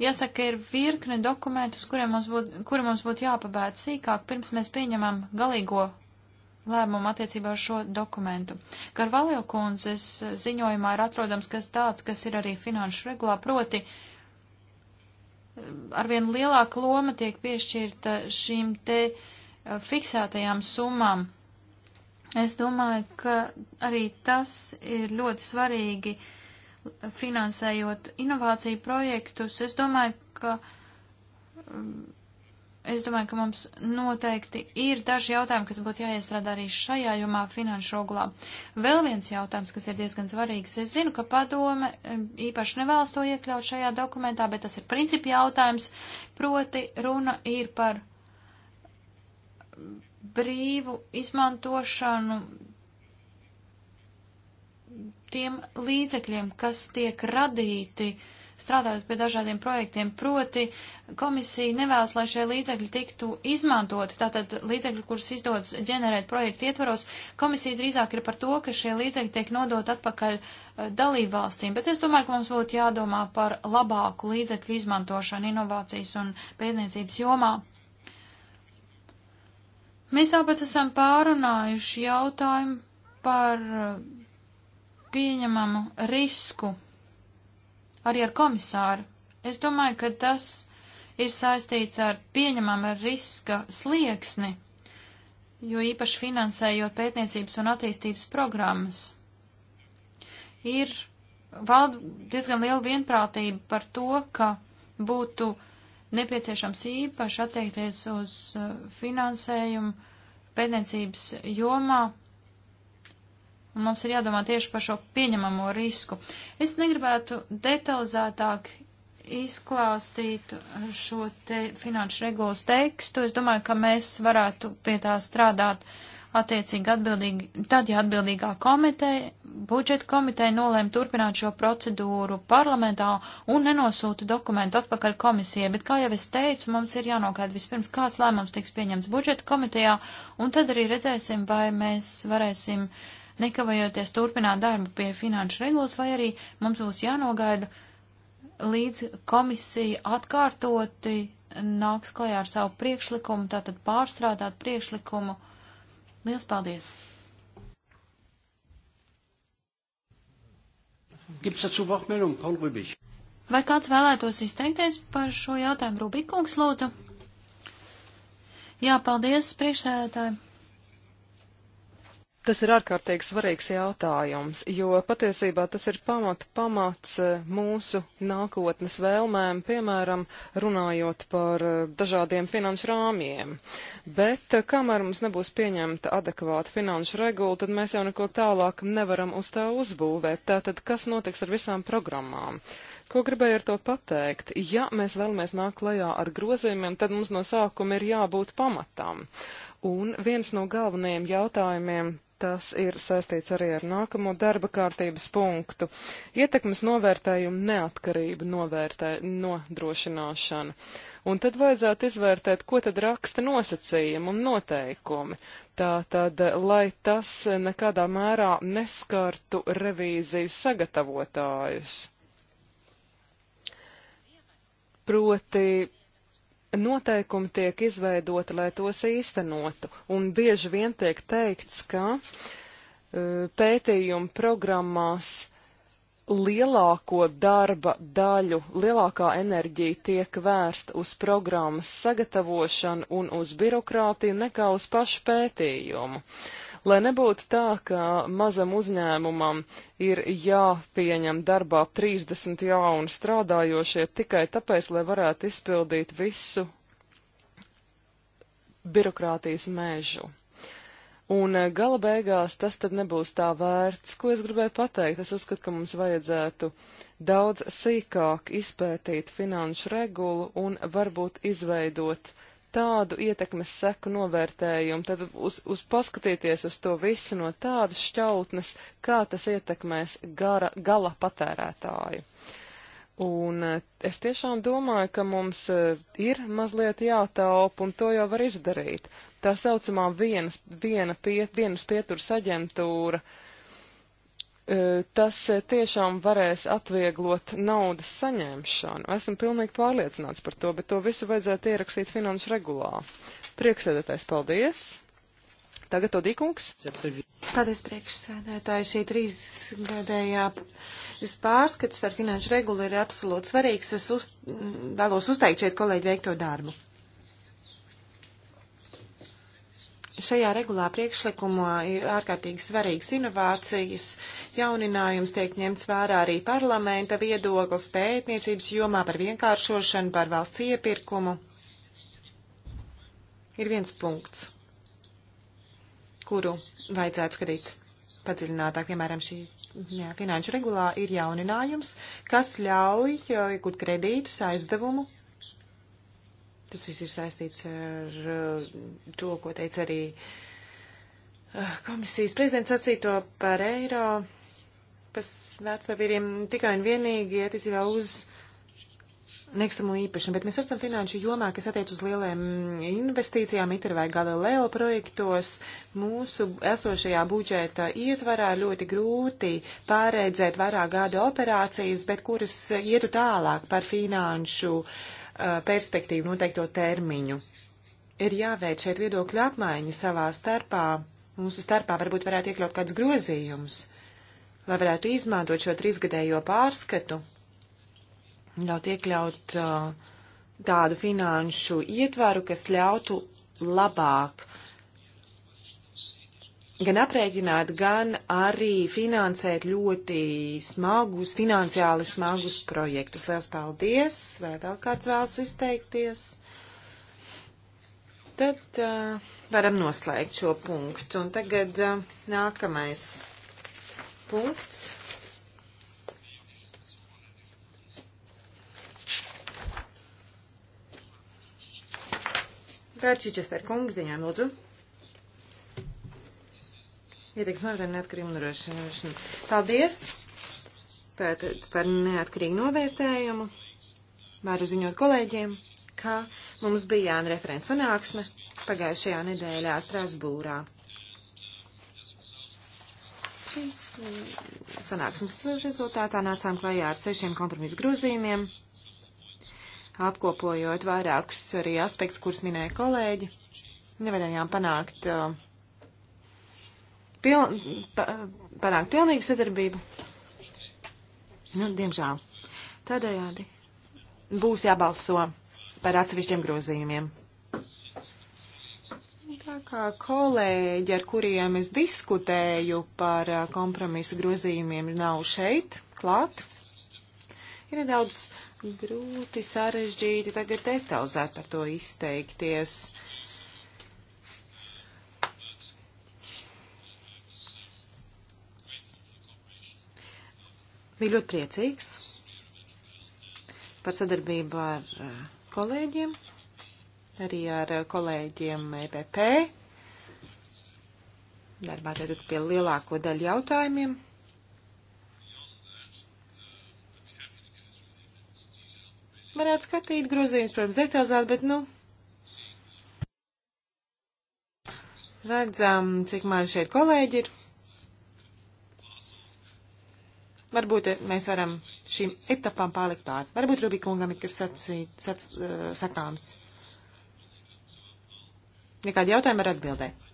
Jāsaka, ir virkne dokumentus, kuriem mums būtu, kuri mums būtu jāpabēta sīkāk, pirms mēs pieņemam galīgo lēmumu attiecībā uz šo dokumentu. Karvalio kundzes ziņojumā ir atrodams kas tāds, kas ir arī finanšu regulā, proti arvien lielāka loma tiek piešķirta šīm te eh, fiksētajām summām. Es domāju, ka arī tas ir ļoti svarīgi uh, finansējot inovāciju projektus, es domāju, ka. Mm, es domāju, ka mums noteikti ir daži jautājumi, kas būtu jāiestrādā arī šajā jomā finanšu regulā. Vēl viens jautājums, kas ir diezgan svarīgs. Es zinu, ka padome mm, īpaši nevēlas to iekļaut šajā dokumentā, bet tas ir principi jautājums. Proti runa ir par brīvu izmantošanu tiem līdzekļiem, kas tiek radīti strādājot pie dažādiem projektiem. Proti, komisija nevēlas, lai šie līdzekļi tiktu izmantoti. Tātad līdzekļi, kurus izdodas ģenerēt projektu ietvaros, komisija drīzāk ir par to, ka šie līdzekļi tiek nodot atpakaļ eh, dalību valstīm. Bet es domāju, ka mums būtu jādomā par labāku līdzekļu izmantošanu inovācijas un pētniecības jomā. Mēs tāpat esam pārunājuši jautājumu par eh, pieņemamu risku arī ar komisāru. Es domāju, ka tas ir saistīts ar pieņemama riska slieksni, jo īpaši finansējot pētniecības un attīstības programmas. Ir valda diezgan liela vienprātība par to, ka būtu nepieciešams īpaši attiekties uz uh, finansējumu pētniecības jomā Un mums ir jādomā tieši par šo pieņemamo risku. Es negribētu detalizētāk izklāstīt šo te finanšu regulas tekstu. Es domāju, ka mēs varētu pie tā strādāt attiecīgi atbildīgi, tad, ja atbildīgā komiteja, budžeta komiteja nolēma turpināt šo procedūru parlamentā un nenosūta dokumentu atpakaļ komisijai. Bet, kā jau es teicu, mums ir jānokaida vispirms, kāds lēmums tiks pieņemts budžeta komitejā, un tad arī redzēsim, vai mēs varēsim uh, nekavējoties turpināt darbu pie finanšu regulas, vai arī mums būs jānogaida, līdz komisija atkārtoti nāks klajā ar savu priekšlikumu, tātad pārstrādāt priekšlikumu. Liels paldies! Vai kāds vēlētos izteikties par šo jautājumu? Rubikungs, lūdzu. Jā, paldies, priekšsēdētāji. Tas ir ārkārtīgi svarīgs jautājums, jo patiesībā tas ir pamat, pamats eh, mūsu nākotnes vēlmēm, piemēram, runājot par eh, dažādiem finanšu rāmjiem. Bet eh, kamēr mums nebūs pieņemta adekvāta finanšu regula, tad mēs jau neko tālāk nevaram uz tā uzbūvēt. Tātad, kas notiks ar visām programmām? Ko gribēju ar to pateikt? Ja mēs vēlamies nākt klajā ar grozījumiem, tad mums no sākuma ir jābūt pamatām. Un viens no galvenajiem jautājumiem Tas ir saistīts arī ar nākamo darba kārtības punktu. Ietekmes novērtējumu neatkarību novērtē, nodrošināšana. Un tad vajadzētu izvērtēt, ko tad raksta nosacījumi un noteikumi. Tātad, lai tas nekādā mērā neskartu revīziju sagatavotājus. Proti, Noteikumi tiek izveidoti, lai tos īstenotu, un bieži vien tiek teikts, ka e, pētījumu programmās lielāko darba daļu, lielākā enerģija tiek vērsta uz programmas sagatavošanu un uz birokrātiju nekā uz pašu pētījumu. Uh, Lai nebūtu tā, ka mazam uzņēmumam ir jāpieņem darbā 30 jauni strādājošie tikai tāpēc, lai varētu izpildīt visu birokrātijas mežu. Un eh, gala beigās tas tad nebūs tā vērts, ko es gribēju pateikt. Es uzskatu, ka mums vajadzētu daudz sīkāk izpētīt finanšu regulu un varbūt izveidot tādu ietekmes seku novērtējumu, tad uz, uz paskatieties uz to visu no tādas šķautnes, kā tas ietekmēs gara, gala patērētāju. Un e, es tiešām domāju, ka mums e, ir mazliet jātaupa, un to jau var izdarīt. Tā saucamā vienas, viena pie, vienas pieturas aģentūra uh, E, tas e, tiešām varēs atvieglot naudas saņemšanu. Esmu pilnīgi pārliecināts par to, bet to visu vajadzētu ierakstīt finanšu regulā. Prieksēdētais, paldies! Tagad to dīkungs. Paldies, priekšsēdētāji. Šī trīsgadējā pārskats par finanšu regulu ir absolūti svarīgs. Es uz, vēlos uzteikt šeit kolēģi veikto darbu. Šajā regulā priekšlikumā ir ārkārtīgi svarīgas inovācijas, jauninājums tiek ņemts vērā arī parlamenta viedoklis pētniecības jomā par vienkāršošanu, par valsts iepirkumu. Ir viens punkts, kuru vajadzētu skatīt padziļinātāk, piemēram, šī jā, finanšu regulā ir jauninājums, kas ļauj iegūt kredītus aizdevumu Tas viss ir saistīts ar uh, to, ko teica arī uh, komisijas prezidents sacīto par eiro, pas vecpapīriem tikai un vienīgi attiecībā uz nekustamo īpašumu, bet mēs redzam finanšu jomā, kas attiec uz lieliem investīcijām, ITER vai Galileo projektos, mūsu esošajā budžeta ietvarā ļoti grūti pārēdzēt vairāk gada operācijas, bet kuras ietu tālāk par finanšu uh, Uh, perspektīvu noteikto termiņu. Ir jāveic šeit viedokļu apmaiņa savā starpā. Mūsu starpā varbūt varētu iekļaut kāds grozījums, lai varētu izmantot šo trīsgadējo pārskatu, ļaut iekļaut uh, tādu finanšu ietvaru, kas ļautu labāk uh, gan aprēķināt, gan arī finansēt ļoti smagus, finansiāli smagus projektus. Lielas paldies! Vai vēl kāds vēlas izteikties? Tad uh, varam noslēgt šo punktu. Un tagad uh, nākamais punkts. Vērčīčester kungs ziņām lūdzu. Ieteikums novērtēt neatkarību nodrošināšanu. Paldies! Tātad par neatkarīgu novērtējumu. Varu ziņot kolēģiem, ka mums bija jāna referents sanāksme pagājušajā nedēļā Strasbūrā. Šīs mm, sanāksmes rezultātā nācām klajā ar sešiem kompromisu grozījumiem, apkopojot vairākus arī aspektus, kurus minēja kolēģi. Nevarējām panākt uh, piln, pa, panākt pilnīgu sadarbību. Nu, diemžēl. Tādējādi būs jābalso par atsevišķiem grozījumiem. Tā kā kolēģi, ar kuriem es diskutēju par uh, kompromisa grozījumiem, nav šeit klāt, ir nedaudz grūti sarežģīti tagad detalizēt par to izteikties. Bija ļoti priecīgs par sadarbību ar eh, kolēģiem, arī ar kolēģiem EPP. Darbā tagad pie lielāko daļu jautājumiem. varētu skatīt grozījumus, protams, detalizēt, bet, nu, redzam, cik maz šeit kolēģi ir. Varbūt mēs varam šīm etapām palikt pār. Varbūt Rubikungam ir kas sacīt, sac, eh, sakāms. Nekādi jautājumi var atbildēt.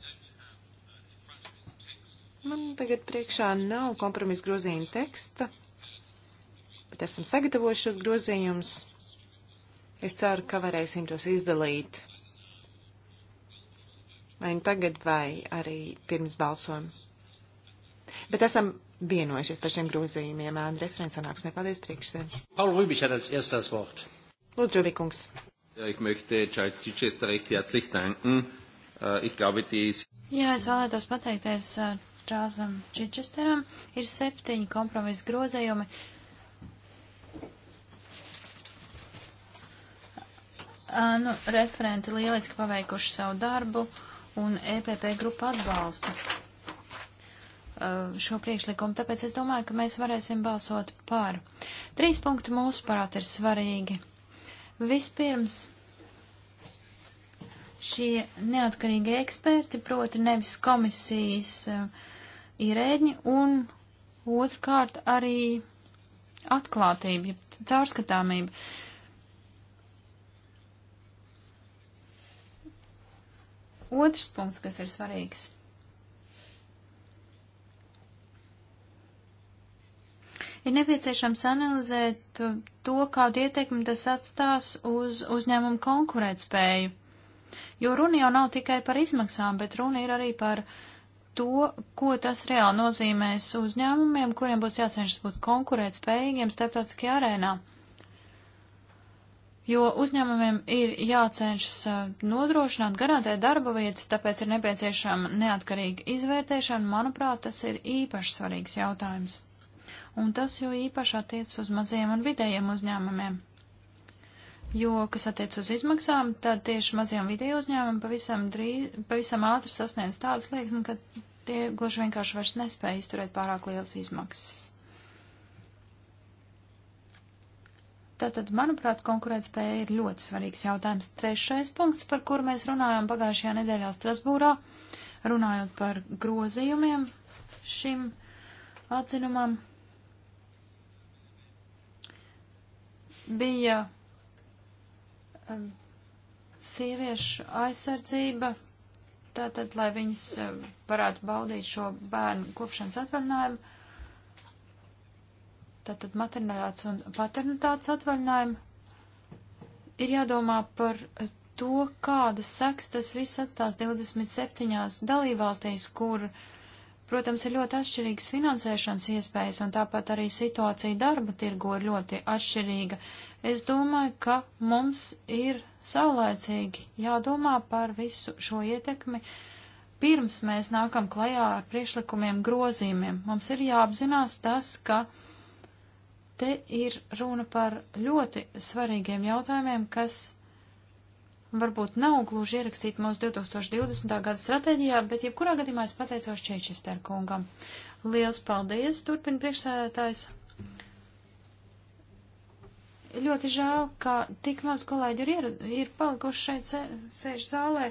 Man tagad priekšā nav kompromisa grozījuma teksta, bet esam sagatavojuši šos grozījumus. Es ceru, ka varēsim tos izdalīt. Vai nu tagad, vai arī pirms balsojuma. Bet esam vienojušies par šiem grozījumiem. Andri, referents sanāksmē, paldies priekšsēdē. Paul Rübišer, tas erstas vārds. Lūdzu, Rübikungs. Ja, ich möchte Charles Chichester recht herzlich danken. Uh, ich glaube, die ist... Jā, es vēlētos pateikties uh, äh, Čāzam Čičesteram. Ir septiņi kompromisa grozējumi. Uh, nu, referenti lieliski paveikuši savu darbu un EPP grupu atbalstu. Uh, šo priekšlikumu, tāpēc es domāju, ka mēs varēsim balsot par. Trīs punkti mūsuprāt ir svarīgi. Vispirms šie neatkarīgie eksperti, proti nevis komisijas uh, ierēģi, un otrkārt arī atklātība, caurskatāmība. Otrs punkts, kas ir svarīgs. Ir nepieciešams analizēt to, kādu ietekmi tas atstās uz uzņēmumu konkurētspēju. Jo runa jau nav tikai par izmaksām, bet runa ir arī par to, ko tas reāli nozīmēs uzņēmumiem, kuriem būs jācenšas būt konkurētspējīgiem starptautiskajā arēnā. Jo uzņēmumiem ir jācenšas uh, nodrošināt, garantēt darba vietas, tāpēc ir nepieciešama neatkarīga izvērtēšana. Manuprāt, tas ir īpaši svarīgs jautājums un tas jau īpaši attiec uz mazajiem un vidējiem uzņēmumiem. Jo, kas attiec uz izmaksām, tad tieši mazie un vidēji uzņēmumi pavisam, drīz, pavisam ātri sasniedz tādus liekas, ka tie gluži vienkārši vairs nespēja izturēt pārāk lielas izmaksas. Tātad, manuprāt, konkurētspēja ir ļoti svarīgs jautājums. Trešais punkts, par kuru mēs runājām pagājušajā nedēļā Strasbūrā, runājot par grozījumiem šim atzinumam, bija um, sieviešu aizsardzība, tātad, lai viņas um, varētu baudīt šo bērnu kopšanas atvaļinājumu, tātad maternitātes un paternitātes atvaļinājumu, ir jādomā par to, kādas seks tas viss atstās 27 dalībvalstīs, kur uh, Protams, ir ļoti atšķirīgas finansēšanas iespējas, un tāpat arī situācija darba tirgo ir ļoti atšķirīga. Es domāju, ka mums ir saulēcīgi jādomā par visu šo ietekmi, pirms mēs nākam klajā ar priekšlikumiem grozīmiem. Mums ir jāapzinās tas, ka te ir runa par ļoti svarīgiem jautājumiem, kas varbūt nav gluži ierakstīt mūsu 2020. gada stratēģijā, bet jebkurā gadījumā es pateicos Čeičester kungam. Liels paldies, turpina priekšsēdētājs. Ļoti žēl, ka tik maz kolēģi ir, ier, ir palikuši šeit se, sēž zālē,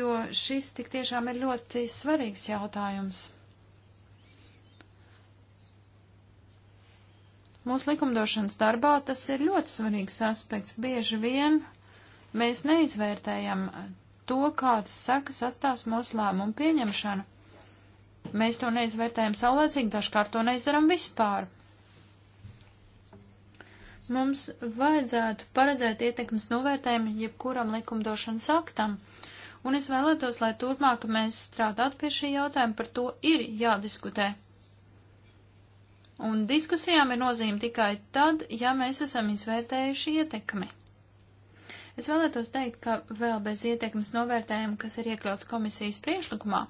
jo šis tik tiešām ir ļoti svarīgs jautājums. Mūsu likumdošanas darbā tas ir ļoti svarīgs aspekts. Bieži vien Mēs neizvērtējam to, kādas sekas atstās mūsu lēmumu pieņemšanu. Mēs to neizvērtējam saulēcīgi, dažkārt to neizdaram vispār. Mums vajadzētu paredzēt ietekmes novērtējumu jebkuram likumdošanas aktam, un es vēlētos, lai turpmāk mēs strādātu pie šī jautājuma, par to ir jādiskutē. Un diskusijām ir nozīme tikai tad, ja mēs esam izvērtējuši ietekmi. Es vēlētos teikt, ka vēl bez ietekmes novērtējuma, kas ir iekļauts komisijas priešlikumā,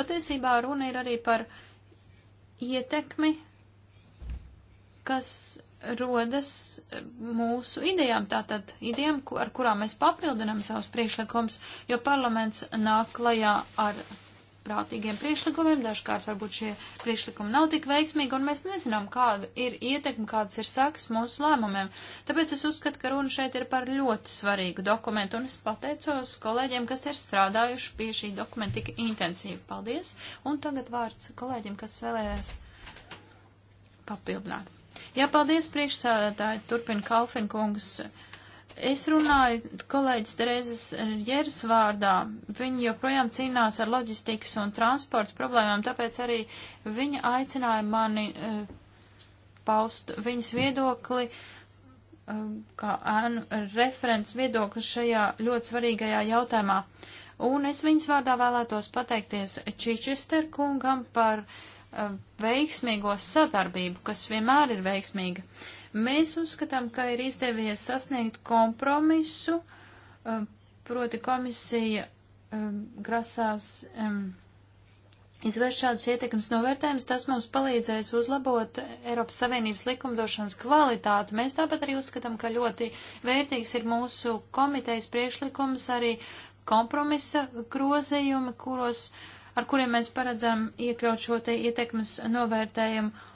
patiesībā runa ir arī par ietekmi, kas rodas mūsu idejām, tātad idejām, ar kurām mēs papildinām savus priekšlikums, jo parlaments nāk klajā ar prātīgiem priekšlikumiem, dažkārt varbūt šie priekšlikumi nav tik veiksmīgi, un mēs nezinām, kāda ir ietekme, kādas ir sakas mūsu lēmumiem. Tāpēc es uzskatu, ka runa šeit ir par ļoti svarīgu dokumentu, un es pateicos kolēģiem, kas ir strādājuši pie šī dokumenta tik intensīvi. Paldies! Un tagad vārds kolēģiem, kas vēlējās papildināt. Jā, paldies priekšsēdētāji, turpina Kalfinkungs. kungs. Es runāju kolēģis Terezes Jēras vārdā. Viņa joprojām cīnās ar loģistikas un transporta problēmām, tāpēc arī viņa aicināja mani uh, paust viņas viedokli, uh, kā ēnu uh, referents viedokli šajā ļoti svarīgajā jautājumā. Un es viņas vārdā vēlētos pateikties Čičester kungam par eh, veiksmīgo sadarbību, kas vienmēr ir veiksmīga. Uh, Mēs uzskatām, ka ir izdevies sasniegt kompromisu, um, proti komisija um, grasās um, izvērst šādus ietekmes novērtējumus, tas mums palīdzēs uzlabot Eiropas Savienības likumdošanas kvalitāti. Mēs tāpat arī uzskatām, ka ļoti vērtīgs ir mūsu komitejas priekšlikums arī kompromisa grozījumi, kuros, ar kuriem mēs paredzam iekļaut šo te ietekmes novērtējumu.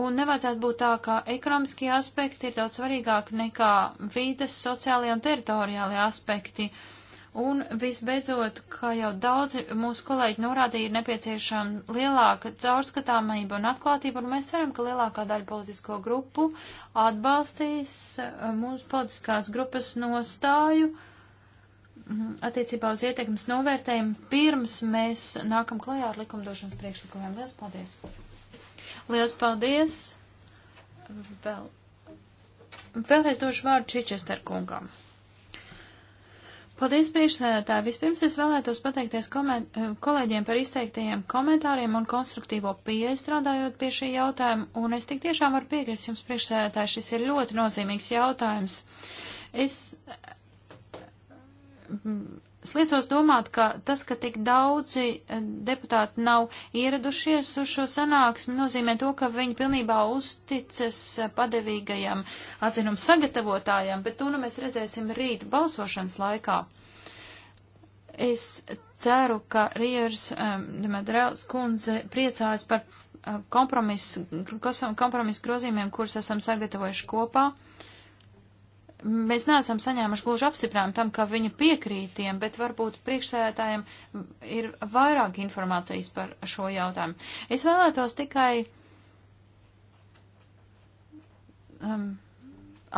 Un nevajadzētu būt tā, ka ekonomiskie aspekti ir daudz svarīgāki nekā vīdes, sociālajie un teritoriālajie aspekti. Un visbeidzot, kā jau daudzi mūsu kolēģi norādīja, ir nepieciešama lielāka caurskatāmība un atklātība, un mēs ceram, ka lielākā daļa politisko grupu atbalstīs eh, mūsu politiskās grupas nostāju mhm, attiecībā uz ietekmes novērtējumu pirms mēs nākam klajā ar likumdošanas priekšlikumiem. Lielas paldies! Lielas paldies! Vēl, vēlreiz došu vārdu Čičester kungam. Paldies, priekšsēdētāji! Vispirms es vēlētos pateikties kolēģiem par izteiktajiem komentāriem un konstruktīvo pieeja strādājot pie šī jautājuma, un es tik tiešām varu piekrist jums, priekšsēdētāji, šis ir ļoti nozīmīgs jautājums. Es Es liecos domāt, ka tas, ka tik daudzi eh, deputāti nav ieradušies uz šo sanāksmi, nozīmē to, ka viņi pilnībā uzticas eh, padevīgajam atzinumu sagatavotājam, bet to nu mēs redzēsim rīt balsošanas laikā. Es ceru, ka Rievers um, eh, Demetrēls kundze priecājas par uh, kompromisu kompromis grozījumiem, kurus esam sagatavojuši kopā. Uh, mēs neesam saņēmuši gluži apstiprinājumu tam, ka viņa piekrītiem, bet varbūt priekšsēdētājiem ir vairāk informācijas par šo jautājumu. Es vēlētos tikai um,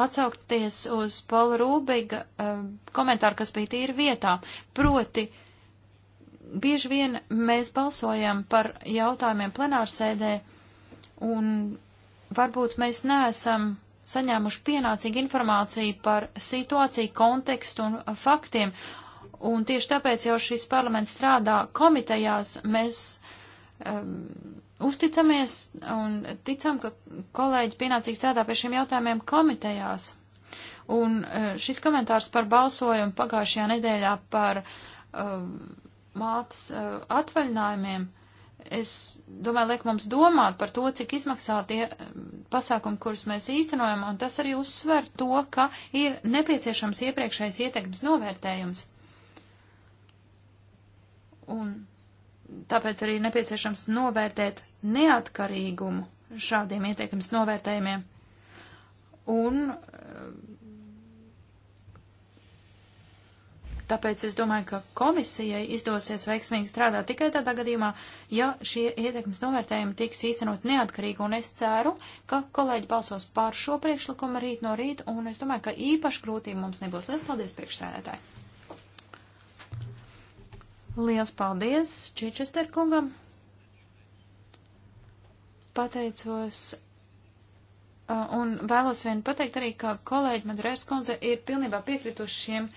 atsaukties uz Paula Rūbiga um, komentāru, kas bija tīri vietā. Proti, bieži vien mēs balsojam par jautājumiem plenārsēdē, un varbūt mēs neesam saņēmuši pienācīgu informāciju par situāciju, kontekstu un faktiem. Un tieši tāpēc jau šis parlaments strādā komitejās. Mēs um, uzticamies un ticam, ka kolēģi pienācīgi strādā pie šiem jautājumiem komitejās. Un uh, šis komentārs par balsojumu pagājušajā nedēļā par um, mātes uh, atvaļinājumiem uh, es domāju, liek mums domāt par to, cik izmaksā tie mm, pasākumi, kurus mēs īstenojam, un tas arī uzsver to, ka ir nepieciešams iepriekšējais ietekmes novērtējums. Un tāpēc arī nepieciešams novērtēt neatkarīgumu šādiem ietekmes novērtējumiem. Un mm, Tāpēc es domāju, ka komisijai izdosies veiksmīgi strādāt tikai tādā gadījumā, ja šie ietekmes novērtējumi tiks īstenot neatkarīgi, un es ceru, ka kolēģi balsos pār šo priekšlikumu rīt no rīta, un es domāju, ka īpaši grūtību mums nebūs. Liels paldies, priekšsēdētāji! Liels paldies Čičester kungam! Pateicos un vēlos vien pateikt arī, ka kolēģi Madrērs kundze ir pilnībā piekrituši šiem uh,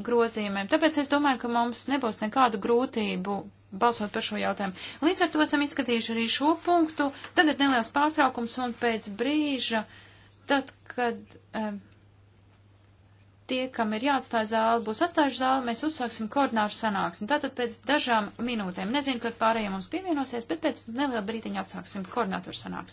grozījumiem. Tāpēc es domāju, ka mums nebūs nekādu grūtību balsot par šo jautājumu. Līdz ar to esam izskatījuši arī šo punktu. Tagad neliels pārtraukums un pēc brīža, tad, kad um, tie, kam ir jāatstāj zāli, būs atstājuši zāli, mēs uzsāksim koordināšu sanāksmi. Tātad pēc dažām minūtēm. Nezinu, kad pārējie mums pievienosies, bet pēc neliela brītiņa atsāksim koordinātoru sanāksmi.